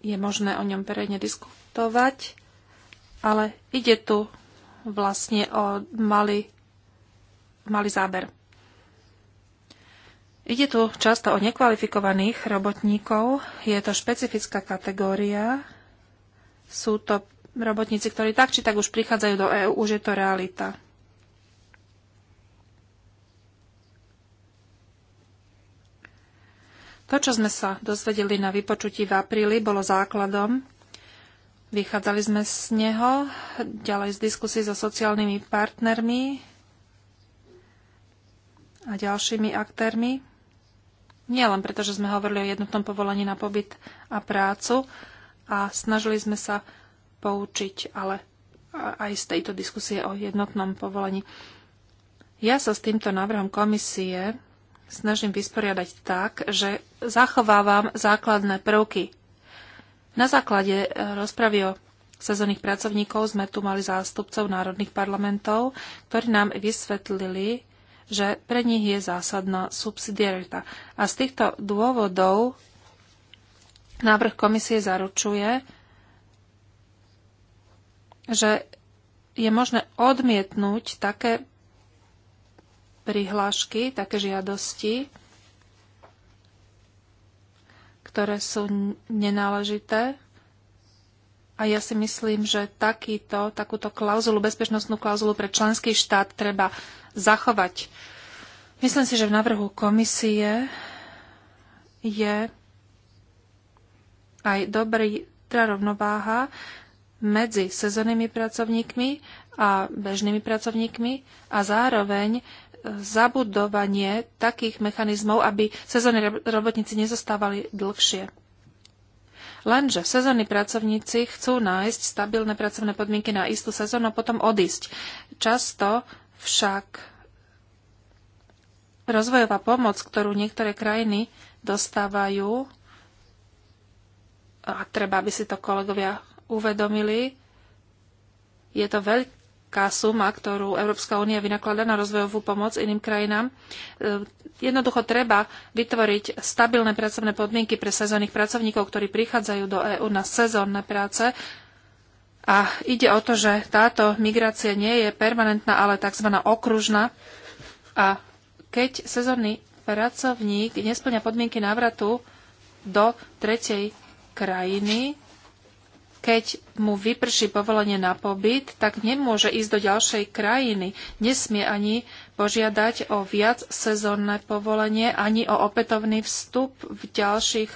je možné o ňom verejne diskutovať. Ale ide tu vlastne o malý, malý záber. Ide tu často o nekvalifikovaných robotníkov. Je to špecifická kategória. Sú to robotníci, ktorí tak či tak už prichádzajú do EÚ, už je to realita. To, čo sme sa dozvedeli na vypočutí v apríli, bolo základom Vychádzali sme z neho, ďalej z diskusí so sociálnymi partnermi a ďalšími aktérmi. len preto, že sme hovorili o jednotnom povolení na pobyt a prácu a snažili sme sa poučiť, ale aj z tejto diskusie o jednotnom povolení. Ja sa s týmto návrhom komisie snažím vysporiadať tak, že zachovávam základné prvky na základe e, rozpravy o sezónnych pracovníkov sme tu mali zástupcov národných parlamentov, ktorí nám vysvetlili, že pre nich je zásadná subsidiarita. A z týchto dôvodov návrh komisie zaručuje, že je možné odmietnúť také prihlášky, také žiadosti, ktoré sú nenáležité. A ja si myslím, že takýto, takúto klauzulu, bezpečnostnú klauzulu pre členský štát treba zachovať. Myslím si, že v návrhu komisie je aj dobrý rovnováha medzi sezónnymi pracovníkmi a bežnými pracovníkmi a zároveň zabudovanie takých mechanizmov, aby sezónni robotníci nezostávali dlhšie. Lenže sezónni pracovníci chcú nájsť stabilné pracovné podmienky na istú sezónu a potom odísť. Často však rozvojová pomoc, ktorú niektoré krajiny dostávajú, a treba, aby si to kolegovia uvedomili, je to veľký veľká suma, ktorú Európska únia vynaklada na rozvojovú pomoc iným krajinám. E, jednoducho treba vytvoriť stabilné pracovné podmienky pre sezónnych pracovníkov, ktorí prichádzajú do EÚ na sezónne práce. A ide o to, že táto migrácia nie je permanentná, ale tzv. okružná. A keď sezónny pracovník nesplňa podmienky návratu do tretej krajiny, keď mu vyprší povolenie na pobyt, tak nemôže ísť do ďalšej krajiny. Nesmie ani požiadať o viac sezónne povolenie, ani o opätovný vstup v ďalších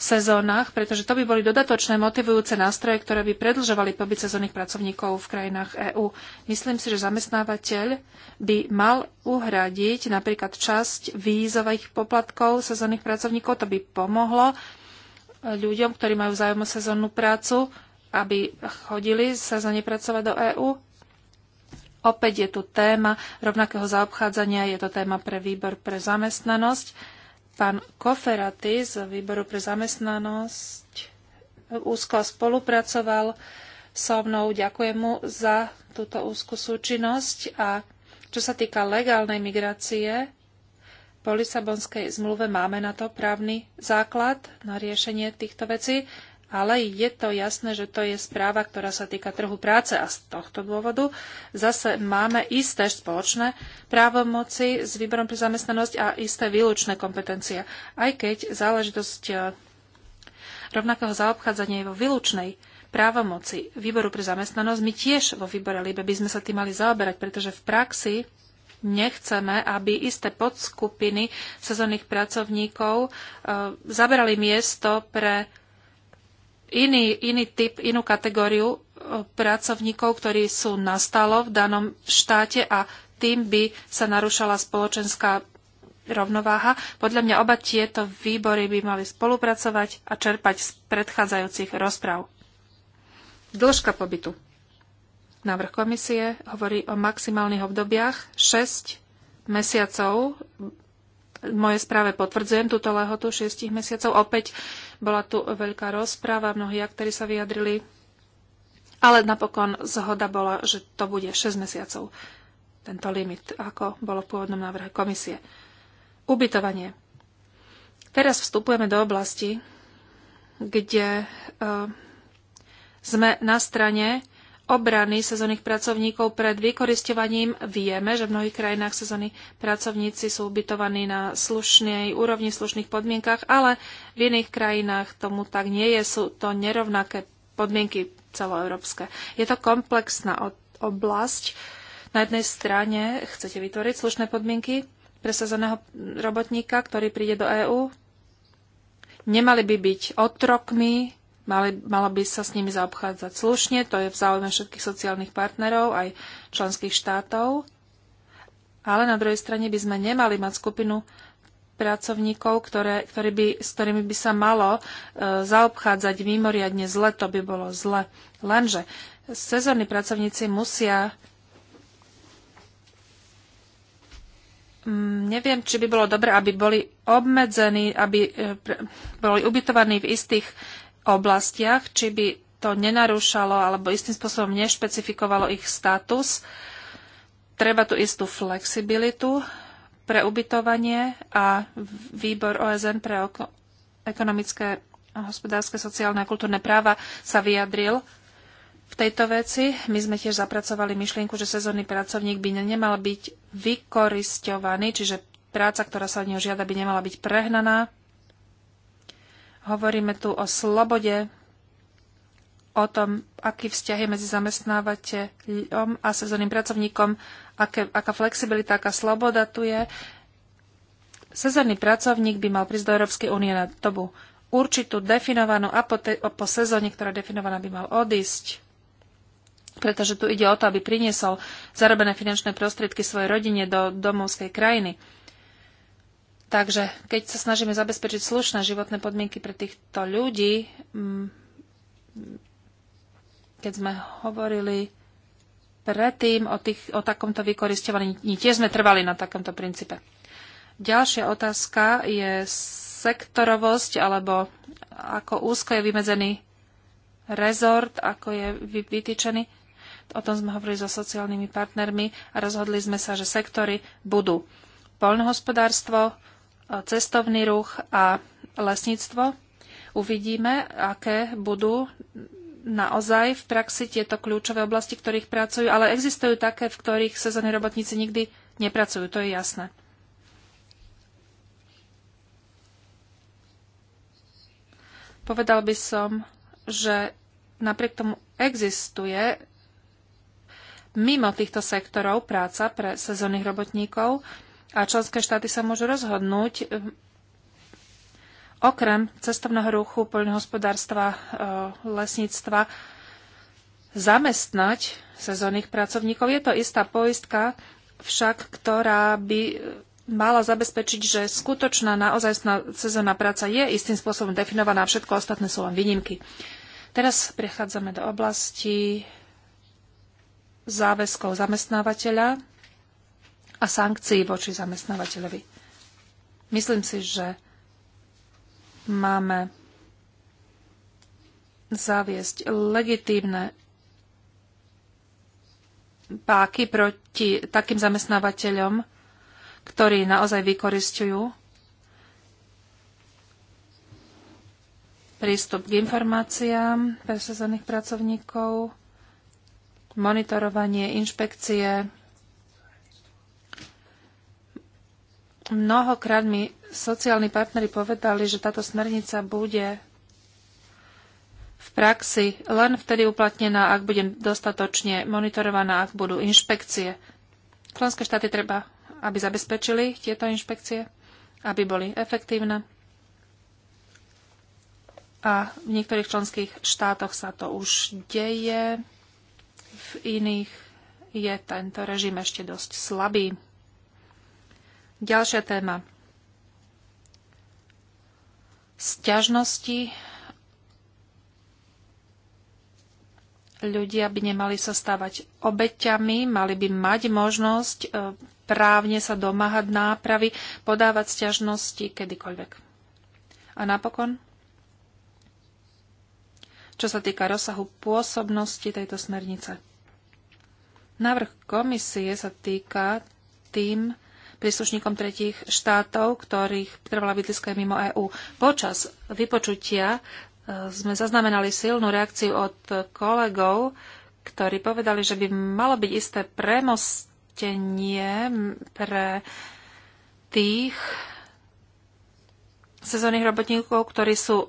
sezónach, pretože to by boli dodatočné motivujúce nástroje, ktoré by predlžovali pobyt sezónnych pracovníkov v krajinách EÚ. Myslím si, že zamestnávateľ by mal uhradiť napríklad časť vízových poplatkov sezónnych pracovníkov, to by pomohlo ľuďom, ktorí majú zájom o sezónnu prácu, aby chodili sezónne pracovať do EÚ. Opäť je tu téma rovnakého zaobchádzania, je to téma pre výbor pre zamestnanosť. Pán Koferaty z výboru pre zamestnanosť úzko spolupracoval so mnou. Ďakujem mu za túto úzku súčinnosť. A čo sa týka legálnej migrácie, po Lisabonskej zmluve máme na to právny základ na riešenie týchto vecí, ale je to jasné, že to je správa, ktorá sa týka trhu práce a z tohto dôvodu zase máme isté spoločné právomoci s výborom pre zamestnanosť a isté výlučné kompetencie. Aj keď záležitosť e, rovnakého zaobchádzania je vo výlučnej právomoci výboru pre zamestnanosť, my tiež vo výbore LIBE by sme sa tým mali zaoberať, pretože v praxi nechceme, aby isté podskupiny sezónnych pracovníkov e, zaberali miesto pre iný, iný typ, inú kategóriu e, pracovníkov, ktorí sú nastalo v danom štáte a tým by sa narušala spoločenská rovnováha. Podľa mňa oba tieto výbory by mali spolupracovať a čerpať z predchádzajúcich rozpráv. Dĺžka pobytu. Návrh komisie hovorí o maximálnych obdobiach 6 mesiacov. V mojej správe potvrdzujem túto lehotu 6 mesiacov. Opäť bola tu veľká rozpráva, mnohí aktéry sa vyjadrili, ale napokon zhoda bola, že to bude 6 mesiacov, tento limit, ako bolo v pôvodnom návrhe komisie. Ubytovanie. Teraz vstupujeme do oblasti, kde uh, sme na strane obrany sezónnych pracovníkov pred vykoristovaním. Vieme, že v mnohých krajinách sezónni pracovníci sú ubytovaní na slušnej úrovni, slušných podmienkach, ale v iných krajinách tomu tak nie je. Sú to nerovnaké podmienky celoeurópske. Je to komplexná oblasť. Na jednej strane chcete vytvoriť slušné podmienky pre sezónneho robotníka, ktorý príde do EÚ. Nemali by byť otrokmi Mali, malo by sa s nimi zaobchádzať slušne, to je v záujme všetkých sociálnych partnerov, aj členských štátov. Ale na druhej strane by sme nemali mať skupinu pracovníkov, ktoré, ktorý by, s ktorými by sa malo e, zaobchádzať mimoriadne zle, to by bolo zle. Lenže sezónni pracovníci musia. Mm, neviem, či by bolo dobre, aby boli obmedzení, aby e, pre, boli ubytovaní v istých oblastiach, či by to nenarúšalo alebo istým spôsobom nešpecifikovalo ich status. Treba tu istú flexibilitu pre ubytovanie a výbor OSN pre ekonomické, hospodárske, sociálne a kultúrne práva sa vyjadril v tejto veci. My sme tiež zapracovali myšlienku, že sezónny pracovník by nemal byť vykoristovaný, čiže práca, ktorá sa od neho žiada, by nemala byť prehnaná. Hovoríme tu o slobode, o tom, aký vzťah je medzi zamestnávateľom a sezónnym pracovníkom, aké, aká flexibilita, aká sloboda tu je. Sezónny pracovník by mal prísť do Európskej únie na dobu určitú definovanú a po, te, po sezóne, ktorá definovaná by mal odísť. Pretože tu ide o to, aby priniesol zarobené finančné prostriedky svojej rodine do domovskej krajiny. Takže keď sa snažíme zabezpečiť slušné životné podmienky pre týchto ľudí, mm, keď sme hovorili predtým o, tých, o takomto vykoristovaní, tiež sme trvali na takomto princípe. Ďalšia otázka je sektorovosť, alebo ako úzko je vymedzený rezort, ako je vytýčený. O tom sme hovorili so sociálnymi partnermi a rozhodli sme sa, že sektory budú poľnohospodárstvo, cestovný ruch a lesníctvo. Uvidíme, aké budú naozaj v praxi tieto kľúčové oblasti, v ktorých pracujú, ale existujú také, v ktorých sezónni robotníci nikdy nepracujú, to je jasné. Povedal by som, že napriek tomu existuje mimo týchto sektorov práca pre sezónnych robotníkov, a členské štáty sa môžu rozhodnúť e, okrem cestovného ruchu, poľnohospodárstva, e, lesníctva zamestnať sezónnych pracovníkov. Je to istá poistka, však ktorá by mala zabezpečiť, že skutočná naozajstná sezónna práca je istým spôsobom definovaná a všetko ostatné sú len výnimky. Teraz prechádzame do oblasti záväzkov zamestnávateľa a sankcií voči zamestnávateľovi. Myslím si, že máme zaviesť legitímne páky proti takým zamestnávateľom, ktorí naozaj vykoristujú prístup k informáciám pre sezónnych pracovníkov, monitorovanie, inšpekcie, Mnohokrát mi sociálni partneri povedali, že táto smernica bude v praxi len vtedy uplatnená, ak bude dostatočne monitorovaná, ak budú inšpekcie. Členské štáty treba, aby zabezpečili tieto inšpekcie, aby boli efektívne. A v niektorých členských štátoch sa to už deje, v iných je tento režim ešte dosť slabý. Ďalšia téma. Sťažnosti ľudia by nemali sa stávať obeťami, mali by mať možnosť e, právne sa domáhať nápravy, podávať sťažnosti kedykoľvek. A napokon, čo sa týka rozsahu pôsobnosti tejto smernice. Návrh komisie sa týka tým, príslušníkom tretích štátov, ktorých trvalá bydliska mimo EÚ. Počas vypočutia e, sme zaznamenali silnú reakciu od kolegov, ktorí povedali, že by malo byť isté premostenie pre tých sezónnych robotníkov, ktorí sú e,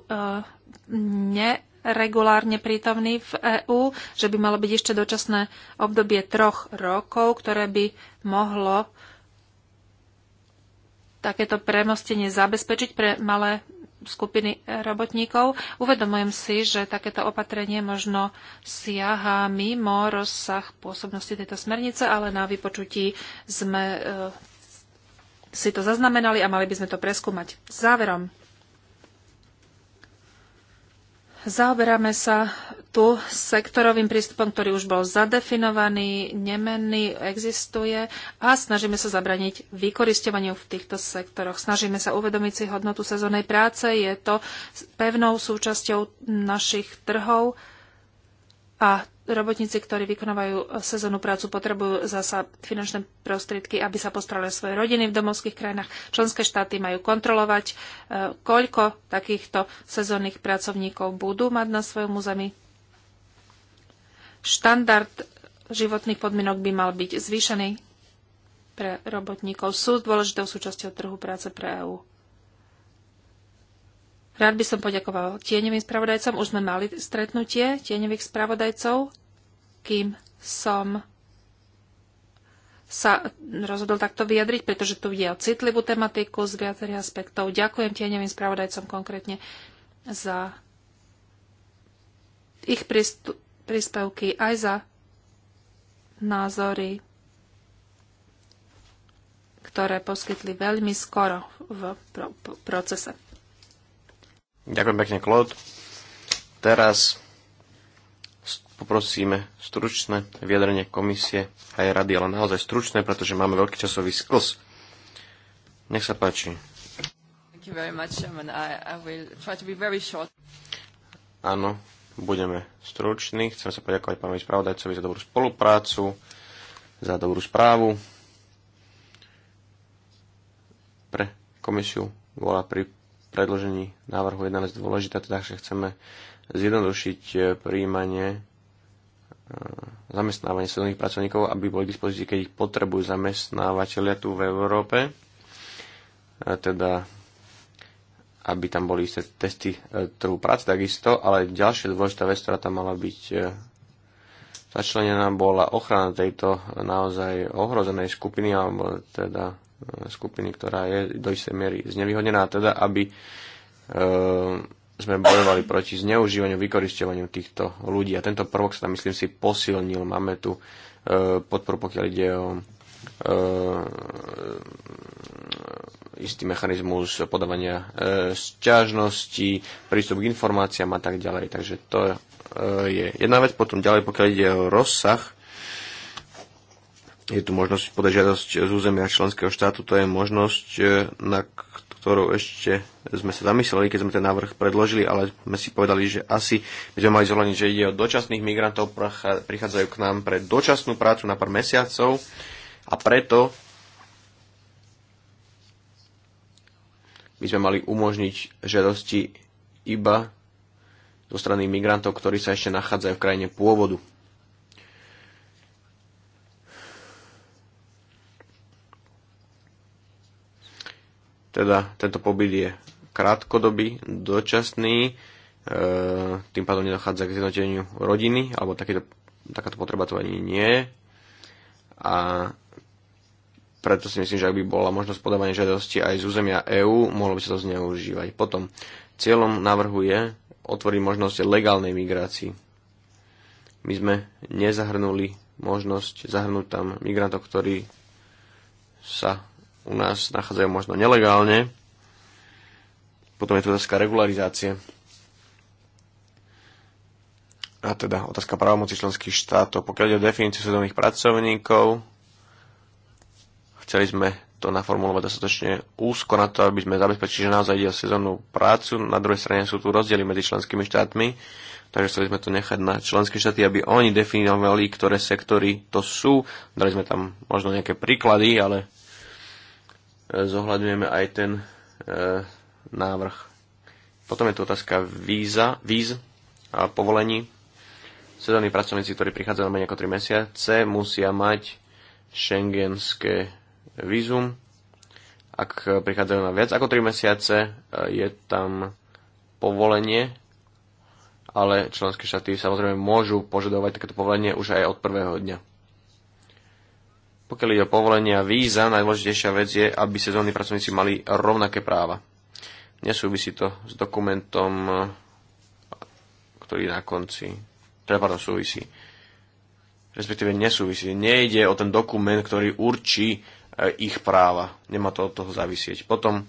neregulárne prítomní v EÚ, že by malo byť ešte dočasné obdobie troch rokov, ktoré by mohlo takéto premostenie zabezpečiť pre malé skupiny robotníkov. Uvedomujem si, že takéto opatrenie možno siaha mimo rozsah pôsobnosti tejto smernice, ale na vypočutí sme e, si to zaznamenali a mali by sme to preskúmať. Záverom. Zaoberáme sa tu sektorovým prístupom, ktorý už bol zadefinovaný, nemenný, existuje a snažíme sa zabraniť vykoristovaniu v týchto sektoroch. Snažíme sa uvedomiť si hodnotu sezónnej práce, je to pevnou súčasťou našich trhov a robotníci, ktorí vykonávajú sezónnu prácu, potrebujú zasa finančné prostriedky, aby sa postarali svoje rodiny v domovských krajinách. Členské štáty majú kontrolovať, e, koľko takýchto sezónnych pracovníkov budú mať na svojom území. Štandard životných podmienok by mal byť zvýšený pre robotníkov. Sú dôležitou súčasťou trhu práce pre EÚ. Rád by som poďakoval tieňovým spravodajcom. Už sme mali stretnutie tieňových spravodajcov, kým som sa rozhodol takto vyjadriť, pretože tu ide o citlivú tematiku z viacerých aspektov. Ďakujem tieňovým spravodajcom konkrétne za ich prístup príspevky, aj za názory, ktoré poskytli veľmi skoro v pro- procese. Ďakujem pekne, Klod. Teraz poprosíme stručné vyjadrenie komisie aj rady, ale naozaj stručné, pretože máme veľký časový sklz. Nech sa páči. Much, I Áno, budeme struční. Chcem sa poďakovať pánovi spravodajcovi za dobrú spoluprácu, za dobrú správu. Pre komisiu bola pri predložení návrhu jedna vec dôležitá, teda že chceme zjednodušiť e, príjmanie e, zamestnávanie sezónnych pracovníkov, aby boli k dispozícii, keď ich potrebujú zamestnávateľia tu v Európe. E, teda aby tam boli isté testy e, trhu práce takisto, ale ďalšia dôležitá vec, ktorá tam mala byť e, začlenená, bola ochrana tejto naozaj ohrozenej skupiny, alebo teda e, skupiny, ktorá je do istej miery znevýhodnená, teda aby sme bojovali proti zneužívaniu, vykoristovaniu týchto ľudí. A tento prvok sa tam, myslím si, posilnil. Máme tu podporu, pokiaľ ide o istý mechanizmus podávania e, sťažnosti, prístup k informáciám a tak ďalej. Takže to e, je jedna vec. Potom ďalej, pokiaľ ide o rozsah, je tu možnosť podať žiadosť z územia členského štátu. To je možnosť, e, na ktorú ešte sme sa zamysleli, keď sme ten návrh predložili, ale sme si povedali, že asi by sme mali zvolenie, že ide o dočasných migrantov, prichádzajú k nám pre dočasnú prácu na pár mesiacov a preto by sme mali umožniť žiadosti iba zo strany migrantov, ktorí sa ešte nachádzajú v krajine pôvodu. Teda tento pobyt je krátkodobý, dočasný, e, tým pádom nedochádza k zjednoteniu rodiny, alebo takýto, takáto potreba tu ani nie. A preto si myslím, že ak by bola možnosť podávania žiadosti aj z územia EÚ, mohlo by sa to zneužívať. Potom, cieľom návrhu je otvoriť možnosť legálnej migrácii. My sme nezahrnuli možnosť zahrnúť tam migrantov, ktorí sa u nás nachádzajú možno nelegálne. Potom je tu otázka regularizácie. A teda otázka právomoci členských štátov. Pokiaľ ide o definíciu sezónnych pracovníkov, Chceli sme to naformulovať dostatočne úzko na to, aby sme zabezpečili, že naozaj ide o sezónnu prácu. Na druhej strane sú tu rozdiely medzi členskými štátmi, takže chceli sme to nechať na členské štáty, aby oni definovali, ktoré sektory to sú. Dali sme tam možno nejaké príklady, ale e, zohľadňujeme aj ten e, návrh. Potom je tu otázka víza, víz a povolení. Sezónni pracovníci, ktorí prichádzajú na menej ako 3 mesiace, musia mať šengenské vízum. Ak prichádzajú na viac ako 3 mesiace, e, je tam povolenie, ale členské štáty samozrejme môžu požadovať takéto povolenie už aj od prvého dňa. Pokiaľ ide o povolenia víza, najdôležitejšia vec je, aby sezónni pracovníci mali rovnaké práva. Nesúvisí to s dokumentom, e, ktorý na konci, teda pardon, súvisí. Respektíve nesúvisí. Nejde o ten dokument, ktorý určí E, ich práva. Nemá to od toho zavisieť. Potom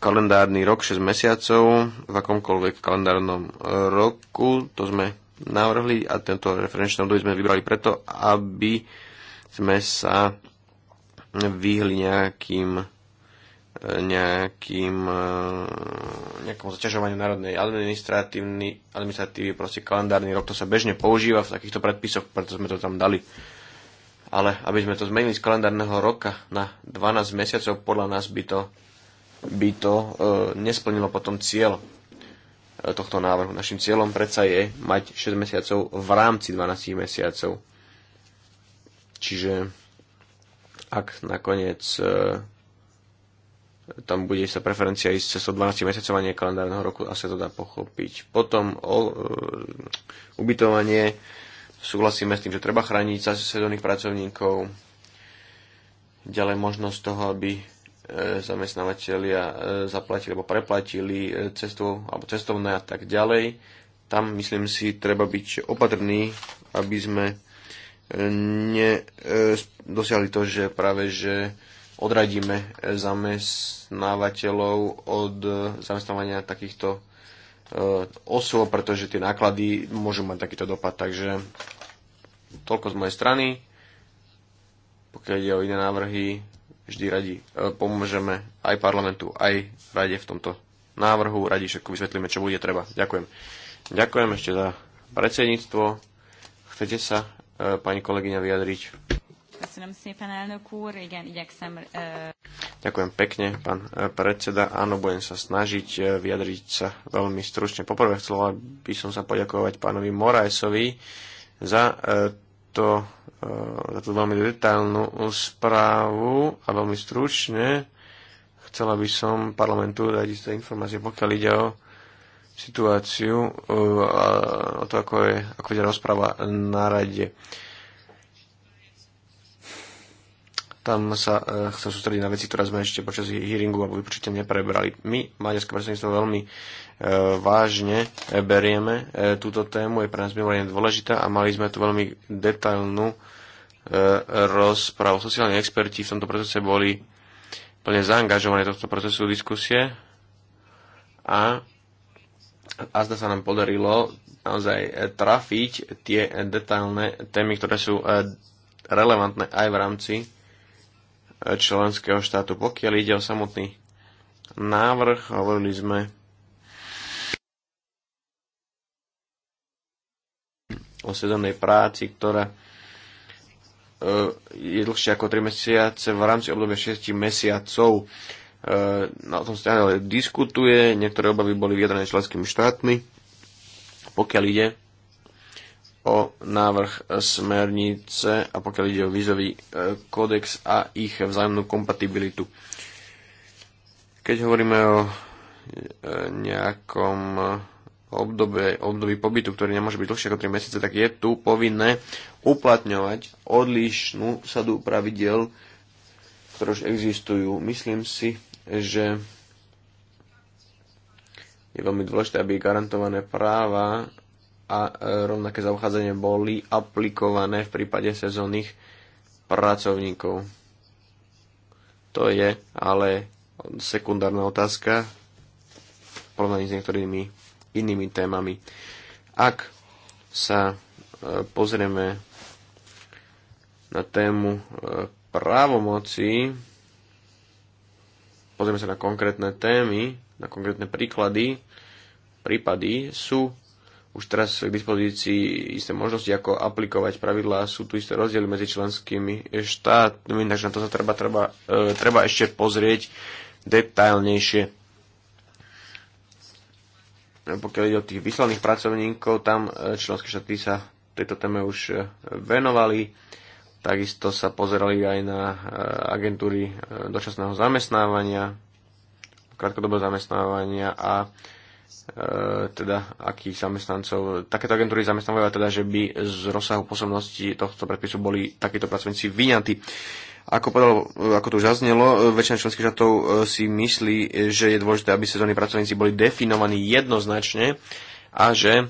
kalendárny rok 6 mesiacov v akomkoľvek kalendárnom e, roku, to sme navrhli a tento referenčný obdobie sme vybrali preto, aby sme sa vyhli nejakým e, nejakým nejakom zaťažovaniu národnej administratívny, administratívy, proste kalendárny rok, to sa bežne používa v takýchto predpisoch, preto sme to tam dali ale aby sme to zmenili z kalendárneho roka na 12 mesiacov, podľa nás by to, by to e, nesplnilo potom cieľ e, tohto návrhu. Našim cieľom predsa je mať 6 mesiacov v rámci 12 mesiacov. Čiže ak nakoniec e, tam bude sa preferencia ísť cez 12 mesiacov a nie kalendárneho roku asi sa to dá pochopiť. Potom o, e, ubytovanie súhlasíme s tým, že treba chrániť sa sezónnych pracovníkov, ďalej možnosť toho, aby e, zamestnávateľia e, zaplatili alebo preplatili e, cestu, alebo cestovné a tak ďalej. Tam, myslím si, treba byť opatrný, aby sme ne, dosiahli to, že práve že odradíme zamestnávateľov od zamestnávania takýchto E, osôb, pretože tie náklady môžu mať takýto dopad. Takže toľko z mojej strany. Pokiaľ ide o iné návrhy, vždy radi e, pomôžeme aj parlamentu, aj rade v tomto návrhu. Radi všetko vysvetlíme, čo bude treba. Ďakujem. Ďakujem ešte za predsedníctvo. Chcete sa, e, pani kolegyňa, vyjadriť? Köszönöm szépen, elnök úr. Igen, igyekszem... Ďakujem pekne, pán predseda. Áno, budem sa snažiť vyjadriť sa veľmi stručne. Poprvé chcela by som sa poďakovať pánovi Morajsovi za to, za tú veľmi detailnú správu a veľmi stručne chcela by som parlamentu dať isté informácie, pokiaľ ide o situáciu, o to, ako, je, ako je rozpráva na rade. tam sa e, chcem sústrediť na veci, ktoré sme ešte počas hearingu alebo vypočutia neprebrali. My, maďarské predstavníctvo, veľmi e, vážne e, berieme túto tému, je pre nás mimoriadne dôležitá a mali sme tu veľmi detailnú rozpravu. Sociálni experti v tomto procese boli plne zaangažovaní tohto procesu diskusie a, a zda sa nám podarilo naozaj trafiť tie detailné témy, ktoré sú relevantné aj v rámci členského štátu. Pokiaľ ide o samotný návrh, hovorili sme o sezónnej práci, ktorá e, je dlhšie ako 3 mesiace v rámci obdobia 6 mesiacov. E, na tom sa ale diskutuje, niektoré obavy boli vyjadrené členskými štátmi, pokiaľ ide o návrh smernice a pokiaľ ide o vízový e, kódex a ich vzájomnú kompatibilitu. Keď hovoríme o e, nejakom obdobie, období pobytu, ktorý nemôže byť dlhšie ako 3 mesiace, tak je tu povinné uplatňovať odlišnú sadu pravidel, ktoré už existujú. Myslím si, že je veľmi dôležité, aby garantované práva a e, rovnaké zaobchádzanie boli aplikované v prípade sezónnych pracovníkov. To je ale sekundárna otázka v porovnaní s niektorými inými témami. Ak sa e, pozrieme na tému e, právomoci, pozrieme sa na konkrétne témy, na konkrétne príklady, prípady, sú už teraz k dispozícii isté možnosti, ako aplikovať pravidlá. Sú tu isté rozdiely medzi členskými štátmi, takže na to sa treba, treba, e, treba ešte pozrieť detailnejšie. Pokiaľ ide o tých vyslaných pracovníkov, tam e, členské štáty sa tejto téme už e, venovali. Takisto sa pozerali aj na e, agentúry dočasného zamestnávania, krátkodobého zamestnávania a E, teda akých zamestnancov, takéto agentúry zamestnávajú, teda, že by z rozsahu posobnosti tohto predpisu boli takíto pracovníci vyňatí. Ako, povedal, e, ako to už zaznelo, e, väčšina členských štátov si myslí, že je dôležité, aby sezónni pracovníci boli definovaní jednoznačne a že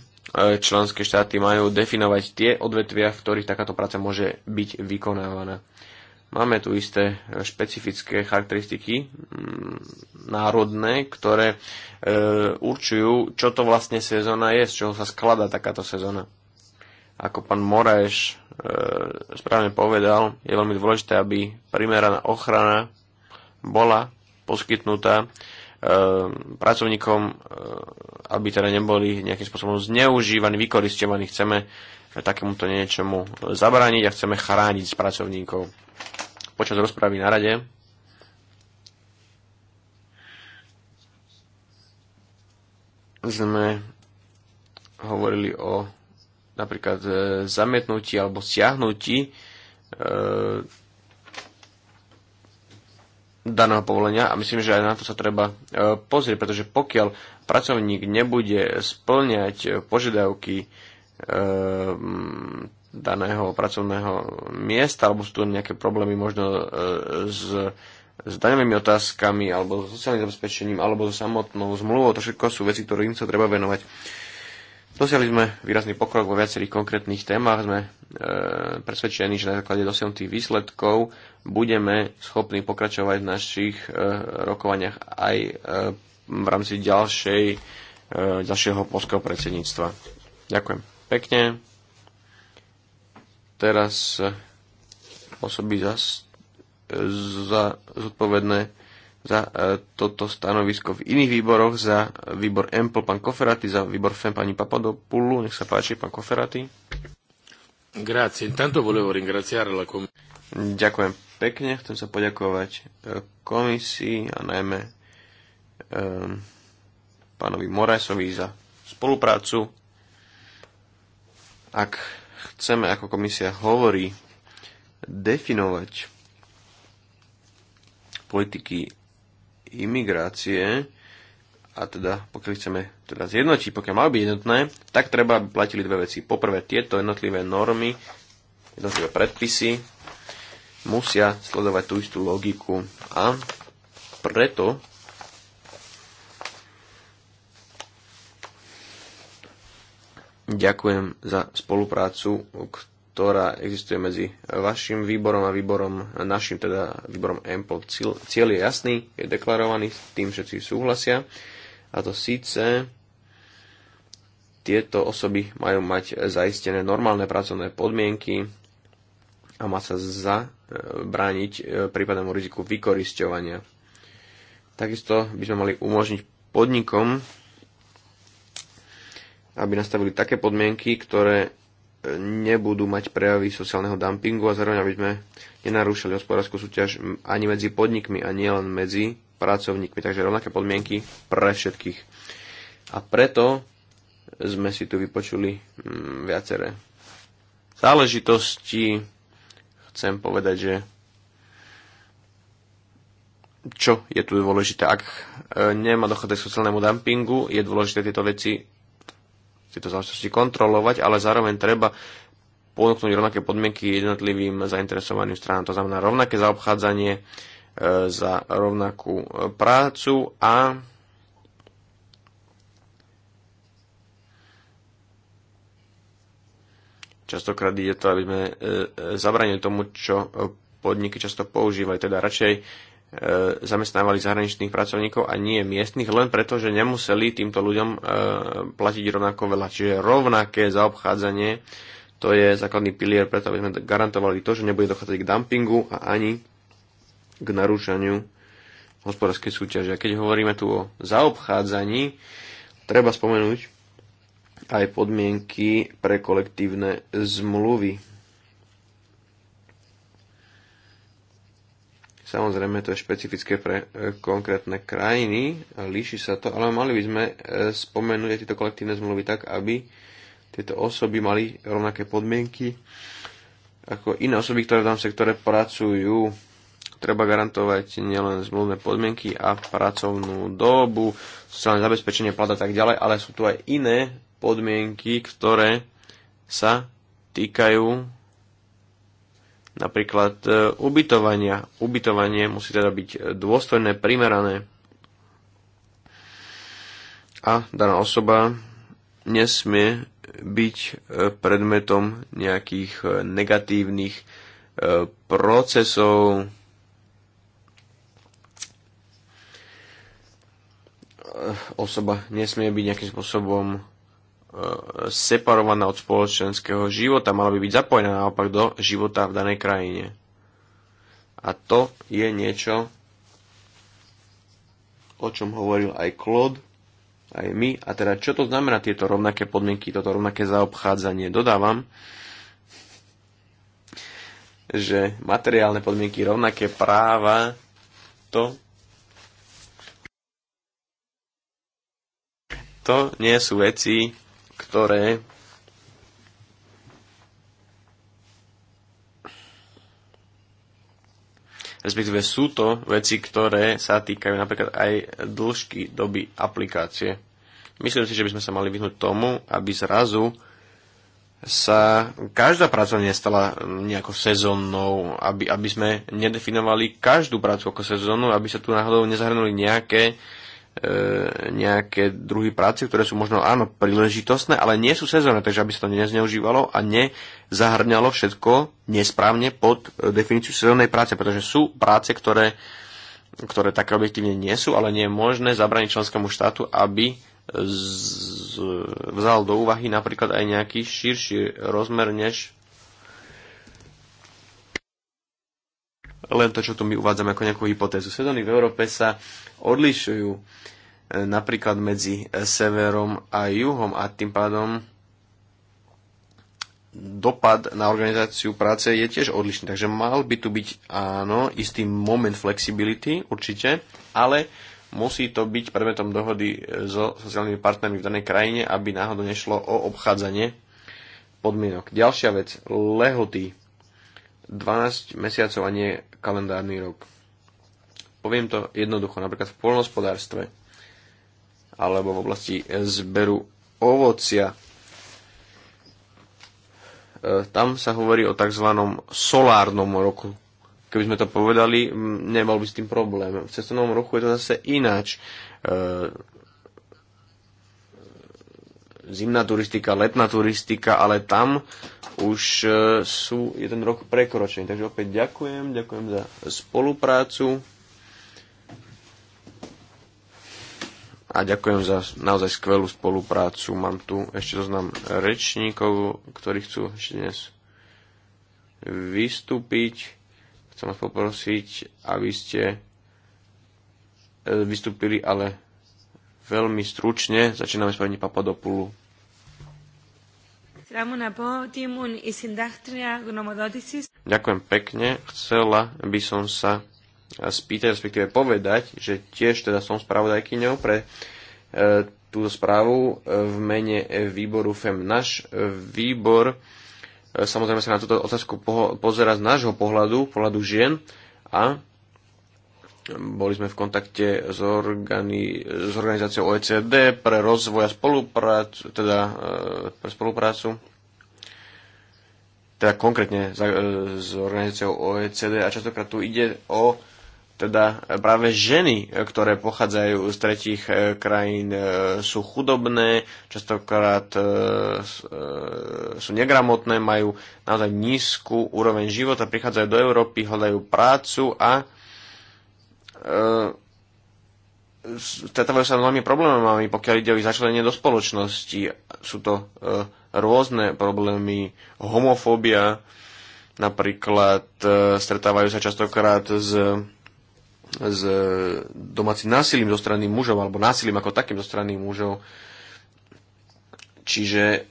členské štáty majú definovať tie odvetvia, v ktorých takáto práca môže byť vykonávaná. Máme tu isté špecifické charakteristiky mm, národné, ktoré e, určujú, čo to vlastne sezóna je, z čoho sa skladá takáto sezóna. Ako pán Moraes e, správne povedal, je veľmi dôležité, aby primeraná ochrana bola poskytnutá e, pracovníkom, e, aby teda neboli nejakým spôsobom zneužívaní, vykoristovaní. Chceme takémuto niečomu zabrániť a chceme chrániť pracovníkov počas rozpravy na rade sme hovorili o napríklad e, zamietnutí alebo stiahnutí e, daného povolenia a myslím, že aj na to sa treba e, pozrieť, pretože pokiaľ pracovník nebude splňať požiadavky daného pracovného miesta, alebo sú tu nejaké problémy možno e, s, s daňovými otázkami, alebo s sociálnym zabezpečením, alebo so samotnou zmluvou. To všetko sú veci, im sa treba venovať. Dosiahli sme výrazný pokrok vo viacerých konkrétnych témach. Sme e, presvedčení, že na základe dosiahnutých výsledkov budeme schopní pokračovať v našich e, rokovaniach aj e, v rámci ďalšej, e, ďalšieho polského predsedníctva. Ďakujem pekne teraz eh, osoby za, eh, za zodpovedné za eh, toto stanovisko v iných výboroch, za výbor EMPL pán Koferaty, za výbor FEM pani Papadopoulou. Nech sa páči, pán Koferaty. Grazie. Tanto volevo ringraziare la com- Ďakujem pekne, chcem sa poďakovať komisii a najmä e, pánovi Moresovi za spoluprácu. Ak chceme, ako komisia hovorí, definovať politiky imigrácie, a teda pokiaľ chceme teda zjednotiť, pokiaľ mal byť jednotné, tak treba, aby platili dve veci. Poprvé, tieto jednotlivé normy, jednotlivé predpisy musia sledovať tú istú logiku a preto Ďakujem za spoluprácu, ktorá existuje medzi vašim výborom a výborom našim, teda výborom EMPO. Ciel cieľ je jasný, je deklarovaný, s tým všetci súhlasia. A to síce tieto osoby majú mať zaistené normálne pracovné podmienky a má sa zabrániť e, prípadnému riziku vykorisťovania. Takisto by sme mali umožniť podnikom aby nastavili také podmienky, ktoré e, nebudú mať prejavy sociálneho dumpingu a zároveň aby sme nenarúšali hospodárskú súťaž ani medzi podnikmi a nielen medzi pracovníkmi. Takže rovnaké podmienky pre všetkých. A preto sme si tu vypočuli viaceré záležitosti. Chcem povedať, že čo je tu dôležité. Ak e, nemá dochádzať k sociálnemu dumpingu, je dôležité tieto veci tieto záležitosti kontrolovať, ale zároveň treba ponúknuť rovnaké podmienky jednotlivým zainteresovaným stranám. To znamená rovnaké zaobchádzanie e, za rovnakú e, prácu a častokrát ide to, aby sme e, e zabranili tomu, čo e, podniky často používajú. Teda radšej E, zamestnávali zahraničných pracovníkov a nie miestnych, len preto, že nemuseli týmto ľuďom e, platiť rovnako veľa. Čiže rovnaké zaobchádzanie, to je základný pilier, preto aby sme garantovali to, že nebude dochádzať k dumpingu a ani k narúšaniu hospodárskej súťaže. A keď hovoríme tu o zaobchádzaní, treba spomenúť aj podmienky pre kolektívne zmluvy Samozrejme, to je špecifické pre e, konkrétne krajiny, líši sa to, ale mali by sme e, spomenúť aj tieto kolektívne zmluvy tak, aby tieto osoby mali rovnaké podmienky ako iné osoby, ktoré v danom sektore pracujú. Treba garantovať nielen zmluvné podmienky a pracovnú dobu, sociálne zabezpečenie, plat a tak ďalej, ale sú tu aj iné podmienky, ktoré sa týkajú Napríklad e, ubytovania. Ubytovanie musí teda byť e, dôstojné, primerané. A daná osoba nesmie byť e, predmetom nejakých negatívnych procesov, osoba nesmie byť nejakým spôsobom separovaná od spoločenského života, mala by byť zapojená naopak do života v danej krajine. A to je niečo, o čom hovoril aj Claude, aj my. A teda čo to znamená tieto rovnaké podmienky, toto rovnaké zaobchádzanie? Dodávam, že materiálne podmienky, rovnaké práva, to to nie sú veci, ktoré respektíve sú to veci, ktoré sa týkajú napríklad aj dĺžky doby aplikácie. Myslím si, že by sme sa mali vyhnúť tomu, aby zrazu sa každá práca nestala nejako sezónnou, aby, aby sme nedefinovali každú prácu ako sezónu, aby sa tu náhodou nezahrnuli nejaké E, nejaké druhy práce, ktoré sú možno áno príležitostné, ale nie sú sezónne, takže aby sa to nezneužívalo a nezahrňalo všetko nesprávne pod e, definíciu sezónnej práce, pretože sú práce, ktoré, ktoré také objektívne nie sú, ale nie je možné zabraniť členskému štátu, aby z, vzal do úvahy napríklad aj nejaký širší rozmer, než len to, čo tu my uvádzame ako nejakú hypotézu. Sezóny v Európe sa odlišujú e, napríklad medzi e, severom a juhom a tým pádom dopad na organizáciu práce je tiež odlišný. Takže mal by tu byť áno, istý moment flexibility určite, ale musí to byť predmetom dohody e, so sociálnymi partnermi v danej krajine, aby náhodou nešlo o obchádzanie podmienok. Ďalšia vec, lehoty 12 mesiacov a nie kalendárny rok. Poviem to jednoducho, napríklad v polnospodárstve alebo v oblasti zberu ovocia. E, tam sa hovorí o tzv. solárnom roku. Keby sme to povedali, nemal by s tým problém. V cestovnom roku je to zase ináč. E, zimná turistika, letná turistika, ale tam už e, sú jeden rok prekročený. Takže opäť ďakujem, ďakujem za spoluprácu a ďakujem za naozaj skvelú spoluprácu. Mám tu ešte zoznam rečníkov, ktorí chcú ešte dnes vystúpiť. Chcem vás poprosiť, aby ste e, vystúpili, ale veľmi stručne. Začíname s pani Papadopulu. Ďakujem pekne. Chcela by som sa spýtať, respektíve povedať, že tiež teda som spravodajkyňou pre e, túto správu v mene výboru FEM. Náš výbor e, samozrejme sa na túto otázku poho- pozera z nášho pohľadu, pohľadu žien a boli sme v kontakte s, organi- s organizáciou OECD pre rozvoj a spoluprácu, teda e, pre spoluprácu teda konkrétne za, e, s organizáciou OECD a častokrát tu ide o teda práve ženy, ktoré pochádzajú z tretich e, krajín, sú chudobné, častokrát sú negramotné, majú naozaj nízku úroveň života, prichádzajú do Európy, hľadajú prácu a E, stretávajú sa s mnohými problémami, pokiaľ ide o ich začlenenie do spoločnosti. Sú to e, rôzne problémy, homofóbia, napríklad e, stretávajú sa častokrát s, s domácim násilím zo strany mužov, alebo násilím ako takým zo strany mužov. Čiže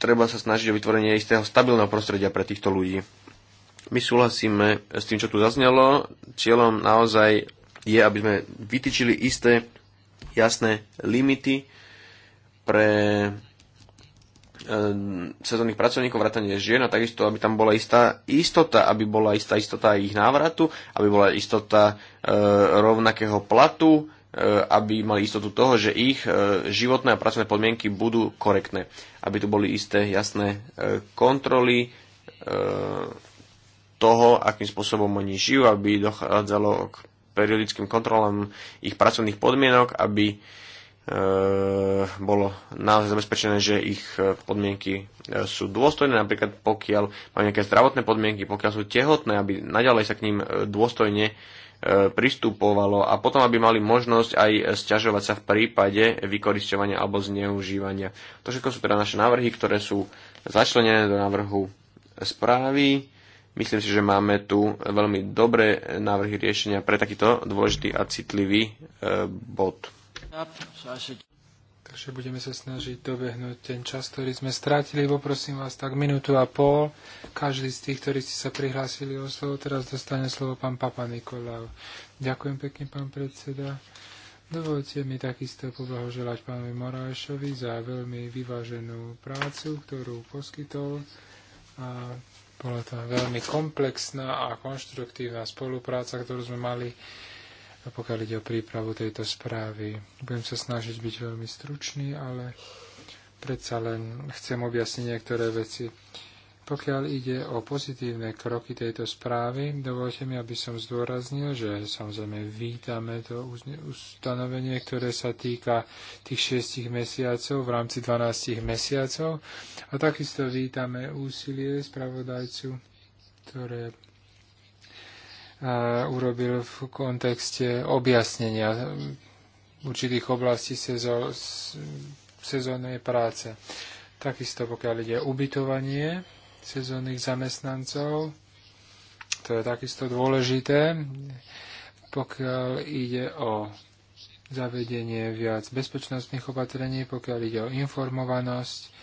treba sa snažiť o vytvorenie istého stabilného prostredia pre týchto ľudí. My súhlasíme s tým, čo tu zaznelo. Cieľom naozaj je, aby sme vytýčili isté jasné limity pre e, sezónnych pracovníkov, vrátanie žien a takisto, aby tam bola istá istota, aby bola istá istota ich návratu, aby bola istota e, rovnakého platu, e, aby mali istotu toho, že ich e, životné a pracovné podmienky budú korektné. Aby tu boli isté jasné e, kontroly e, toho, akým spôsobom oni žijú, aby dochádzalo k periodickým kontrolám ich pracovných podmienok, aby e, bolo naozaj zabezpečené, že ich e, podmienky e, sú dôstojné, napríklad pokiaľ majú nejaké zdravotné podmienky, pokiaľ sú tehotné, aby naďalej sa k ním e, dôstojne pristupovalo a potom, aby mali možnosť aj sťažovať sa v prípade vykoristovania alebo zneužívania. To všetko sú teda naše návrhy, ktoré sú začlenené do návrhu správy. Myslím si, že máme tu veľmi dobré návrhy riešenia pre takýto dôležitý a citlivý e, bod. Takže budeme sa snažiť dobehnúť ten čas, ktorý sme strátili. Poprosím vás tak minútu a pol. Každý z tých, ktorí ste sa prihlásili o slovo, teraz dostane slovo pán Papa Nikolau. Ďakujem pekne, pán predseda. Dovolte mi takisto poblahoželať pánovi Morášovi za veľmi vyváženú prácu, ktorú poskytol a bola to veľmi komplexná a konštruktívna spolupráca, ktorú sme mali, pokiaľ ide o prípravu tejto správy. Budem sa snažiť byť veľmi stručný, ale predsa len chcem objasniť niektoré veci. Pokiaľ ide o pozitívne kroky tejto správy, dovolte mi, aby som zdôraznil, že samozrejme vítame to ustanovenie, ktoré sa týka tých 6 mesiacov v rámci 12 mesiacov a takisto vítame úsilie spravodajcu, ktoré e, urobil v kontexte objasnenia určitých oblastí sezó, sezónnej práce. Takisto pokiaľ ide o ubytovanie, sezónnych zamestnancov. To je takisto dôležité, pokiaľ ide o zavedenie viac bezpečnostných opatrení, pokiaľ ide o informovanosť.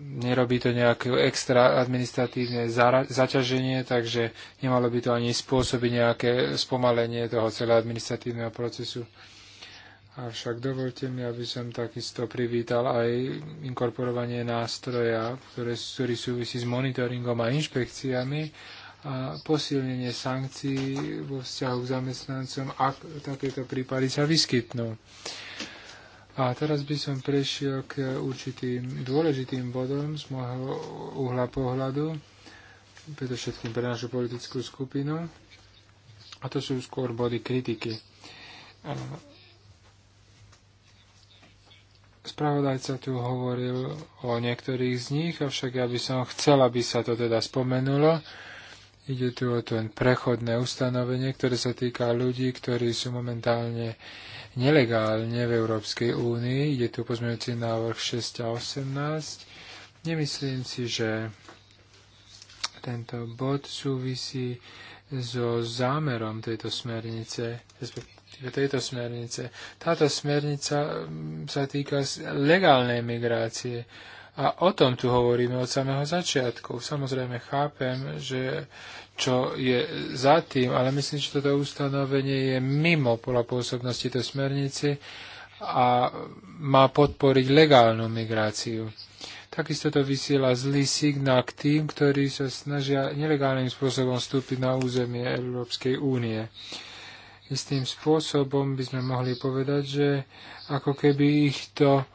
Nerobí to nejaké extra administratívne zaťaženie, takže nemalo by to ani spôsobiť nejaké spomalenie toho celého administratívneho procesu. Avšak dovolte mi, aby som takisto privítal aj inkorporovanie nástroja, ktoré, ktorý súvisí s monitoringom a inšpekciami a posilnenie sankcií vo vzťahu k zamestnancom, ak takéto prípady sa vyskytnú. A teraz by som prešiel k určitým dôležitým bodom z môjho uhla pohľadu, predovšetkým pre našu politickú skupinu, a to sú skôr body kritiky. Spravodajca tu hovoril o niektorých z nich, avšak ja by som chcela, aby sa to teda spomenulo. Ide tu o to prechodné ustanovenie, ktoré sa týka ľudí, ktorí sú momentálne nelegálne v Európskej únii. Ide tu pozmeňujúci návrh 6 a 18. Nemyslím si, že tento bod súvisí so zámerom tejto smernice, respektíve tejto smernice. Táto smernica mm, sa týka legálnej migrácie. A o tom tu hovoríme od samého začiatku. Samozrejme chápem, že čo je za tým, ale myslím, že toto ustanovenie je mimo pola pôsobnosti tej smernici a má podporiť legálnu migráciu. Takisto to vysiela zlý signál k tým, ktorí sa snažia nelegálnym spôsobom vstúpiť na územie Európskej únie istým spôsobom by sme mohli povedať, že ako keby ich to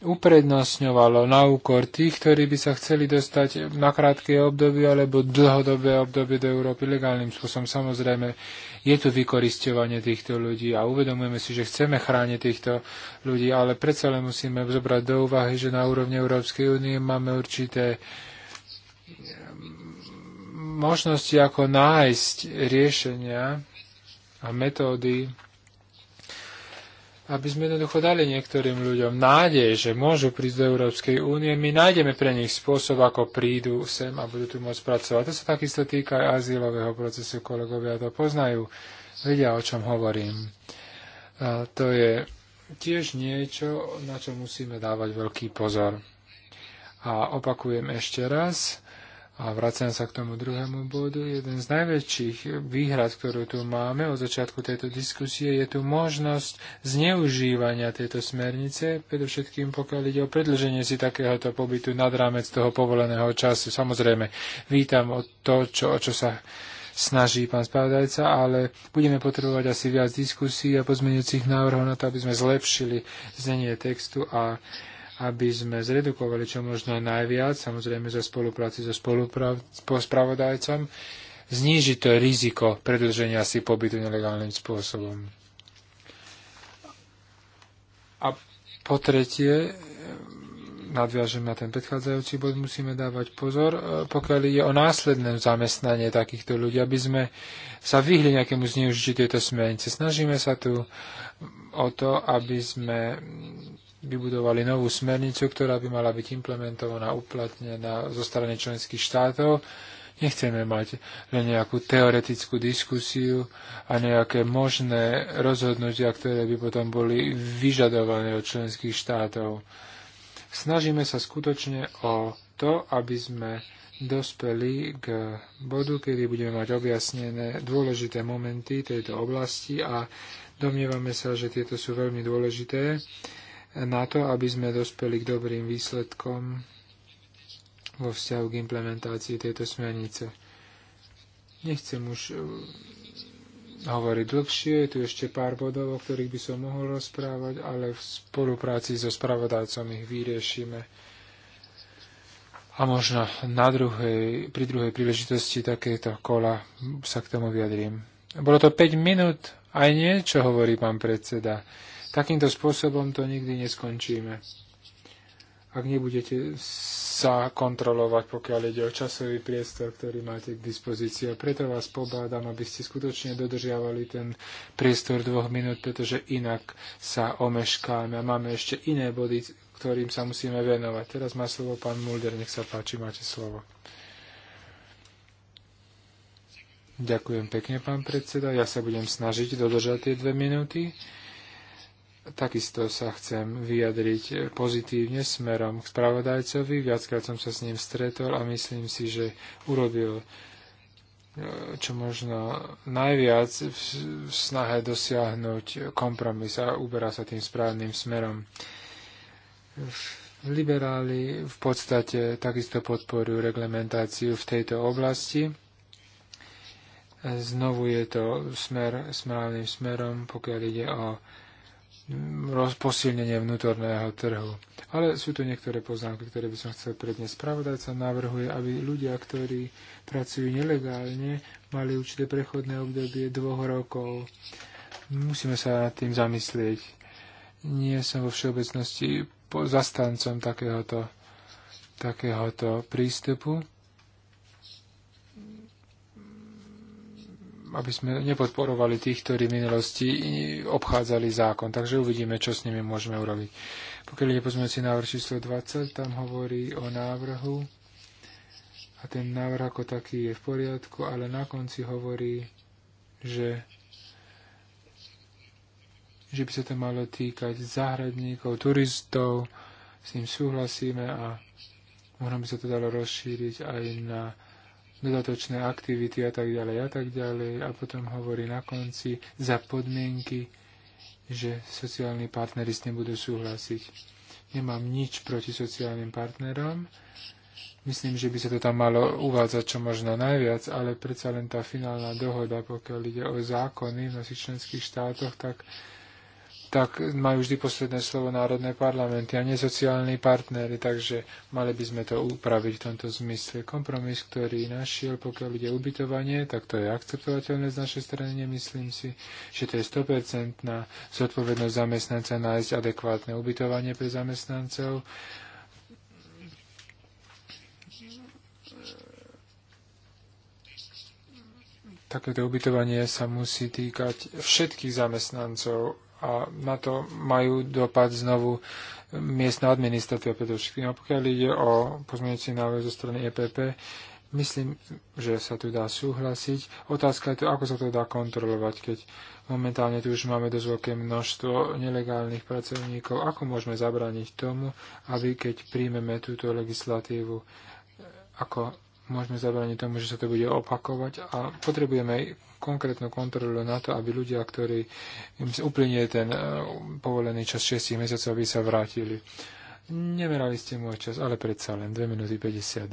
uprednostňovalo na úkor tých, ktorí by sa chceli dostať na krátke obdobie alebo dlhodobé obdobie do Európy legálnym spôsobom. Samozrejme, je tu vykoristovanie týchto ľudí a uvedomujeme si, že chceme chrániť týchto ľudí, ale predsa len musíme zobrať do úvahy, že na úrovni Európskej únie máme určité mm, možnosti, ako nájsť riešenia a metódy, aby sme jednoducho dali niektorým ľuďom nádej, že môžu prísť do Európskej únie. My nájdeme pre nich spôsob, ako prídu sem a budú tu môcť pracovať. To sa takisto týka aj azylového procesu. Kolegovia to poznajú, vedia, o čom hovorím. A to je tiež niečo, na čo musíme dávať veľký pozor. A opakujem ešte raz, a vracem sa k tomu druhému bodu. Jeden z najväčších výhrad, ktorú tu máme od začiatku tejto diskusie, je tu možnosť zneužívania tejto smernice, predovšetkým pokiaľ ide o predlženie si takéhoto pobytu nad rámec toho povoleného času. Samozrejme, vítam o to, čo, o čo sa snaží pán spravodajca, ale budeme potrebovať asi viac diskusí a pozmeňujúcich návrhov na to, aby sme zlepšili znenie textu a aby sme zredukovali čo možno najviac, samozrejme za spolupráci so spolupravodajcom, spravodajcom, znížiť to riziko predlženia si pobytu nelegálnym spôsobom. A po tretie, nadviažem na ten predchádzajúci bod, musíme dávať pozor, e, pokiaľ je o následné zamestnanie takýchto ľudí, aby sme sa vyhli nejakému zneužitiu tejto smernice. Snažíme sa tu o to, aby sme vybudovali novú smernicu, ktorá by mala byť implementovaná, uplatnená zo strany členských štátov. Nechceme mať len nejakú teoretickú diskusiu a nejaké možné rozhodnutia, ktoré by potom boli vyžadované od členských štátov. Snažíme sa skutočne o to, aby sme dospeli k bodu, kedy budeme mať objasnené dôležité momenty tejto oblasti a domnievame sa, že tieto sú veľmi dôležité na to, aby sme dospeli k dobrým výsledkom vo vzťahu k implementácii tejto smernice. Nechcem už eh, hovoriť dlhšie, je tu ešte pár bodov, o ktorých by som mohol rozprávať, ale v spolupráci so spravodajcom ich vyriešime. A možno na druhej, pri druhej príležitosti takéto kola sa k tomu vyjadrím. Bolo to 5 minút, aj niečo, hovorí pán predseda. Takýmto spôsobom to nikdy neskončíme. Ak nebudete sa kontrolovať, pokiaľ ide o časový priestor, ktorý máte k dispozícii. A preto vás pobádam, aby ste skutočne dodržiavali ten priestor dvoch minút, pretože inak sa omeškáme. A máme ešte iné body, ktorým sa musíme venovať. Teraz má slovo pán Mulder, nech sa páči, máte slovo. Ďakujem pekne, pán predseda. Ja sa budem snažiť dodržať tie dve minúty takisto sa chcem vyjadriť pozitívne smerom k spravodajcovi. Viackrát som sa s ním stretol a myslím si, že urobil e, čo možno najviac v snahe dosiahnuť kompromis a uberá sa tým správnym smerom. Liberáli v podstate takisto podporujú reglementáciu v tejto oblasti. Znovu je to smer, správnym smerom, pokiaľ ide o rozposilnenie vnútorného trhu. Ale sú tu niektoré poznámky, ktoré by som chcel predniesť. Spravodajca navrhuje, aby ľudia, ktorí pracujú nelegálne, mali určité prechodné obdobie dvoch rokov. Musíme sa nad tým zamyslieť. Nie som vo všeobecnosti zastancom takéhoto, takéhoto prístupu. aby sme nepodporovali tých, ktorí v minulosti obchádzali zákon. Takže uvidíme, čo s nimi môžeme urobiť. Pokiaľ je pozmeňujúci návrh číslo 20, tam hovorí o návrhu a ten návrh ako taký je v poriadku, ale na konci hovorí, že že by sa to malo týkať záhradníkov, turistov, s ním súhlasíme a možno by sa to dalo rozšíriť aj na dodatočné aktivity a tak ďalej a tak ďalej. A potom hovorí na konci za podmienky, že sociálni partnery s nebudú súhlasiť. Nemám nič proti sociálnym partnerom. Myslím, že by sa to tam malo uvádzať čo možno najviac, ale predsa len tá finálna dohoda, pokiaľ ide o zákony v našich členských štátoch, tak tak majú vždy posledné slovo národné parlamenty a nesociálni partnery, takže mali by sme to upraviť v tomto zmysle. Kompromis, ktorý našiel, pokiaľ ide ubytovanie, tak to je akceptovateľné z našej strany. Nemyslím si, že to je 100% na zodpovednosť zamestnanca nájsť adekvátne ubytovanie pre zamestnancov. Takéto ubytovanie sa musí týkať všetkých zamestnancov a na to majú dopad znovu miestna administratíva predovšetkým. A pokiaľ ide o pozmeňujúci návrh zo strany EPP, myslím, že sa tu dá súhlasiť. Otázka je to, ako sa to dá kontrolovať, keď momentálne tu už máme dosť veľké množstvo nelegálnych pracovníkov. Ako môžeme zabrániť tomu, aby keď príjmeme túto legislatívu, ako môžeme zabrániť tomu, že sa to bude opakovať a potrebujeme konkrétnu kontrolu na to, aby ľudia, ktorí im uplynie ten e, povolený čas 6 mesiacov, aby sa vrátili. Nemerali ste môj čas, ale predsa len 2 minúty 52.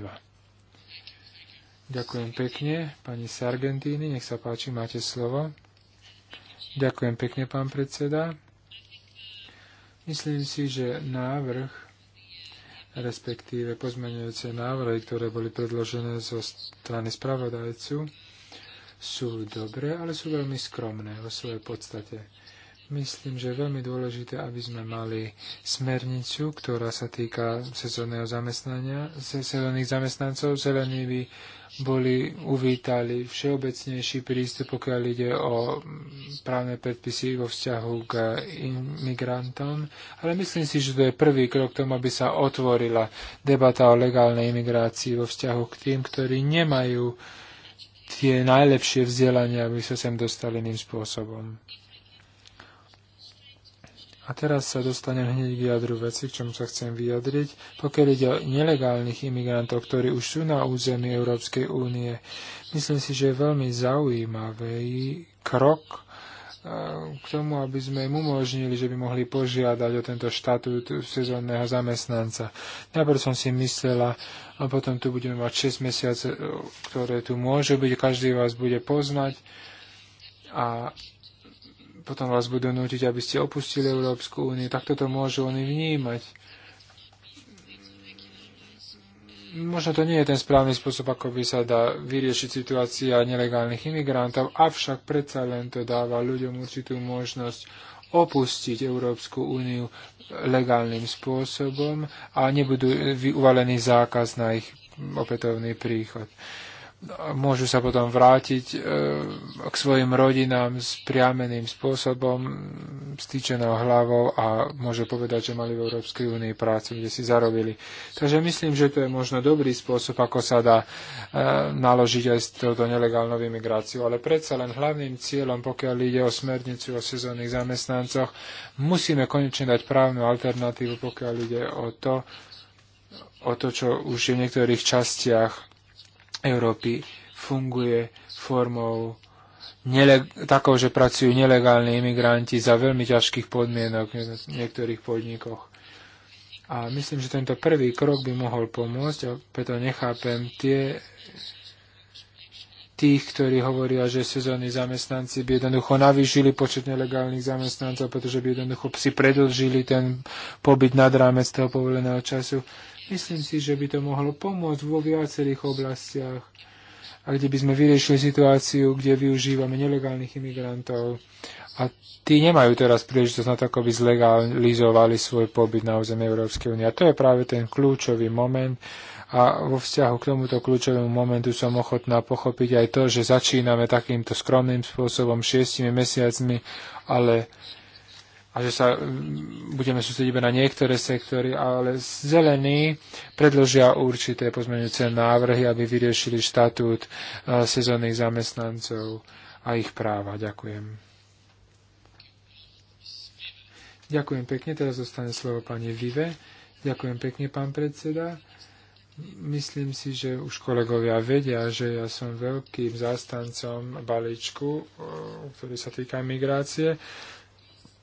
Ďakujem pekne, pani Sargentini, nech sa páči, máte slovo. Ďakujem pekne, pán predseda. Myslím si, že návrh respektíve pozmeňujúce návrhy, ktoré boli predložené zo strany spravodajcu, sú dobré, ale sú veľmi skromné vo svojej podstate. Myslím, že je veľmi dôležité, aby sme mali smernicu, ktorá sa týka sezónneho zamestnania, sezónnych zamestnancov. Zelení by boli uvítali všeobecnejší prístup, pokiaľ ide o právne predpisy vo vzťahu k imigrantom. Ale myslím si, že to je prvý krok k tomu, aby sa otvorila debata o legálnej imigrácii vo vzťahu k tým, ktorí nemajú tie najlepšie vzdelania, aby sa sem dostali iným spôsobom. A teraz sa dostanem hneď k jadru veci, k čomu sa chcem vyjadriť. Pokiaľ ide o nelegálnych imigrantov, ktorí už sú na území Európskej únie, myslím si, že je veľmi zaujímavý krok eh, k tomu, aby sme im umožnili, že by mohli požiadať o tento štatút sezónneho zamestnanca. Najprv som si myslela, a potom tu budeme mať 6 mesiacov, ktoré tu môžu byť, každý vás bude poznať a potom vás budú nútiť, aby ste opustili Európsku úniu. Takto to môžu oni vnímať. Možno to nie je ten správny spôsob, ako by sa dá vyriešiť situácia nelegálnych imigrantov, avšak predsa len to dáva ľuďom určitú možnosť opustiť Európsku úniu legálnym spôsobom a nebudú uvalený zákaz na ich opätovný príchod. Uh, môžu sa potom vrátiť e, k svojim rodinám s priameným spôsobom, stýčenou hlavou a môžu povedať, že mali v Európskej únii prácu, kde si zarobili. Takže myslím, že to je možno dobrý spôsob, ako sa dá e, naložiť aj s touto nelegálnou imigráciou. Ale predsa len hlavným cieľom, pokiaľ ide o smernicu o sezónnych zamestnancoch, musíme konečne dať právnu alternatívu, pokiaľ ide o to, o to, čo už je v niektorých častiach Európy funguje formou takou, že pracujú nelegálni imigranti za veľmi ťažkých podmienok v niektorých podnikoch. A myslím, že tento prvý krok by mohol pomôcť a preto nechápem tie, tých, ktorí hovoria, že sezónni zamestnanci by jednoducho navýšili počet nelegálnych zamestnancov, pretože by jednoducho si predlžili ten pobyt nad rámec toho povoleného času. Myslím si, že by to mohlo pomôcť vo viacerých oblastiach a kde by sme vyriešili situáciu, kde využívame nelegálnych imigrantov a tí nemajú teraz príležitosť na to, ako by zlegalizovali svoj pobyt na území Európskej únie. A to je práve ten kľúčový moment. A vo vzťahu k tomuto kľúčovému momentu som ochotná pochopiť aj to, že začíname takýmto skromným spôsobom, šiestimi mesiacmi, ale a že sa budeme sústrediť iba na niektoré sektory, ale zelení predložia určité pozmeňujúce návrhy, aby vyriešili štatút e, sezónnych zamestnancov a ich práva. Ďakujem. Ďakujem pekne. Teraz zostane slovo pani Vive. Ďakujem pekne, pán predseda. Myslím si, že už kolegovia vedia, že ja som veľkým zástancom balíčku, e, ktorý sa týka migrácie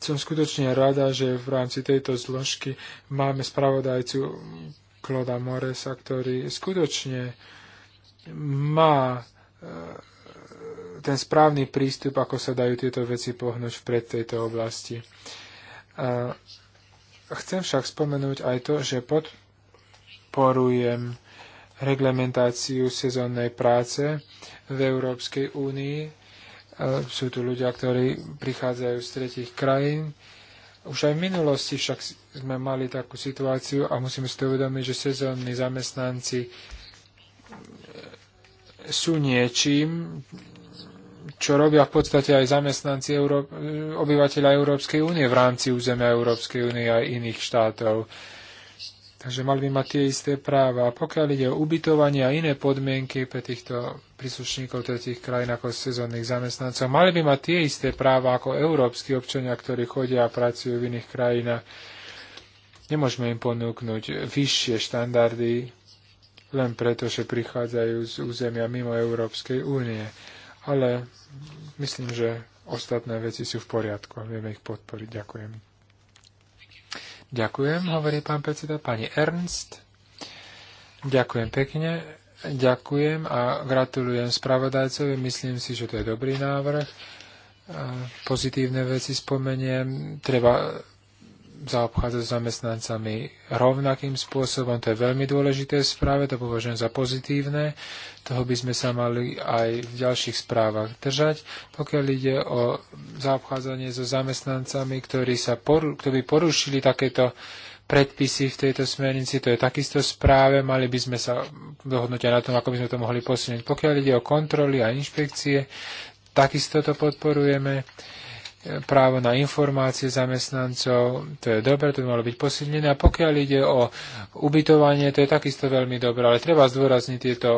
som skutočne rada, že v rámci tejto zložky máme spravodajcu Kloda Moresa, ktorý skutočne má e, ten správny prístup, ako sa dajú tieto veci pohnúť pred tejto oblasti. E, chcem však spomenúť aj to, že podporujem reglementáciu sezónnej práce v Európskej únii, sú tu ľudia, ktorí prichádzajú z tretich krajín. Už aj v minulosti však sme mali takú situáciu a musíme si to uvedomiť, že sezónni zamestnanci e, sú niečím, čo robia v podstate aj zamestnanci Euró- e, obyvateľa Európskej únie v rámci územia Európskej únie a iných štátov. Takže mali by mať tie isté práva. A pokiaľ ide o ubytovanie a iné podmienky pre týchto príslušníkov tretich krajín ako sezónnych zamestnancov, mali by mať tie isté práva ako európsky občania, ktorí chodia a pracujú v iných krajinách. Nemôžeme im ponúknuť vyššie štandardy len preto, že prichádzajú z územia mimo Európskej únie. Ale myslím, že ostatné veci sú v poriadku a vieme ich podporiť. Ďakujem. Ďakujem, hovorí pán predseda. Pani Ernst, ďakujem pekne. Ďakujem a gratulujem spravodajcovi. Myslím si, že to je dobrý návrh. Pozitívne veci spomeniem. Treba zaobchádzať s zamestnancami rovnakým spôsobom. To je veľmi dôležité v správe, to považujem za pozitívne. Toho by sme sa mali aj v ďalších správach držať. Pokiaľ ide o zaobchádzanie so zamestnancami, ktorí, sa poru, ktorí porušili takéto predpisy v tejto smernici, to je takisto správe, mali by sme sa dohodnúť aj na tom, ako by sme to mohli posunúť. Pokiaľ ide o kontroly a inšpekcie, takisto to podporujeme právo na informácie zamestnancov, to je dobre, to by malo byť posilnené. A pokiaľ ide o ubytovanie, to je takisto veľmi dobré, ale treba zdôrazniť tieto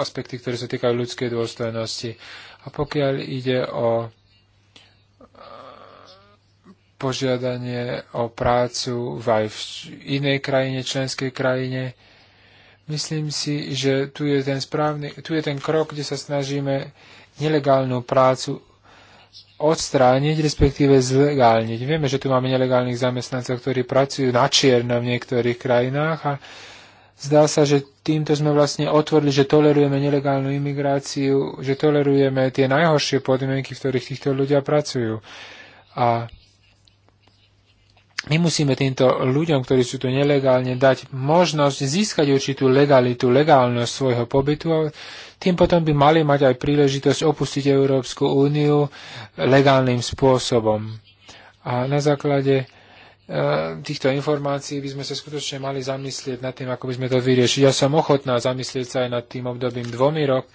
aspekty, ktoré sa týkajú ľudskej dôstojnosti. A pokiaľ ide o požiadanie o prácu v aj v inej krajine, členskej krajine, myslím si, že tu je ten správny, tu je ten krok, kde sa snažíme nelegálnu prácu odstrániť, respektíve zlegálniť. Vieme, že tu máme nelegálnych zamestnancov, ktorí pracujú na čierno v niektorých krajinách a zdá sa, že týmto sme vlastne otvorili, že tolerujeme nelegálnu imigráciu, že tolerujeme tie najhoršie podmienky, v ktorých týchto ľudia pracujú. A my musíme týmto ľuďom, ktorí sú tu nelegálne, dať možnosť získať určitú legalitu, legálnosť svojho pobytu a tým potom by mali mať aj príležitosť opustiť Európsku úniu legálnym spôsobom. A na základe e, týchto informácií by sme sa skutočne mali zamyslieť nad tým, ako by sme to vyriešiť. Ja som ochotná zamyslieť sa aj nad tým obdobím dvomi rok,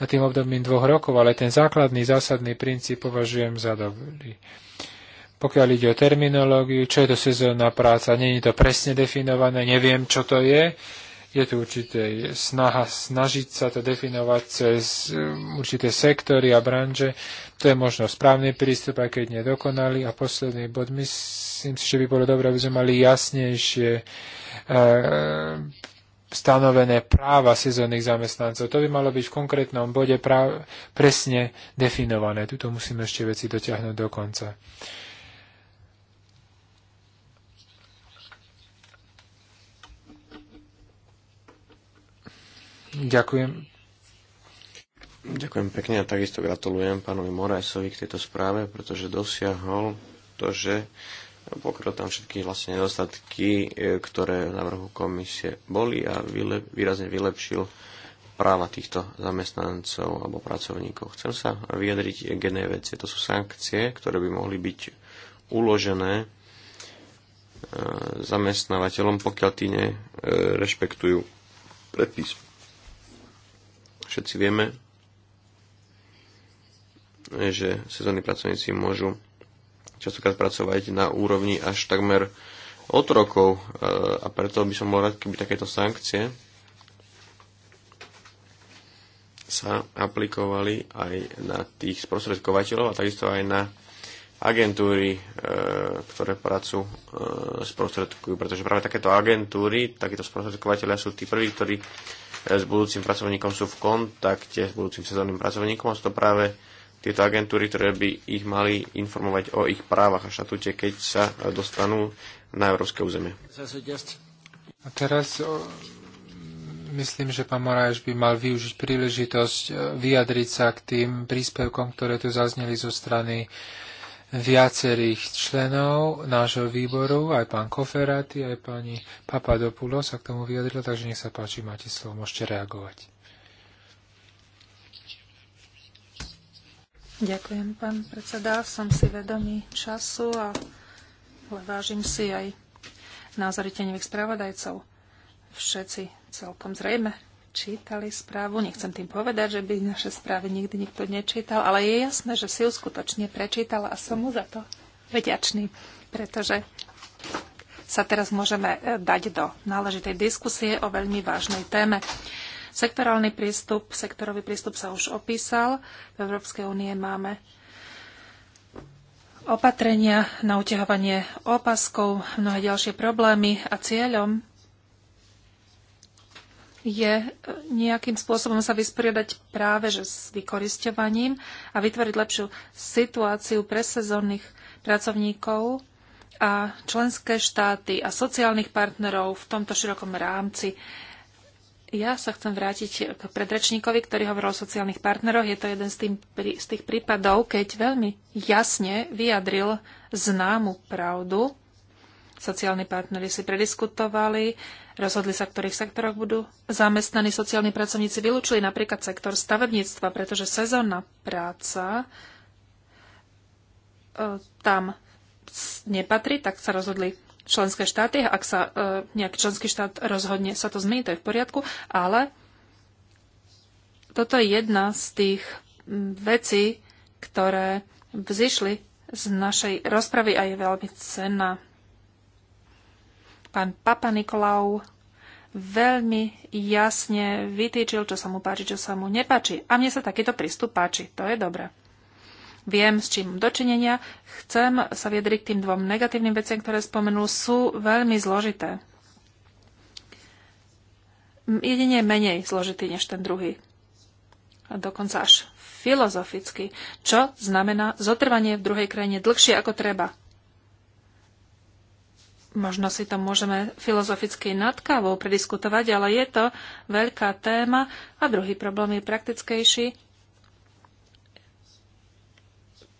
nad tým obdobím dvoch rokov, ale ten základný, zásadný princíp považujem za dobrý pokiaľ ide o terminológiu, čo je to sezónna práca, není to presne definované, neviem, čo to je. Je tu určité snaha snažiť sa to definovať cez um, určité sektory a branže. To je možno správny prístup, aj keď nedokonalý. A posledný bod, myslím si, že by bolo dobré, aby sme mali jasnejšie e stanovené práva sezónnych zamestnancov. To by malo byť v konkrétnom bode práv- presne definované. Tuto musíme ešte veci dotiahnuť do konca. Ďakujem. Ďakujem pekne a takisto gratulujem pánovi Moraesovi k tejto správe, pretože dosiahol to, že pokryl tam všetky vlastne nedostatky, e, ktoré v návrhu komisie boli a vylep, výrazne vylepšil práva týchto zamestnancov alebo pracovníkov. Chcem sa vyjadriť k jednej veci. To sú sankcie, ktoré by mohli byť uložené e, zamestnávateľom, pokiaľ tí nerešpektujú predpis Všetci vieme, že sezónni pracovníci môžu častokrát pracovať na úrovni až takmer otrokov e, a preto by som bol rád, keby takéto sankcie sa aplikovali aj na tých sprostredkovateľov a takisto aj na agentúry, e, ktoré prácu e, sprostredkujú, pretože práve takéto agentúry, takéto sprostredkovateľia sú tí prví, ktorí s budúcim pracovníkom sú v kontakte s budúcim sezónnym pracovníkom a sú to práve tieto agentúry, ktoré by ich mali informovať o ich právach a štatúte, keď sa dostanú na európske územie. A teraz o, myslím, že pán Moráš by mal využiť príležitosť e, vyjadriť sa k tým príspevkom, ktoré tu zazneli zo strany uh, viacerých členov nášho výboru, aj pán Koferati, aj pani Papadopulo sa k tomu vyjadrila, takže nech sa páči, máte slovo, môžete reagovať. Ďakujem, pán predseda. Som si vedomý času a vážim si aj názory tenových spravodajcov. Všetci celkom zrejme čítali správu. Nechcem tým povedať, že by naše správy nikdy nikto nečítal, ale je jasné, že si ju skutočne prečítala a som mu za to vďačný, pretože sa teraz môžeme e, dať do náležitej diskusie o veľmi vážnej téme. Sektorálny prístup, sektorový prístup sa už opísal. V Európskej únie máme opatrenia na utiahovanie opaskov, mnohé ďalšie problémy a cieľom je e, nejakým spôsobom sa vysporiadať práve že s vykoristovaním a vytvoriť lepšiu situáciu pre sezónnych pracovníkov a členské štáty a sociálnych partnerov v tomto širokom rámci. Ja sa chcem vrátiť k predrečníkovi, ktorý hovoril o sociálnych partneroch. Je to jeden z, tým, z tých prípadov, keď veľmi jasne vyjadril známu pravdu sociálni partnery si prediskutovali, rozhodli sa, v ktorých sektoroch budú zamestnaní sociálni pracovníci. Vylúčili napríklad sektor stavebníctva, pretože sezónna práca e, tam nepatrí, tak sa rozhodli členské štáty. Ak sa e, nejaký členský štát rozhodne sa to zmení, to je v poriadku, ale toto je jedna z tých vecí, ktoré vzýšli z našej rozpravy a je veľmi cenná. Pán Papa Nikolau veľmi jasne vytýčil, čo sa mu páči, čo sa mu nepáči. A mne sa takýto prístup páči. To je dobré. Viem, s čím dočinenia. Chcem sa viedriť k tým dvom negatívnym veciam, ktoré spomenul. Sú veľmi zložité. Jedine je menej zložitý než ten druhý. A dokonca až filozoficky. Čo znamená zotrvanie v druhej krajine dlhšie ako treba. Možno si to môžeme filozoficky nad kávou prediskutovať, ale je to veľká téma. A druhý problém je praktickejší,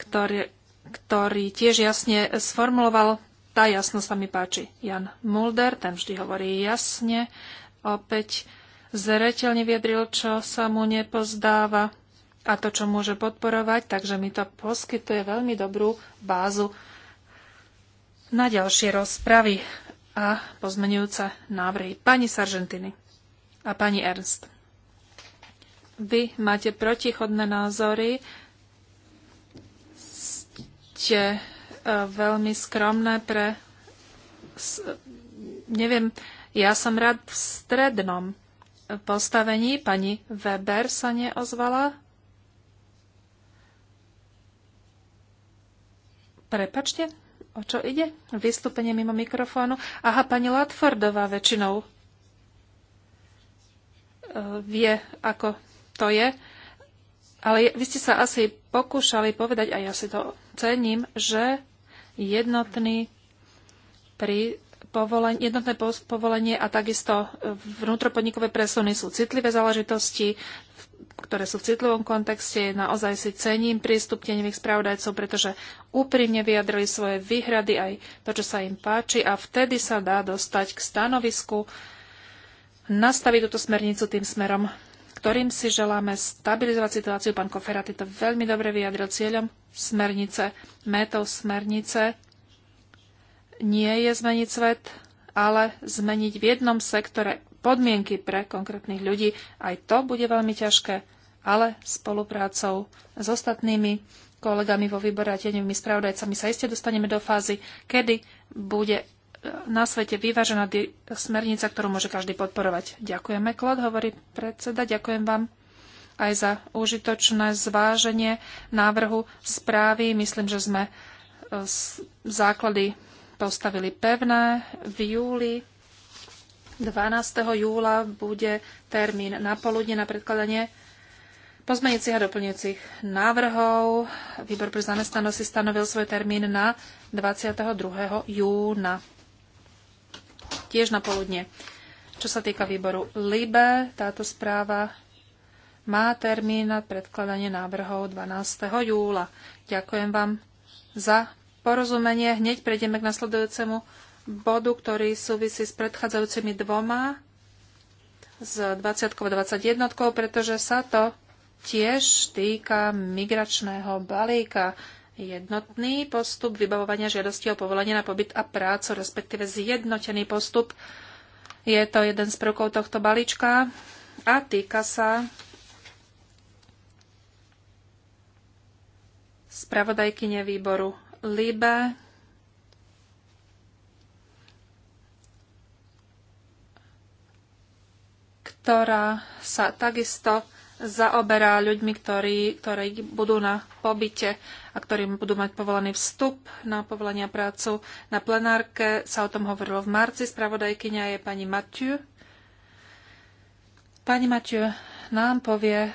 ktorý, ktorý tiež jasne sformuloval. Tá jasnosť sa mi páči. Jan Mulder, ten vždy hovorí jasne. Opäť zreteľne vyjadril, čo sa mu nepozdáva a to, čo môže podporovať, takže mi to poskytuje veľmi dobrú bázu na ďalšie rozpravy a pozmenujúce návrhy. Pani Saržentiny a pani Ernst. Vy máte protichodné názory, ste e, veľmi skromné pre... Neviem, ja som rád v strednom postavení. Pani Weber sa neozvala. Prepačte? O čo ide? Vystúpenie mimo mikrofónu. Aha, pani Latfordová väčšinou e, vie, ako to je. Ale vy ste sa asi pokúšali povedať, a ja si to cením, že jednotný prí, povolenie, jednotné povolenie a takisto vnútropodnikové presuny sú citlivé záležitosti, ktoré sú v citlivom kontexte. Naozaj si cením prístup tenivých spravodajcov, pretože úprimne vyjadrili svoje výhrady aj to, čo sa im páči a vtedy sa dá dostať k stanovisku, nastaviť túto smernicu tým smerom, ktorým si želáme stabilizovať situáciu. Pán Koferaty to veľmi dobre vyjadril cieľom smernice, métou smernice nie je zmeniť svet, ale zmeniť v jednom sektore podmienky pre konkrétnych ľudí. Aj to bude veľmi ťažké, ale spoluprácou s ostatnými kolegami vo výbore a tieňovými spravodajcami sa iste dostaneme do fázy, kedy bude e, na svete vyvážená smernica, ktorú môže každý podporovať. Ďakujeme, Klod, hovorí predseda. Ďakujem vám aj za užitočné zváženie návrhu správy. Myslím, že sme e, základy postavili pevné. V júli 12. júla bude termín na poludne na predkladanie pozmeniacich a doplňujúcich návrhov. Výbor pre zamestnanosť si stanovil svoj termín na 22. júna. Tiež na poludne. Čo sa týka výboru LIBE, táto správa má termín na predkladanie návrhov 12. júla. Ďakujem vám za porozumenie, hneď prejdeme k nasledujúcemu bodu, ktorý súvisí s predchádzajúcimi dvoma, s 20 a 21, pretože sa to tiež týka migračného balíka. Jednotný postup vybavovania žiadosti o povolenie na pobyt a prácu, respektíve zjednotený postup. Je to jeden z prvkov tohto balíčka a týka sa spravodajkyne výboru Libe ktorá sa takisto zaoberá ľuďmi, ktorí, ktorí budú na pobyte a ktorým budú mať povolený vstup na povolenia prácu. Na plenárke sa o tom hovorilo v marci. Spravodajkynia je pani Matiu. Pani Matiu nám povie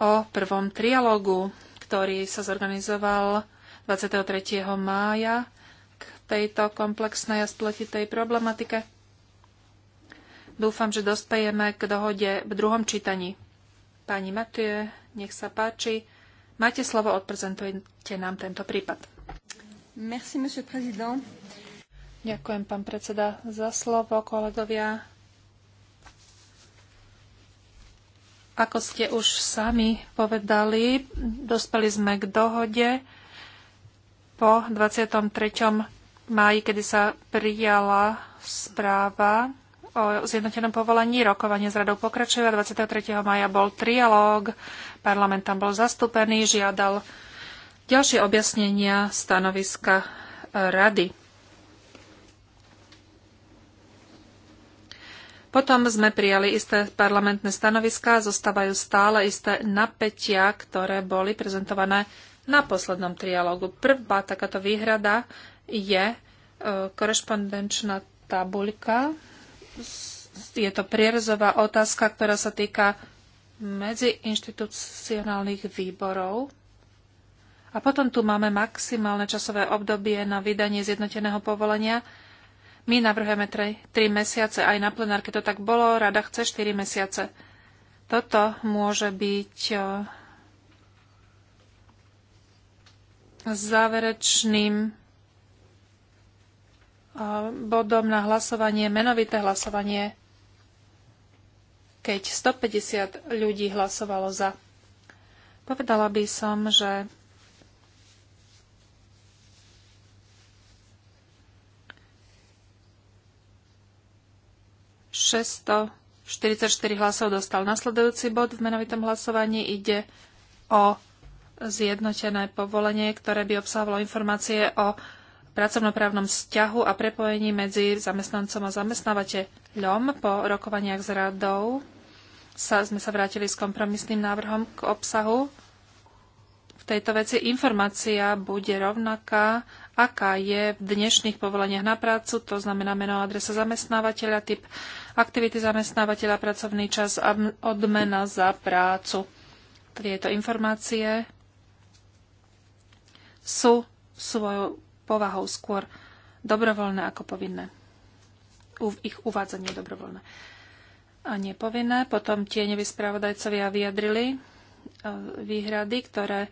o prvom trialogu, ktorý sa zorganizoval 23. mája k tejto komplexnej a spletitej problematike. Dúfam, že dospejeme k dohode v druhom čítaní. Pani Matuje, nech sa páči. Máte slovo, odprezentujte nám tento prípad. Merci, monsieur président. Ďakujem, pán predseda, za slovo, kolegovia. Ako ste už sami povedali, dospeli sme k dohode po 23. máji, kedy sa prijala správa o zjednotenom povolení. Rokovanie s radou pokračuje. 23. maja bol trialóg. Parlament tam bol zastúpený. Žiadal ďalšie objasnenia stanoviska e, rady. Potom sme prijali isté parlamentné stanoviská, zostávajú stále isté napätia, ktoré boli prezentované na poslednom trialógu. Prvá takáto výhrada je e, korešpondenčná tabuľka. Je to prierezová otázka, ktorá sa týka medziinstitucionálnych výborov. A potom tu máme maximálne časové obdobie na vydanie zjednoteného povolenia. My navrhujeme 3, 3 mesiace, aj na plenárke to tak bolo, rada chce 4 mesiace. Toto môže byť e, záverečným bodom na hlasovanie, menovité hlasovanie, keď 150 ľudí hlasovalo za. Povedala by som, že šesto 44 hlasov dostal nasledujúci bod v menovitom hlasovaní. Ide o zjednotené povolenie, ktoré by obsahovalo informácie o pracovnoprávnom vzťahu a prepojení medzi zamestnancom a zamestnávateľom. Po rokovaniach s radou sa, sme sa vrátili s kompromisným návrhom k obsahu. V tejto veci informácia bude rovnaká, aká je v dnešných povoleniach na prácu, to znamená meno adresa zamestnávateľa, typ aktivity zamestnávateľa, pracovný čas a odmena za prácu. Tieto informácie sú svojou povahou skôr dobrovoľné ako povinné. U, ich uvádzanie je dobrovoľné a nepovinné. Potom tieňoví spravodajcovia vyjadrili e, výhrady, ktoré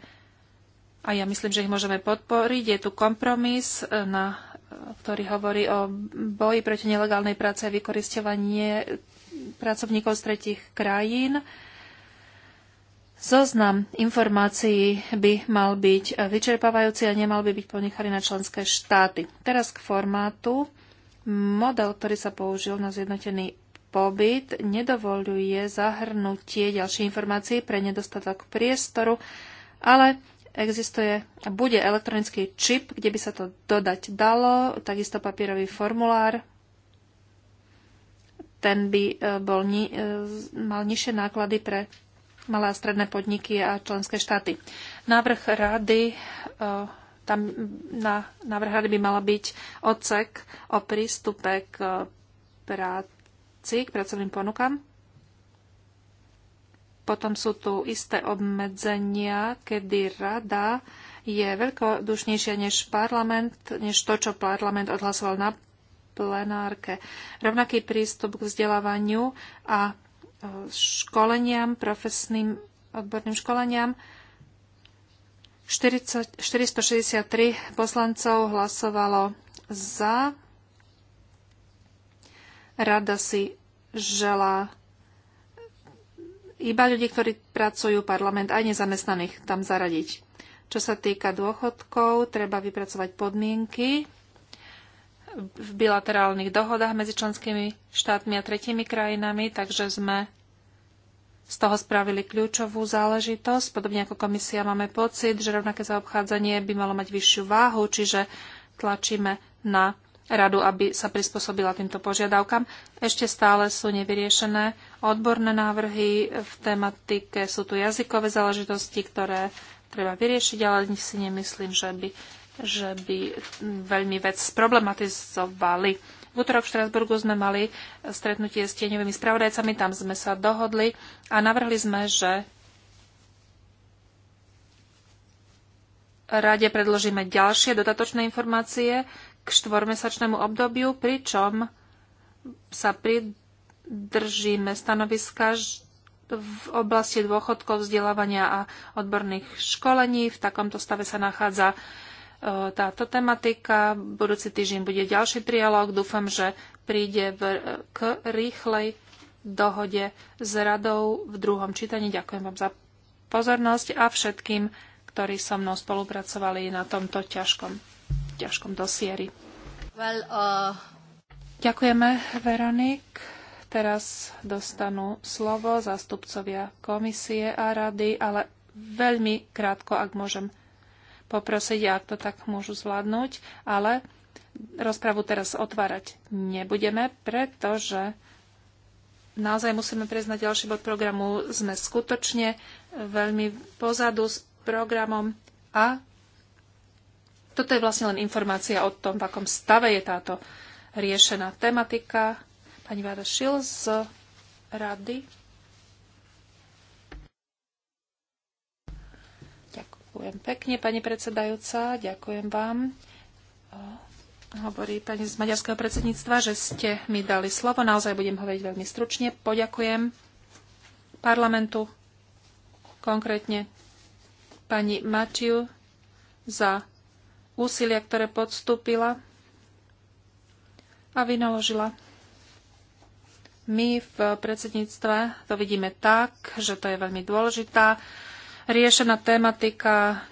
a ja myslím, že ich môžeme podporiť. Je tu kompromis, e, na, e, ktorý hovorí o boji proti nelegálnej práce a vykoristovanie pracovníkov z tretich krajín. Zoznam informácií by mal byť vyčerpávajúci a nemal by byť ponechaný na členské štáty. Teraz k formátu. Model, ktorý sa použil na zjednotený pobyt, nedovoluje zahrnutie ďalších informácií pre nedostatok priestoru, ale existuje a bude elektronický čip, kde by sa to dodať dalo, takisto papierový formulár, ten by e, bol, e, mal nižšie náklady pre malé a stredné podniky a členské štáty. Návrh rady, e, tam na návrh rady by mala byť odsek o prístupe k práci, k pracovným ponukám. Potom sú tu isté obmedzenia, kedy rada je veľkodušnejšia než parlament, než to, čo parlament odhlasoval na plenárke. Rovnaký prístup k vzdelávaniu a školeniam, profesným odborným školeniam. 463 poslancov hlasovalo za. Rada si želá iba ľudí, ktorí pracujú parlament, aj nezamestnaných tam zaradiť. Čo sa týka dôchodkov, treba vypracovať podmienky, v bilaterálnych dohodách medzi členskými štátmi a tretími krajinami, takže sme z toho spravili kľúčovú záležitosť. Podobne ako komisia máme pocit, že rovnaké zaobchádzanie by malo mať vyššiu váhu, čiže tlačíme na radu, aby sa prispôsobila týmto požiadavkám. Ešte stále sú nevyriešené odborné návrhy. V tematike sú tu jazykové záležitosti, ktoré treba vyriešiť, ale si nemyslím, že by že by veľmi vec problematizovali. V útorok v Štrasburgu sme mali stretnutie s tieňovými spravodajcami, tam sme sa dohodli a navrhli sme, že rade predložíme ďalšie dodatočné informácie k štvormesačnému obdobiu, pričom sa pridržíme stanoviska v oblasti dôchodkov, vzdelávania a odborných školení. V takomto stave sa nachádza táto tematika. Budúci týždeň bude ďalší trialóg. Dúfam, že príde v, k rýchlej dohode s radou v druhom čítaní. Ďakujem vám za pozornosť a všetkým, ktorí so mnou spolupracovali na tomto ťažkom, ťažkom dosieri. Well, uh... Ďakujeme, Veronik. Teraz dostanú slovo zástupcovia komisie a rady, ale veľmi krátko, ak môžem poprosiť, ak to tak môžu zvládnuť, ale rozpravu teraz otvárať nebudeme, pretože naozaj musíme prejsť na ďalší bod programu. Sme skutočne veľmi pozadu s programom a toto je vlastne len informácia o tom, v akom stave je táto riešená tematika. Pani Váda Šil z rady. Ďakujem pekne, pani predsedajúca. Ďakujem vám. Hovorí pani z maďarského predsedníctva, že ste mi dali slovo. Naozaj budem hovoriť veľmi stručne. Poďakujem parlamentu, konkrétne pani Matiu za úsilia, ktoré podstúpila a vynaložila. My v predsedníctve to vidíme tak, že to je veľmi dôležitá riešená tematika.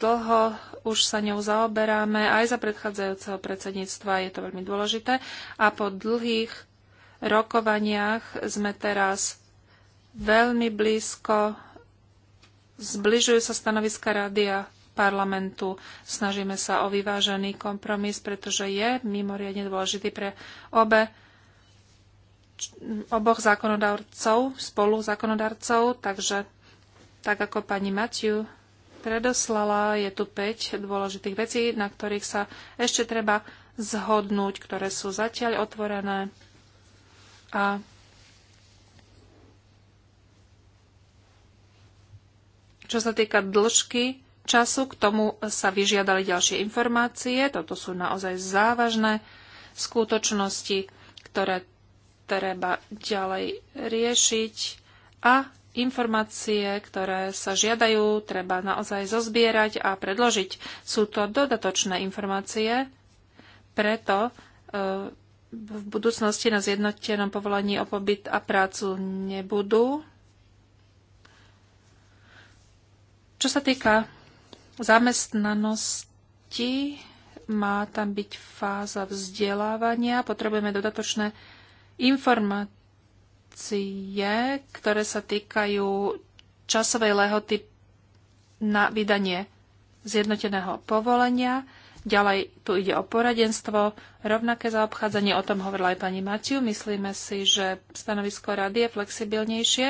Dlho už sa ňou zaoberáme. Aj za predchádzajúceho predsedníctva je to veľmi dôležité. A po dlhých rokovaniach sme teraz veľmi blízko. Zbližujú sa stanoviska rádia a parlamentu. Snažíme sa o vyvážený kompromis, pretože je mimoriadne dôležitý pre obe oboch zákonodarcov, spolu zákonodarcov, takže tak ako pani Matiu predoslala, je tu 5 dôležitých vecí, na ktorých sa ešte treba zhodnúť, ktoré sú zatiaľ otvorené. A čo sa týka dĺžky času, k tomu sa vyžiadali ďalšie informácie. Toto sú naozaj závažné skutočnosti, ktoré treba ďalej riešiť a informácie, ktoré sa žiadajú, treba naozaj zozbierať a predložiť. Sú to dodatočné informácie, preto e, v budúcnosti na zjednotenom povolení o pobyt a prácu nebudú. Čo sa týka zamestnanosti, má tam byť fáza vzdelávania. Potrebujeme dodatočné informácie informácie, ktoré sa týkajú časovej lehoty na vydanie zjednoteného povolenia. Ďalej tu ide o poradenstvo, rovnaké zaobchádzanie, o tom hovorila aj pani Matiu. Myslíme si, že stanovisko rady je flexibilnejšie.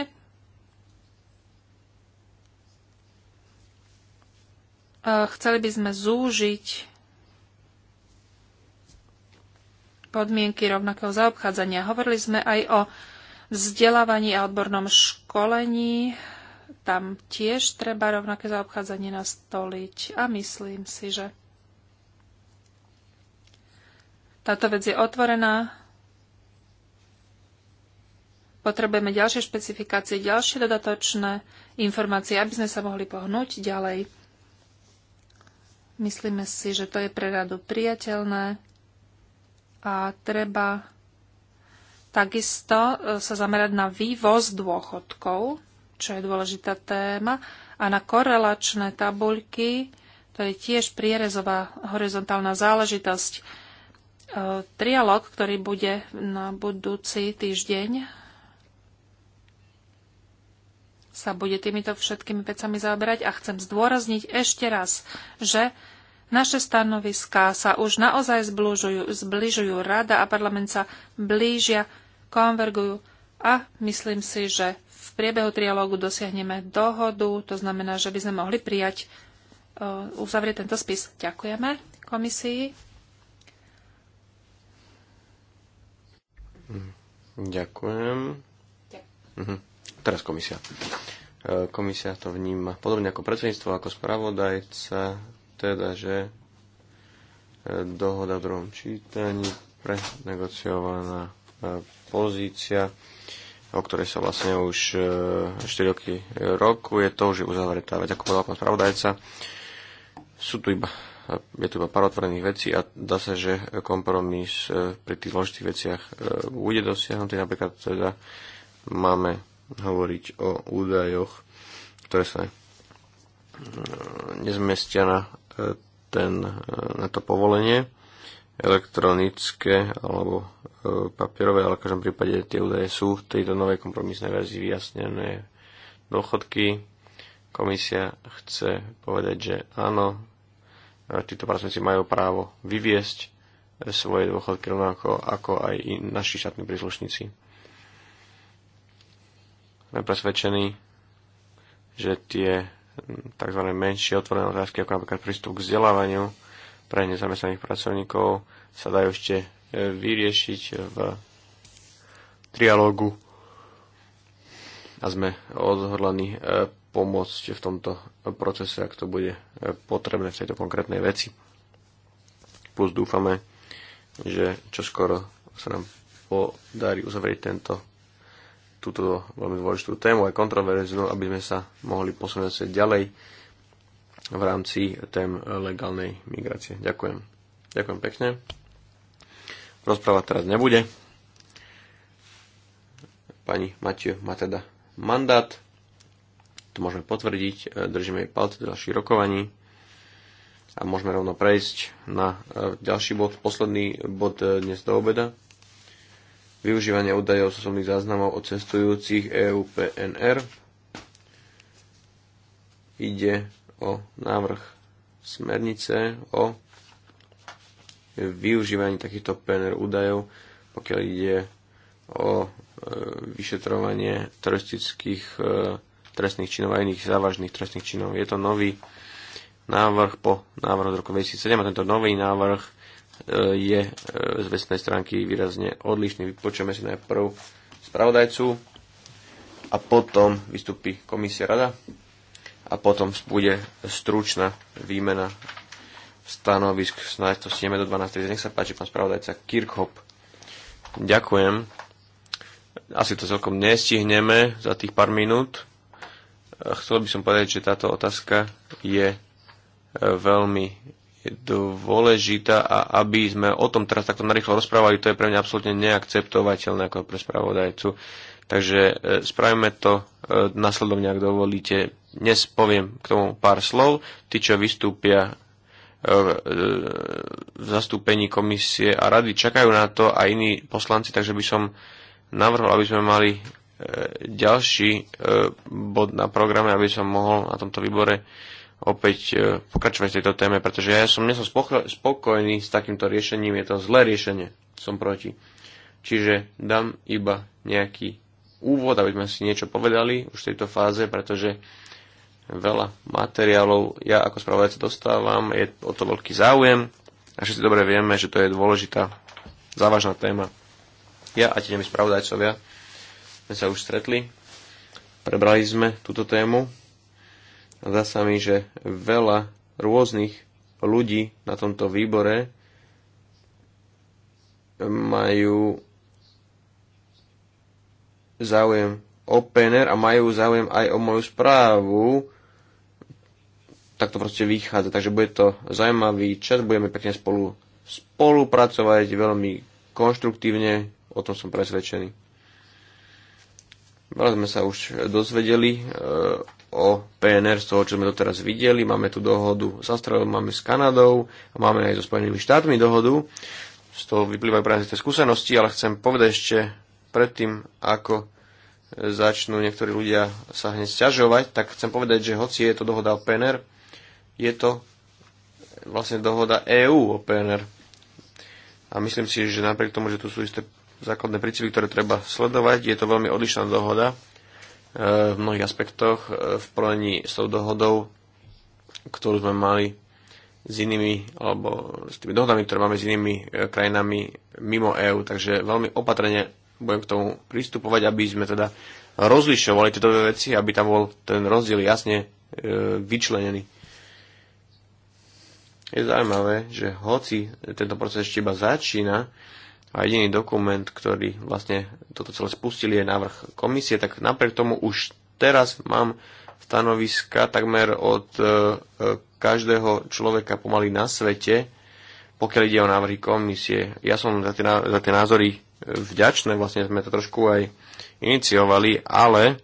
E, chceli by sme zúžiť podmienky rovnakého zaobchádzania. Hovorili sme aj o vzdelávaní a odbornom školení. Tam tiež treba rovnaké zaobchádzanie nastoliť a myslím si, že táto vec je otvorená. Potrebujeme ďalšie špecifikácie, ďalšie dodatočné informácie, aby sme sa mohli pohnúť ďalej. Myslíme si, že to je pre radu priateľné a treba takisto e, sa zamerať na vývoz dôchodkov, čo je dôležitá téma, a na korelačné tabuľky, to je tiež prierezová horizontálna záležitosť. E, trialog, ktorý bude na budúci týždeň, sa bude týmito všetkými vecami zaoberať a chcem zdôrazniť ešte raz, že naše stanoviská sa už naozaj zbližujú, zbližujú rada a parlament sa blížia konvergujú a myslím si, že v priebehu trialógu dosiahneme dohodu, to znamená, že by sme mohli prijať, e, uzavrieť tento spis. Ďakujeme komisii. Mhm. Ďakujem. Ďakujem. Mhm. Teraz komisia. E, komisia to vníma podobne ako predsedníctvo, ako spravodajca, teda, že e, dohoda v druhom čítaní prenegociovaná pozícia, o ktorej sa vlastne už 4 e, roky roku, je to už je uzavretá vec, ako povedal pán spravodajca. Sú tu iba, je tu iba pár otvorených vecí a dá sa, že kompromis e, pri tých zložitých veciach e, bude dosiahnutý. Napríklad teda máme hovoriť o údajoch, ktoré sa nezmestia na, ten, na to povolenie elektronické alebo e, papierové, ale v každom prípade tie údaje sú v tejto novej kompromisnej verzii vyjasnené dôchodky. Komisia chce povedať, že áno, e, títo pracovníci majú právo vyviesť e, svoje dôchodky rovnako ako aj naši štátni príslušníci. Sme presvedčení, že tie tzv. menšie otvorené otázky, ako napríklad prístup k vzdelávaniu, pre nezamestnaných pracovníkov sa dajú ešte e, vyriešiť v trialógu a sme odhodlaní e, pomôcť v tomto procese, ak to bude e, potrebné v tejto konkrétnej veci. Plus dúfame, že čoskoro sa nám podarí uzavrieť tento túto veľmi dôležitú tému, aj kontroverznú, aby sme sa mohli posunúť ďalej v rámci tém legálnej migrácie. Ďakujem. Ďakujem pekne. Rozpráva teraz nebude. Pani Matiu má teda mandát. To môžeme potvrdiť. Držíme jej palce do ďalších rokovaní. A môžeme rovno prejsť na e, ďalší bod, posledný bod e, dnes do obeda. Využívanie údajov z osobných záznamov o cestujúcich EU PNR. Ide o návrh smernice o využívaní takýchto PNR údajov, pokiaľ ide o e, vyšetrovanie teroristických e, trestných činov a iných závažných trestných činov. Je to nový návrh po návrhu z roku 2007 a tento nový návrh e, je z vesnej stránky výrazne odlišný. Vypočujeme si najprv spravodajcu a potom vystúpi komisia rada a potom bude stručná výmena stanovisk, snáď to stieme do 12.30. Nech sa páči, pán spravodajca Kirchhoff. Ďakujem. Asi to celkom nestihneme za tých pár minút. Chcel by som povedať, že táto otázka je e, veľmi dôležitá a aby sme o tom teraz takto narýchlo rozprávali, to je pre mňa absolútne neakceptovateľné ako pre spravodajcu. Takže e, spravíme to e, nasledovne, ak dovolíte. Dnes poviem k tomu pár slov. Tí, čo vystúpia e, v zastúpení komisie a rady, čakajú na to aj iní poslanci, takže by som navrhol, aby sme mali e, ďalší e, bod na programe, aby som mohol na tomto výbore opäť pokračovať v tejto téme, pretože ja som nesom spokojný s takýmto riešením, je to zlé riešenie, som proti. Čiže dám iba nejaký úvod, aby sme si niečo povedali už v tejto fáze, pretože veľa materiálov ja ako spravodajca dostávam, je o to veľký záujem a všetci dobre vieme, že to je dôležitá, závažná téma. Ja a tie spravodajcovia sme sa už stretli, prebrali sme túto tému a zdá sa mi, že veľa rôznych ľudí na tomto výbore majú záujem o PNR a majú záujem aj o moju správu, tak to proste vychádza. Takže bude to zaujímavý čas, budeme pekne spolu spolupracovať veľmi konštruktívne, o tom som presvedčený. Veľa sme sa už dozvedeli e, o PNR z toho, čo sme doteraz videli. Máme tu dohodu s Austrálou, máme s Kanadou a máme aj so Spojenými štátmi dohodu. Z toho vyplývajú práve tie skúsenosti, ale chcem povedať ešte predtým, ako začnú niektorí ľudia sa hneď sťažovať, tak chcem povedať, že hoci je to dohoda o PNR, je to vlastne dohoda EÚ o PNR. A myslím si, že napriek tomu, že tu sú isté základné princípy, ktoré treba sledovať, je to veľmi odlišná dohoda e, v mnohých aspektoch e, v porovnaní s tou dohodou, ktorú sme mali s inými, alebo s tými dohodami, ktoré máme s inými e, krajinami mimo EÚ. Takže veľmi opatrne budem k tomu pristupovať, aby sme teda rozlišovali tieto veci, aby tam bol ten rozdiel jasne e, vyčlenený. Je zaujímavé, že hoci tento proces ešte iba začína a jediný dokument, ktorý vlastne toto celé spustil, je návrh komisie, tak napriek tomu už teraz mám stanoviska takmer od e, každého človeka pomaly na svete, pokiaľ ide o návrhy komisie. Ja som za tie, za tie názory vďačné, vlastne sme to trošku aj iniciovali, ale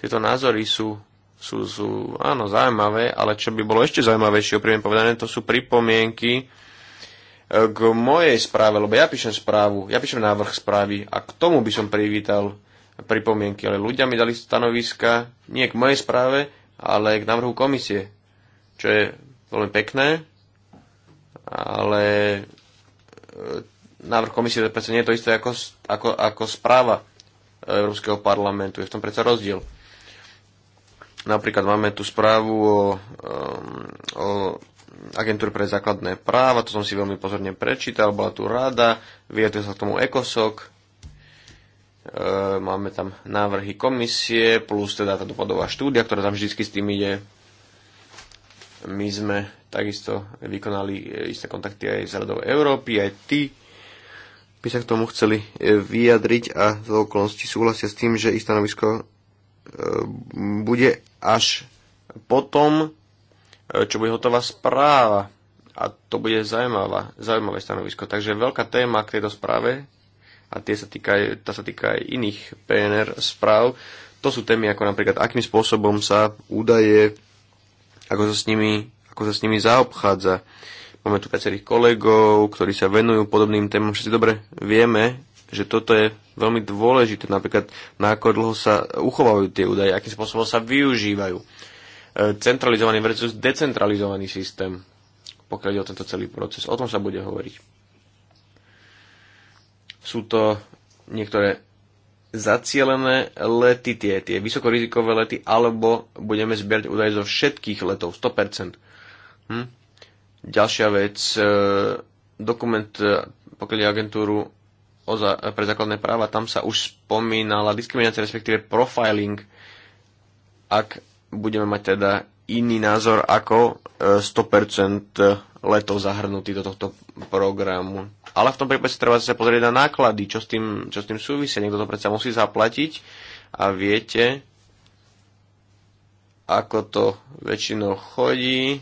tieto názory sú sú, sú áno, zaujímavé, ale čo by bolo ešte zaujímavejšie, oprieme povedané, to sú pripomienky e, k mojej správe, lebo ja píšem správu, ja píšem návrh správy a k tomu by som privítal pripomienky, ale ľudia mi dali stanoviska nie k mojej správe, ale k návrhu komisie, čo je veľmi pekné, ale e, návrh komisie predsa nie je to isté ako, ako, ako správa Európskeho parlamentu. Je v tom predsa rozdiel. Napríklad máme tu správu o, o agentúre pre základné práva, to som si veľmi pozorne prečítal, bola tu rada, vyjadril sa k tomu ECOSOC, e, máme tam návrhy komisie, plus teda tá dopadová štúdia, ktorá tam vždy s tým ide. My sme takisto vykonali e, isté kontakty aj s Radou Európy, aj ty by sa k tomu chceli e, vyjadriť a z okolností súhlasia s tým, že ich stanovisko E, bude až potom, e, čo bude hotová správa. A to bude zaujímavá, zaujímavé stanovisko. Takže veľká téma k tejto správe, a tie sa týka, tá sa týka aj iných PNR správ, to sú témy ako napríklad, akým spôsobom sa údaje, ako sa s nimi, ako sa s nimi zaobchádza. Máme tu viacerých kolegov, ktorí sa venujú podobným témam. Všetci dobre vieme, že toto je veľmi dôležité, napríklad na ako dlho sa uchovajú tie údaje, akým spôsobom sa využívajú. E, centralizovaný versus decentralizovaný systém, pokiaľ ide o tento celý proces. O tom sa bude hovoriť. Sú to niektoré zacielené lety, tie, tie vysokorizikové lety, alebo budeme zbierať údaje zo všetkých letov, 100%. Hm? Ďalšia vec, e, dokument, e, pokiaľ agentúru o za, pre základné práva, tam sa už spomínala diskriminácia, respektíve profiling, ak budeme mať teda iný názor ako 100% e, letov zahrnutý do tohto programu. Ale v tom prípade sa treba sa pozrieť na náklady, čo s tým, čo s tým súvisia. Niekto to predsa musí zaplatiť a viete, ako to väčšinou chodí.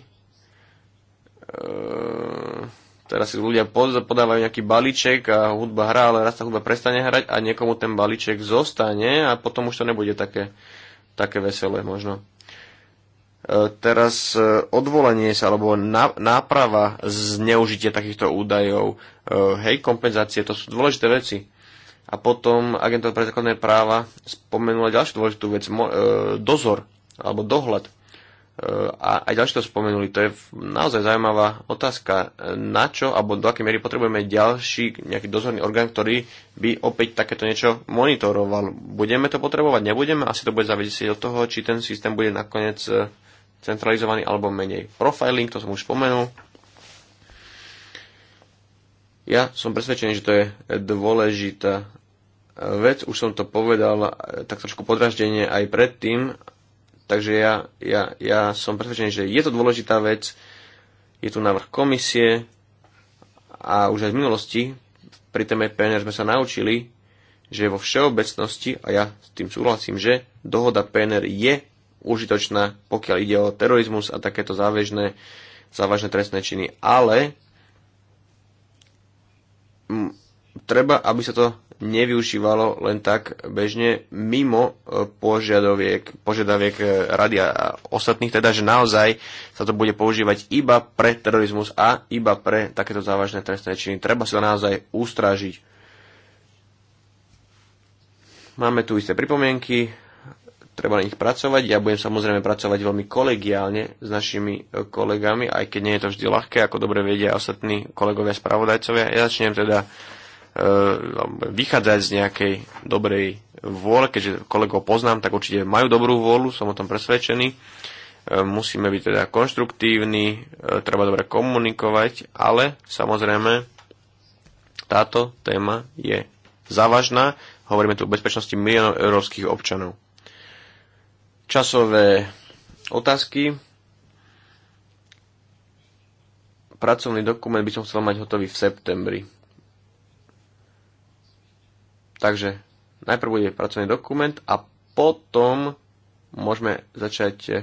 Ehm teraz si ľudia podávajú nejaký balíček a hudba hrá, ale raz tá hudba prestane hrať a niekomu ten balíček zostane a potom už to nebude také, také veselé možno. E, teraz e, odvolanie sa alebo náprava zneužitie takýchto údajov, e, hej, kompenzácie, to sú dôležité veci. A potom agentov pre základné práva spomenula ďalšiu dôležitú vec, dozor alebo dohľad a aj ďalšie to spomenuli, to je naozaj zaujímavá otázka, na čo alebo do akej miery potrebujeme ďalší nejaký dozorný orgán, ktorý by opäť takéto niečo monitoroval. Budeme to potrebovať, nebudeme? Asi to bude závisieť od toho, či ten systém bude nakoniec e, centralizovaný alebo menej. Profiling, to som už spomenul. Ja som presvedčený, že to je dôležitá vec, už som to povedal e, tak trošku podraždenie aj predtým, Takže ja, ja, ja som presvedčený, že je to dôležitá vec, je tu návrh komisie a už aj v minulosti pri téme PNR sme sa naučili, že vo všeobecnosti, a ja s tým súhlasím, že dohoda PNR je užitočná, pokiaľ ide o terorizmus a takéto závažné, závažné trestné činy, ale treba, aby sa to nevyužívalo len tak bežne mimo e, požiadaviek, požiadaviek e, rady a ostatných, teda že naozaj sa to bude používať iba pre terorizmus a iba pre takéto závažné trestné činy. Treba sa naozaj ústražiť. Máme tu isté pripomienky, treba na nich pracovať. Ja budem samozrejme pracovať veľmi kolegiálne s našimi e, kolegami, aj keď nie je to vždy ľahké, ako dobre vedia ostatní kolegovia spravodajcovia. Ja začnem teda E, vychádzať z nejakej dobrej vôle, keďže kolegov poznám, tak určite majú dobrú vôľu, som o tom presvedčený. E, musíme byť teda konštruktívni, e, treba dobre komunikovať, ale samozrejme táto téma je závažná. Hovoríme tu o bezpečnosti miliónov európskych občanov. Časové otázky. Pracovný dokument by som chcel mať hotový v septembri Takže najprv bude pracovný dokument a potom môžeme začať eh,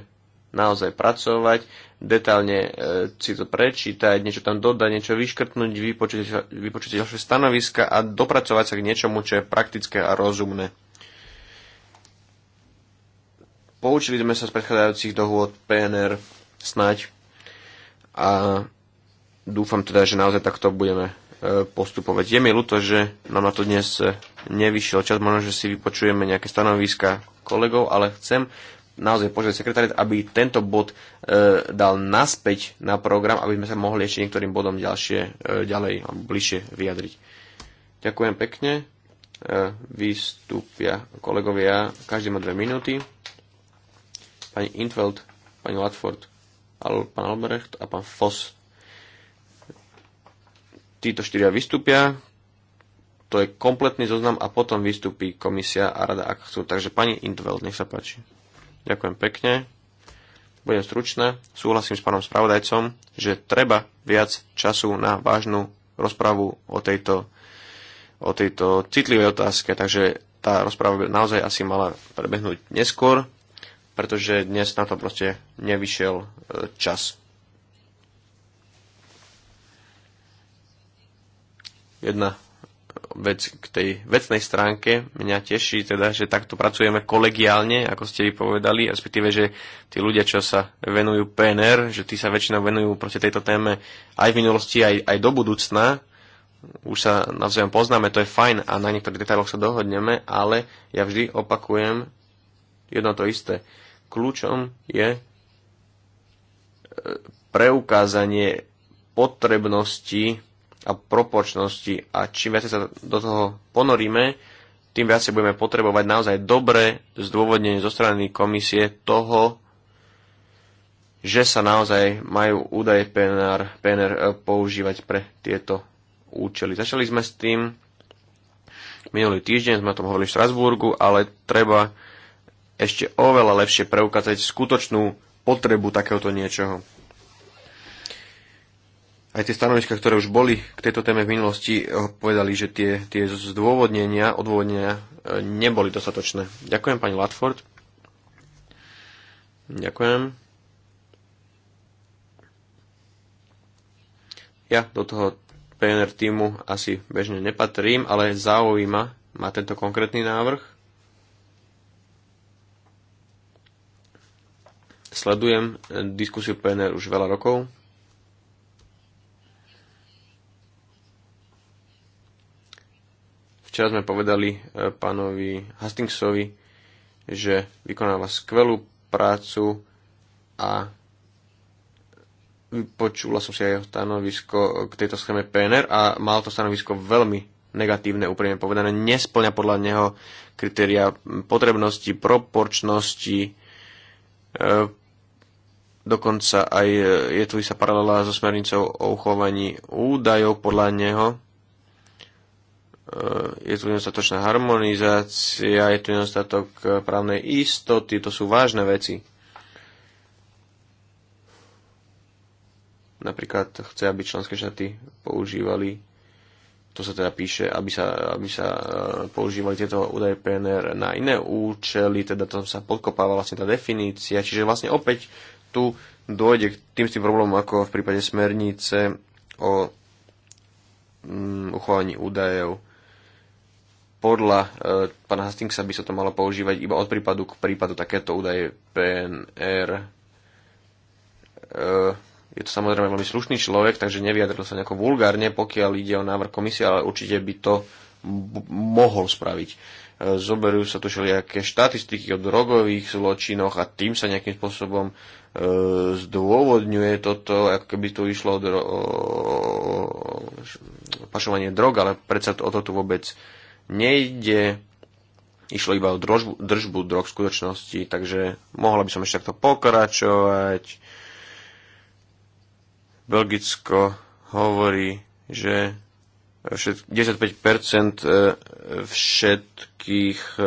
naozaj pracovať, detálne e, eh, si to prečítať, niečo tam dodať, niečo vyškrtnúť, vypočuť, vypočuť ďalšie stanoviska a dopracovať sa k niečomu, čo je praktické a rozumné. Poučili sme sa z predchádzajúcich dohôd PNR snať a dúfam teda, že naozaj takto budeme postupovať. Je mi ľúto, že nám na to dnes nevyšiel čas, možno, že si vypočujeme nejaké stanoviska kolegov, ale chcem naozaj požiadať sekretariat, aby tento bod e, dal naspäť na program, aby sme sa mohli ešte niektorým bodom ďalšie, e, ďalej alebo bližšie vyjadriť. Ďakujem pekne. E, vystúpia kolegovia, každý má dve minúty. Pani Intveld, pani Latford, pán Albrecht a pán Foss títo štyria vystúpia, to je kompletný zoznam a potom vystúpi komisia a rada, ak chcú. Takže pani Intveld, nech sa páči. Ďakujem pekne. Budem stručná. Súhlasím s pánom spravodajcom, že treba viac času na vážnu rozpravu o tejto, o tejto citlivej otázke. Takže tá rozpráva by naozaj asi mala prebehnúť neskôr, pretože dnes na to proste nevyšiel e, čas. jedna vec k tej vecnej stránke. Mňa teší teda, že takto pracujeme kolegiálne, ako ste vy povedali, respektíve, že tí ľudia, čo sa venujú PNR, že tí sa väčšinou venujú proti tejto téme aj v minulosti, aj, aj do budúcna. Už sa navzájom poznáme, to je fajn a na niektorých detailoch sa dohodneme, ale ja vždy opakujem jedno to isté. Kľúčom je e, preukázanie potrebnosti a proporčnosti. A čím viac sa do toho ponoríme, tým viac budeme potrebovať naozaj dobré zdôvodnenie zo strany komisie toho, že sa naozaj majú údaje PNR, PNR e, používať pre tieto účely. Začali sme s tým minulý týždeň, sme o tom hovorili v Štrasburgu, ale treba ešte oveľa lepšie preukázať skutočnú potrebu takéhoto niečoho aj tie stanoviska, ktoré už boli k tejto téme v minulosti, eh, povedali, že tie, tie zdôvodnenia, odôvodnenia eh, neboli dostatočné. Ďakujem, pani Latford. Ďakujem. Ja do toho PNR týmu asi bežne nepatrím, ale zaujíma ma tento konkrétny návrh. Sledujem eh, diskusiu PNR už veľa rokov Včera sme povedali e, pánovi Hastingsovi, že vykonáva skvelú prácu a počula som si aj jeho stanovisko k tejto schéme PNR a mal to stanovisko veľmi negatívne, úprimne povedané. Nesplňa podľa neho kritéria potrebnosti, proporčnosti, e, dokonca aj e, je tu sa paralela so smernicou o uchovaní údajov podľa neho je tu nedostatočná harmonizácia, je tu nedostatok e, právnej istoty, to sú vážne veci. Napríklad chce, aby členské štáty používali, to sa teda píše, aby sa, aby sa e, používali tieto údaje PNR na iné účely, teda tam sa podkopáva vlastne tá definícia, čiže vlastne opäť tu dojde k tým tým problémom ako v prípade smernice o mm, uchovaní údajov podľa e, pána Hastingsa by sa to malo používať iba od prípadu k prípadu takéto údaje PNR. E, je to samozrejme veľmi slušný človek, takže nevyjadril sa nejako vulgárne, pokiaľ ide o návrh komisie, ale určite by to mohol spraviť. Zoberujú sa tu všelijaké štatistiky o drogových zločinoch a tým sa nejakým spôsobom e, zdôvodňuje toto, ako keby tu išlo o, dro- o pašovanie drog, ale predsa to, o to tu vôbec nejde. Išlo iba o drožbu, držbu drog v skutočnosti, takže mohla by som ešte takto pokračovať. Belgicko hovorí, že 10-5% e, všetkých e,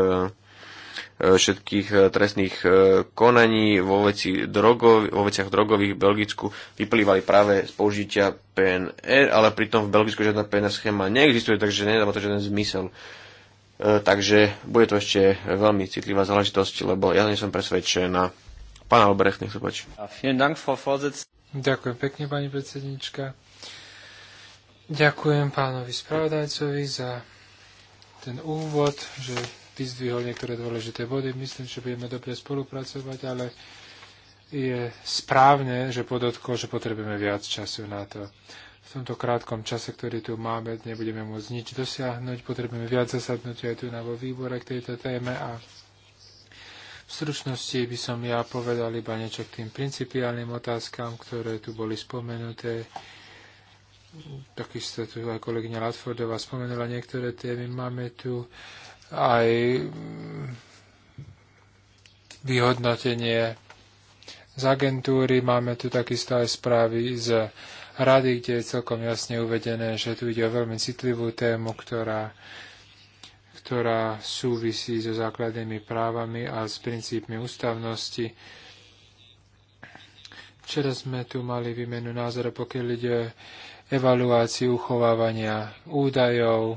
všetkých e, trestných e, konaní vo, veci drogov, vo veciach drogových v Belgicku vyplývali práve z použitia PNR, ale pritom v Belgicku žiadna PNR schéma neexistuje, takže nedáva to žiaden zmysel. E, takže bude to ešte veľmi citlivá záležitosť, lebo ja nie som presvedčená. Pán Albrecht, nech sa páči. Ďakujem pekne, pani predsednička. Ďakujem pánovi spravodajcovi za ten úvod, že vyzdvihol niektoré dôležité body. Myslím, že budeme dobre spolupracovať, ale je správne, že podotkol, že potrebujeme viac času na to. V tomto krátkom čase, ktorý tu máme, nebudeme môcť nič dosiahnuť. Potrebujeme viac zasadnutia aj tu na vo výbore k tejto téme a v stručnosti by som ja povedal iba niečo k tým principiálnym otázkam, ktoré tu boli spomenuté. Takisto tu aj kolegyňa Latfordová spomenula niektoré témy. Máme tu aj mm, vyhodnotenie z agentúry. Máme tu takisto aj správy z rady, kde je celkom jasne uvedené, že tu ide o veľmi citlivú tému, ktorá, ktorá súvisí so základnými právami a s princípmi ústavnosti. Včera sme tu mali výmenu názorov, pokiaľ ide evaluáciu uchovávania údajov,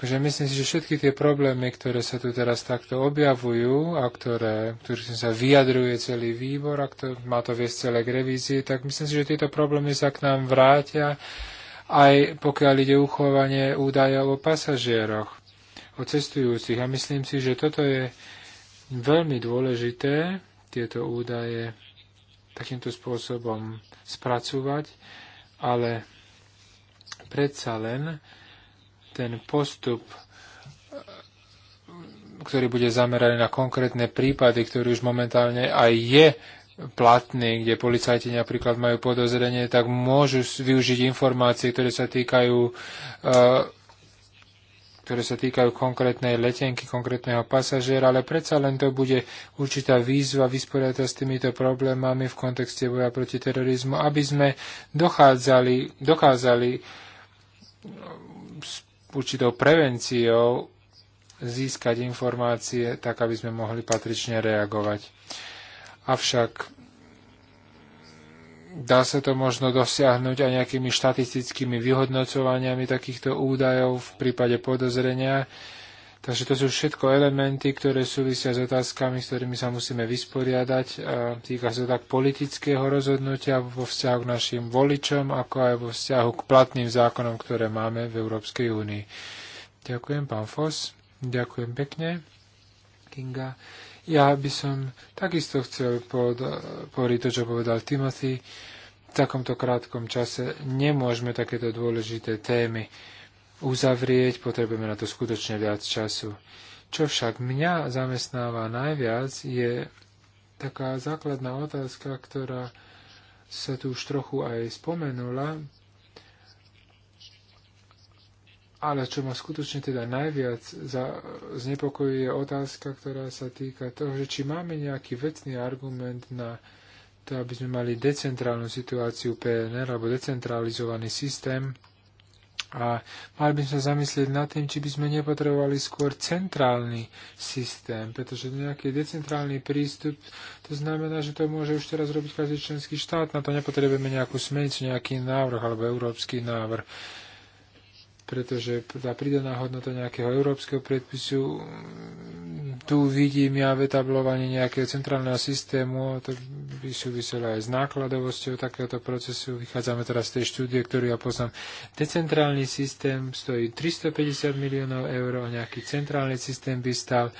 Takže myslím si, že všetky tie problémy, ktoré sa tu teraz takto objavujú a ktoré, ktorý sa vyjadruje celý výbor a kto, má to viesť celé k revízii, tak myslím si, že tieto problémy sa k nám vrátia aj pokiaľ ide uchovanie údajov o pasažieroch, o cestujúcich. A myslím si, že toto je veľmi dôležité, tieto údaje takýmto spôsobom spracovať, ale predsa len ten postup, ktorý bude zameraný na konkrétne prípady, ktorý už momentálne aj je platný, kde policajti napríklad majú podozrenie, tak môžu využiť informácie, ktoré sa týkajú eh, ktoré sa týkajú konkrétnej letenky, konkrétneho pasažiera, ale predsa len to bude určitá výzva vysporiadať s týmito problémami v kontexte boja proti terorizmu, aby sme dochádzali, dokázali určitou prevenciou získať informácie tak, aby sme mohli patrične reagovať. Avšak dá sa to možno dosiahnuť aj nejakými štatistickými vyhodnocovaniami takýchto údajov v prípade podozrenia, Takže to sú všetko elementy, ktoré súvisia s otázkami, s ktorými sa musíme vysporiadať. Týka sa tak politického rozhodnutia vo vzťahu k našim voličom, ako aj vo vzťahu k platným zákonom, ktoré máme v Európskej únii. Ďakujem, pán Fos. Ďakujem pekne. Kinga. Ja by som takisto chcel povedať to, čo povedal Timothy. V takomto krátkom čase nemôžeme takéto dôležité témy uzavrieť, potrebujeme na to skutočne viac času. Čo však mňa zamestnáva najviac, je taká základná otázka, ktorá sa tu už trochu aj spomenula, ale čo ma skutočne teda najviac za, znepokojuje je otázka, ktorá sa týka toho, že či máme nejaký vecný argument na to, aby sme mali decentrálnu situáciu PNR alebo decentralizovaný systém, a mali by sme zamyslieť nad tým, či by sme nepotrebovali skôr centrálny systém, pretože nejaký decentrálny prístup, to znamená, že to môže už teraz robiť každý členský štát, na to nepotrebujeme nejakú smenicu, nejaký návrh alebo európsky návrh pretože tá pridaná hodnota nejakého európskeho predpisu, mm, tu vidím ja vetablovanie nejakého centrálneho systému, to by súviselo aj s nákladovosťou takéhoto procesu. Vychádzame teraz z tej štúdie, ktorú ja poznám. Decentrálny systém stojí 350 miliónov eur, a nejaký centrálny systém by stal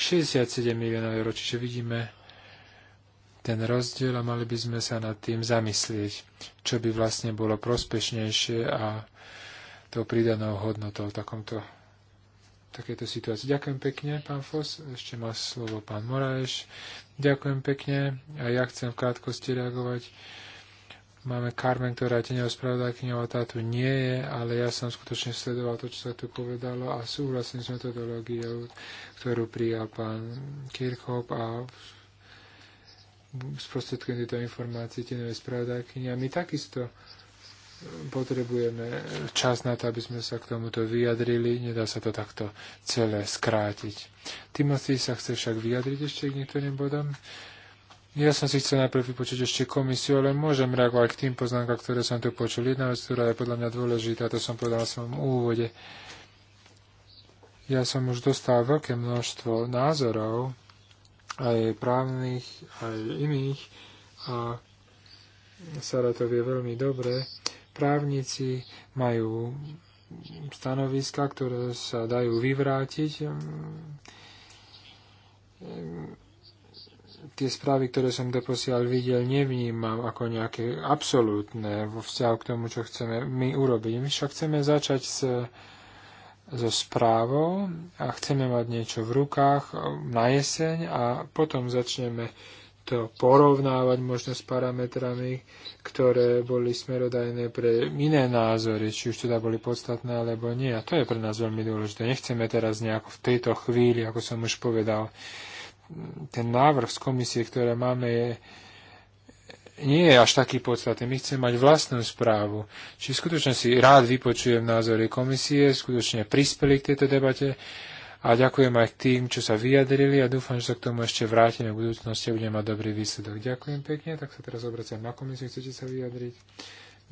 67 miliónov eur, čiže vidíme ten rozdiel a mali by sme sa nad tým zamyslieť, čo by vlastne bolo prospešnejšie a tou pridanou hodnotou v takomto takéto situácii. Ďakujem pekne, pán Fos. Ešte má slovo pán Moraeš. Ďakujem pekne. A ja chcem v krátkosti reagovať. Máme Carmen, ktorá je teňou a tá tu nie je, ale ja som skutočne sledoval to, čo sa tu povedalo a súhlasím s metodológiou, ktorú prijal pán Kirchhoff a sprostredkujem tieto informácie teňovej spravodajkyni. A my takisto potrebujeme čas na to, aby sme sa k tomuto vyjadrili. Nedá sa to takto celé skrátiť. Timothy sa chce však vyjadriť ešte k niektorým bodom. Ja som si chcel najprv vypočuť ešte komisiu, ale môžem reagovať k tým poznámkam, ktoré som tu počul. Jedna vec, ktorá je podľa mňa dôležitá, to som povedal v svojom úvode. Ja som už dostal veľké množstvo názorov, aj právnych, aj iných, a Sara to vie veľmi dobre Právnici majú stanoviska, ktoré sa dajú vyvrátiť. Tie správy, ktoré som doposiaľ videl, nevnímam ako nejaké absolútne vo vzťahu k tomu, čo chceme my urobiť. My však chceme začať s so správou a chceme mať niečo v rukách na jeseň a potom začneme to porovnávať možno s parametrami, ktoré boli smerodajné pre iné názory, či už teda boli podstatné alebo nie. A to je pre nás veľmi dôležité. Nechceme teraz nejako v tejto chvíli, ako som už povedal, ten návrh z komisie, ktoré máme, je, nie je až taký podstatný. My chceme mať vlastnú správu. Či skutočne si rád vypočujem názory komisie, skutočne prispeli k tejto debate a ďakujem aj tým, čo sa vyjadrili a dúfam, že sa k tomu ešte vrátime v budúcnosti a budeme mať dobrý výsledok. Ďakujem pekne, tak sa teraz obraciam na komisiu, chcete sa vyjadriť?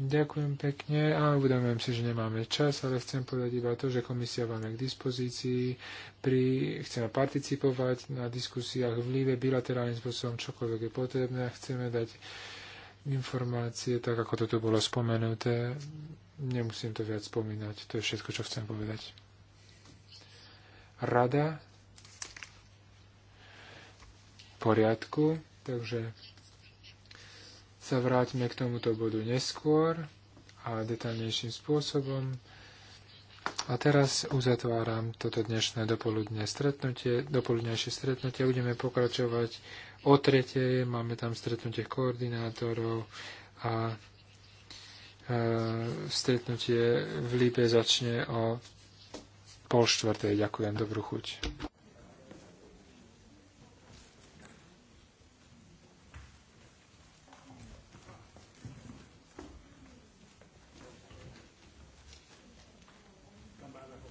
Ďakujem pekne a uvedomujem si, že nemáme čas, ale chcem povedať iba to, že komisia vám je k dispozícii. Pri, chceme participovať na diskusiách v Líve bilaterálnym spôsobom, čokoľvek je potrebné a chceme dať informácie, tak ako toto bolo spomenuté. Nemusím to viac spomínať, to je všetko, čo chcem povedať rada. V poriadku, takže sa vráťme k tomuto bodu neskôr a detaľnejším spôsobom. A teraz uzatváram toto dnešné dopoludne stretnutie, dopoludnejšie stretnutie. Budeme pokračovať o tretej, máme tam stretnutie koordinátorov a e, stretnutie v Lípe začne o pol štvrtej. Ďakujem, dobrú chuť.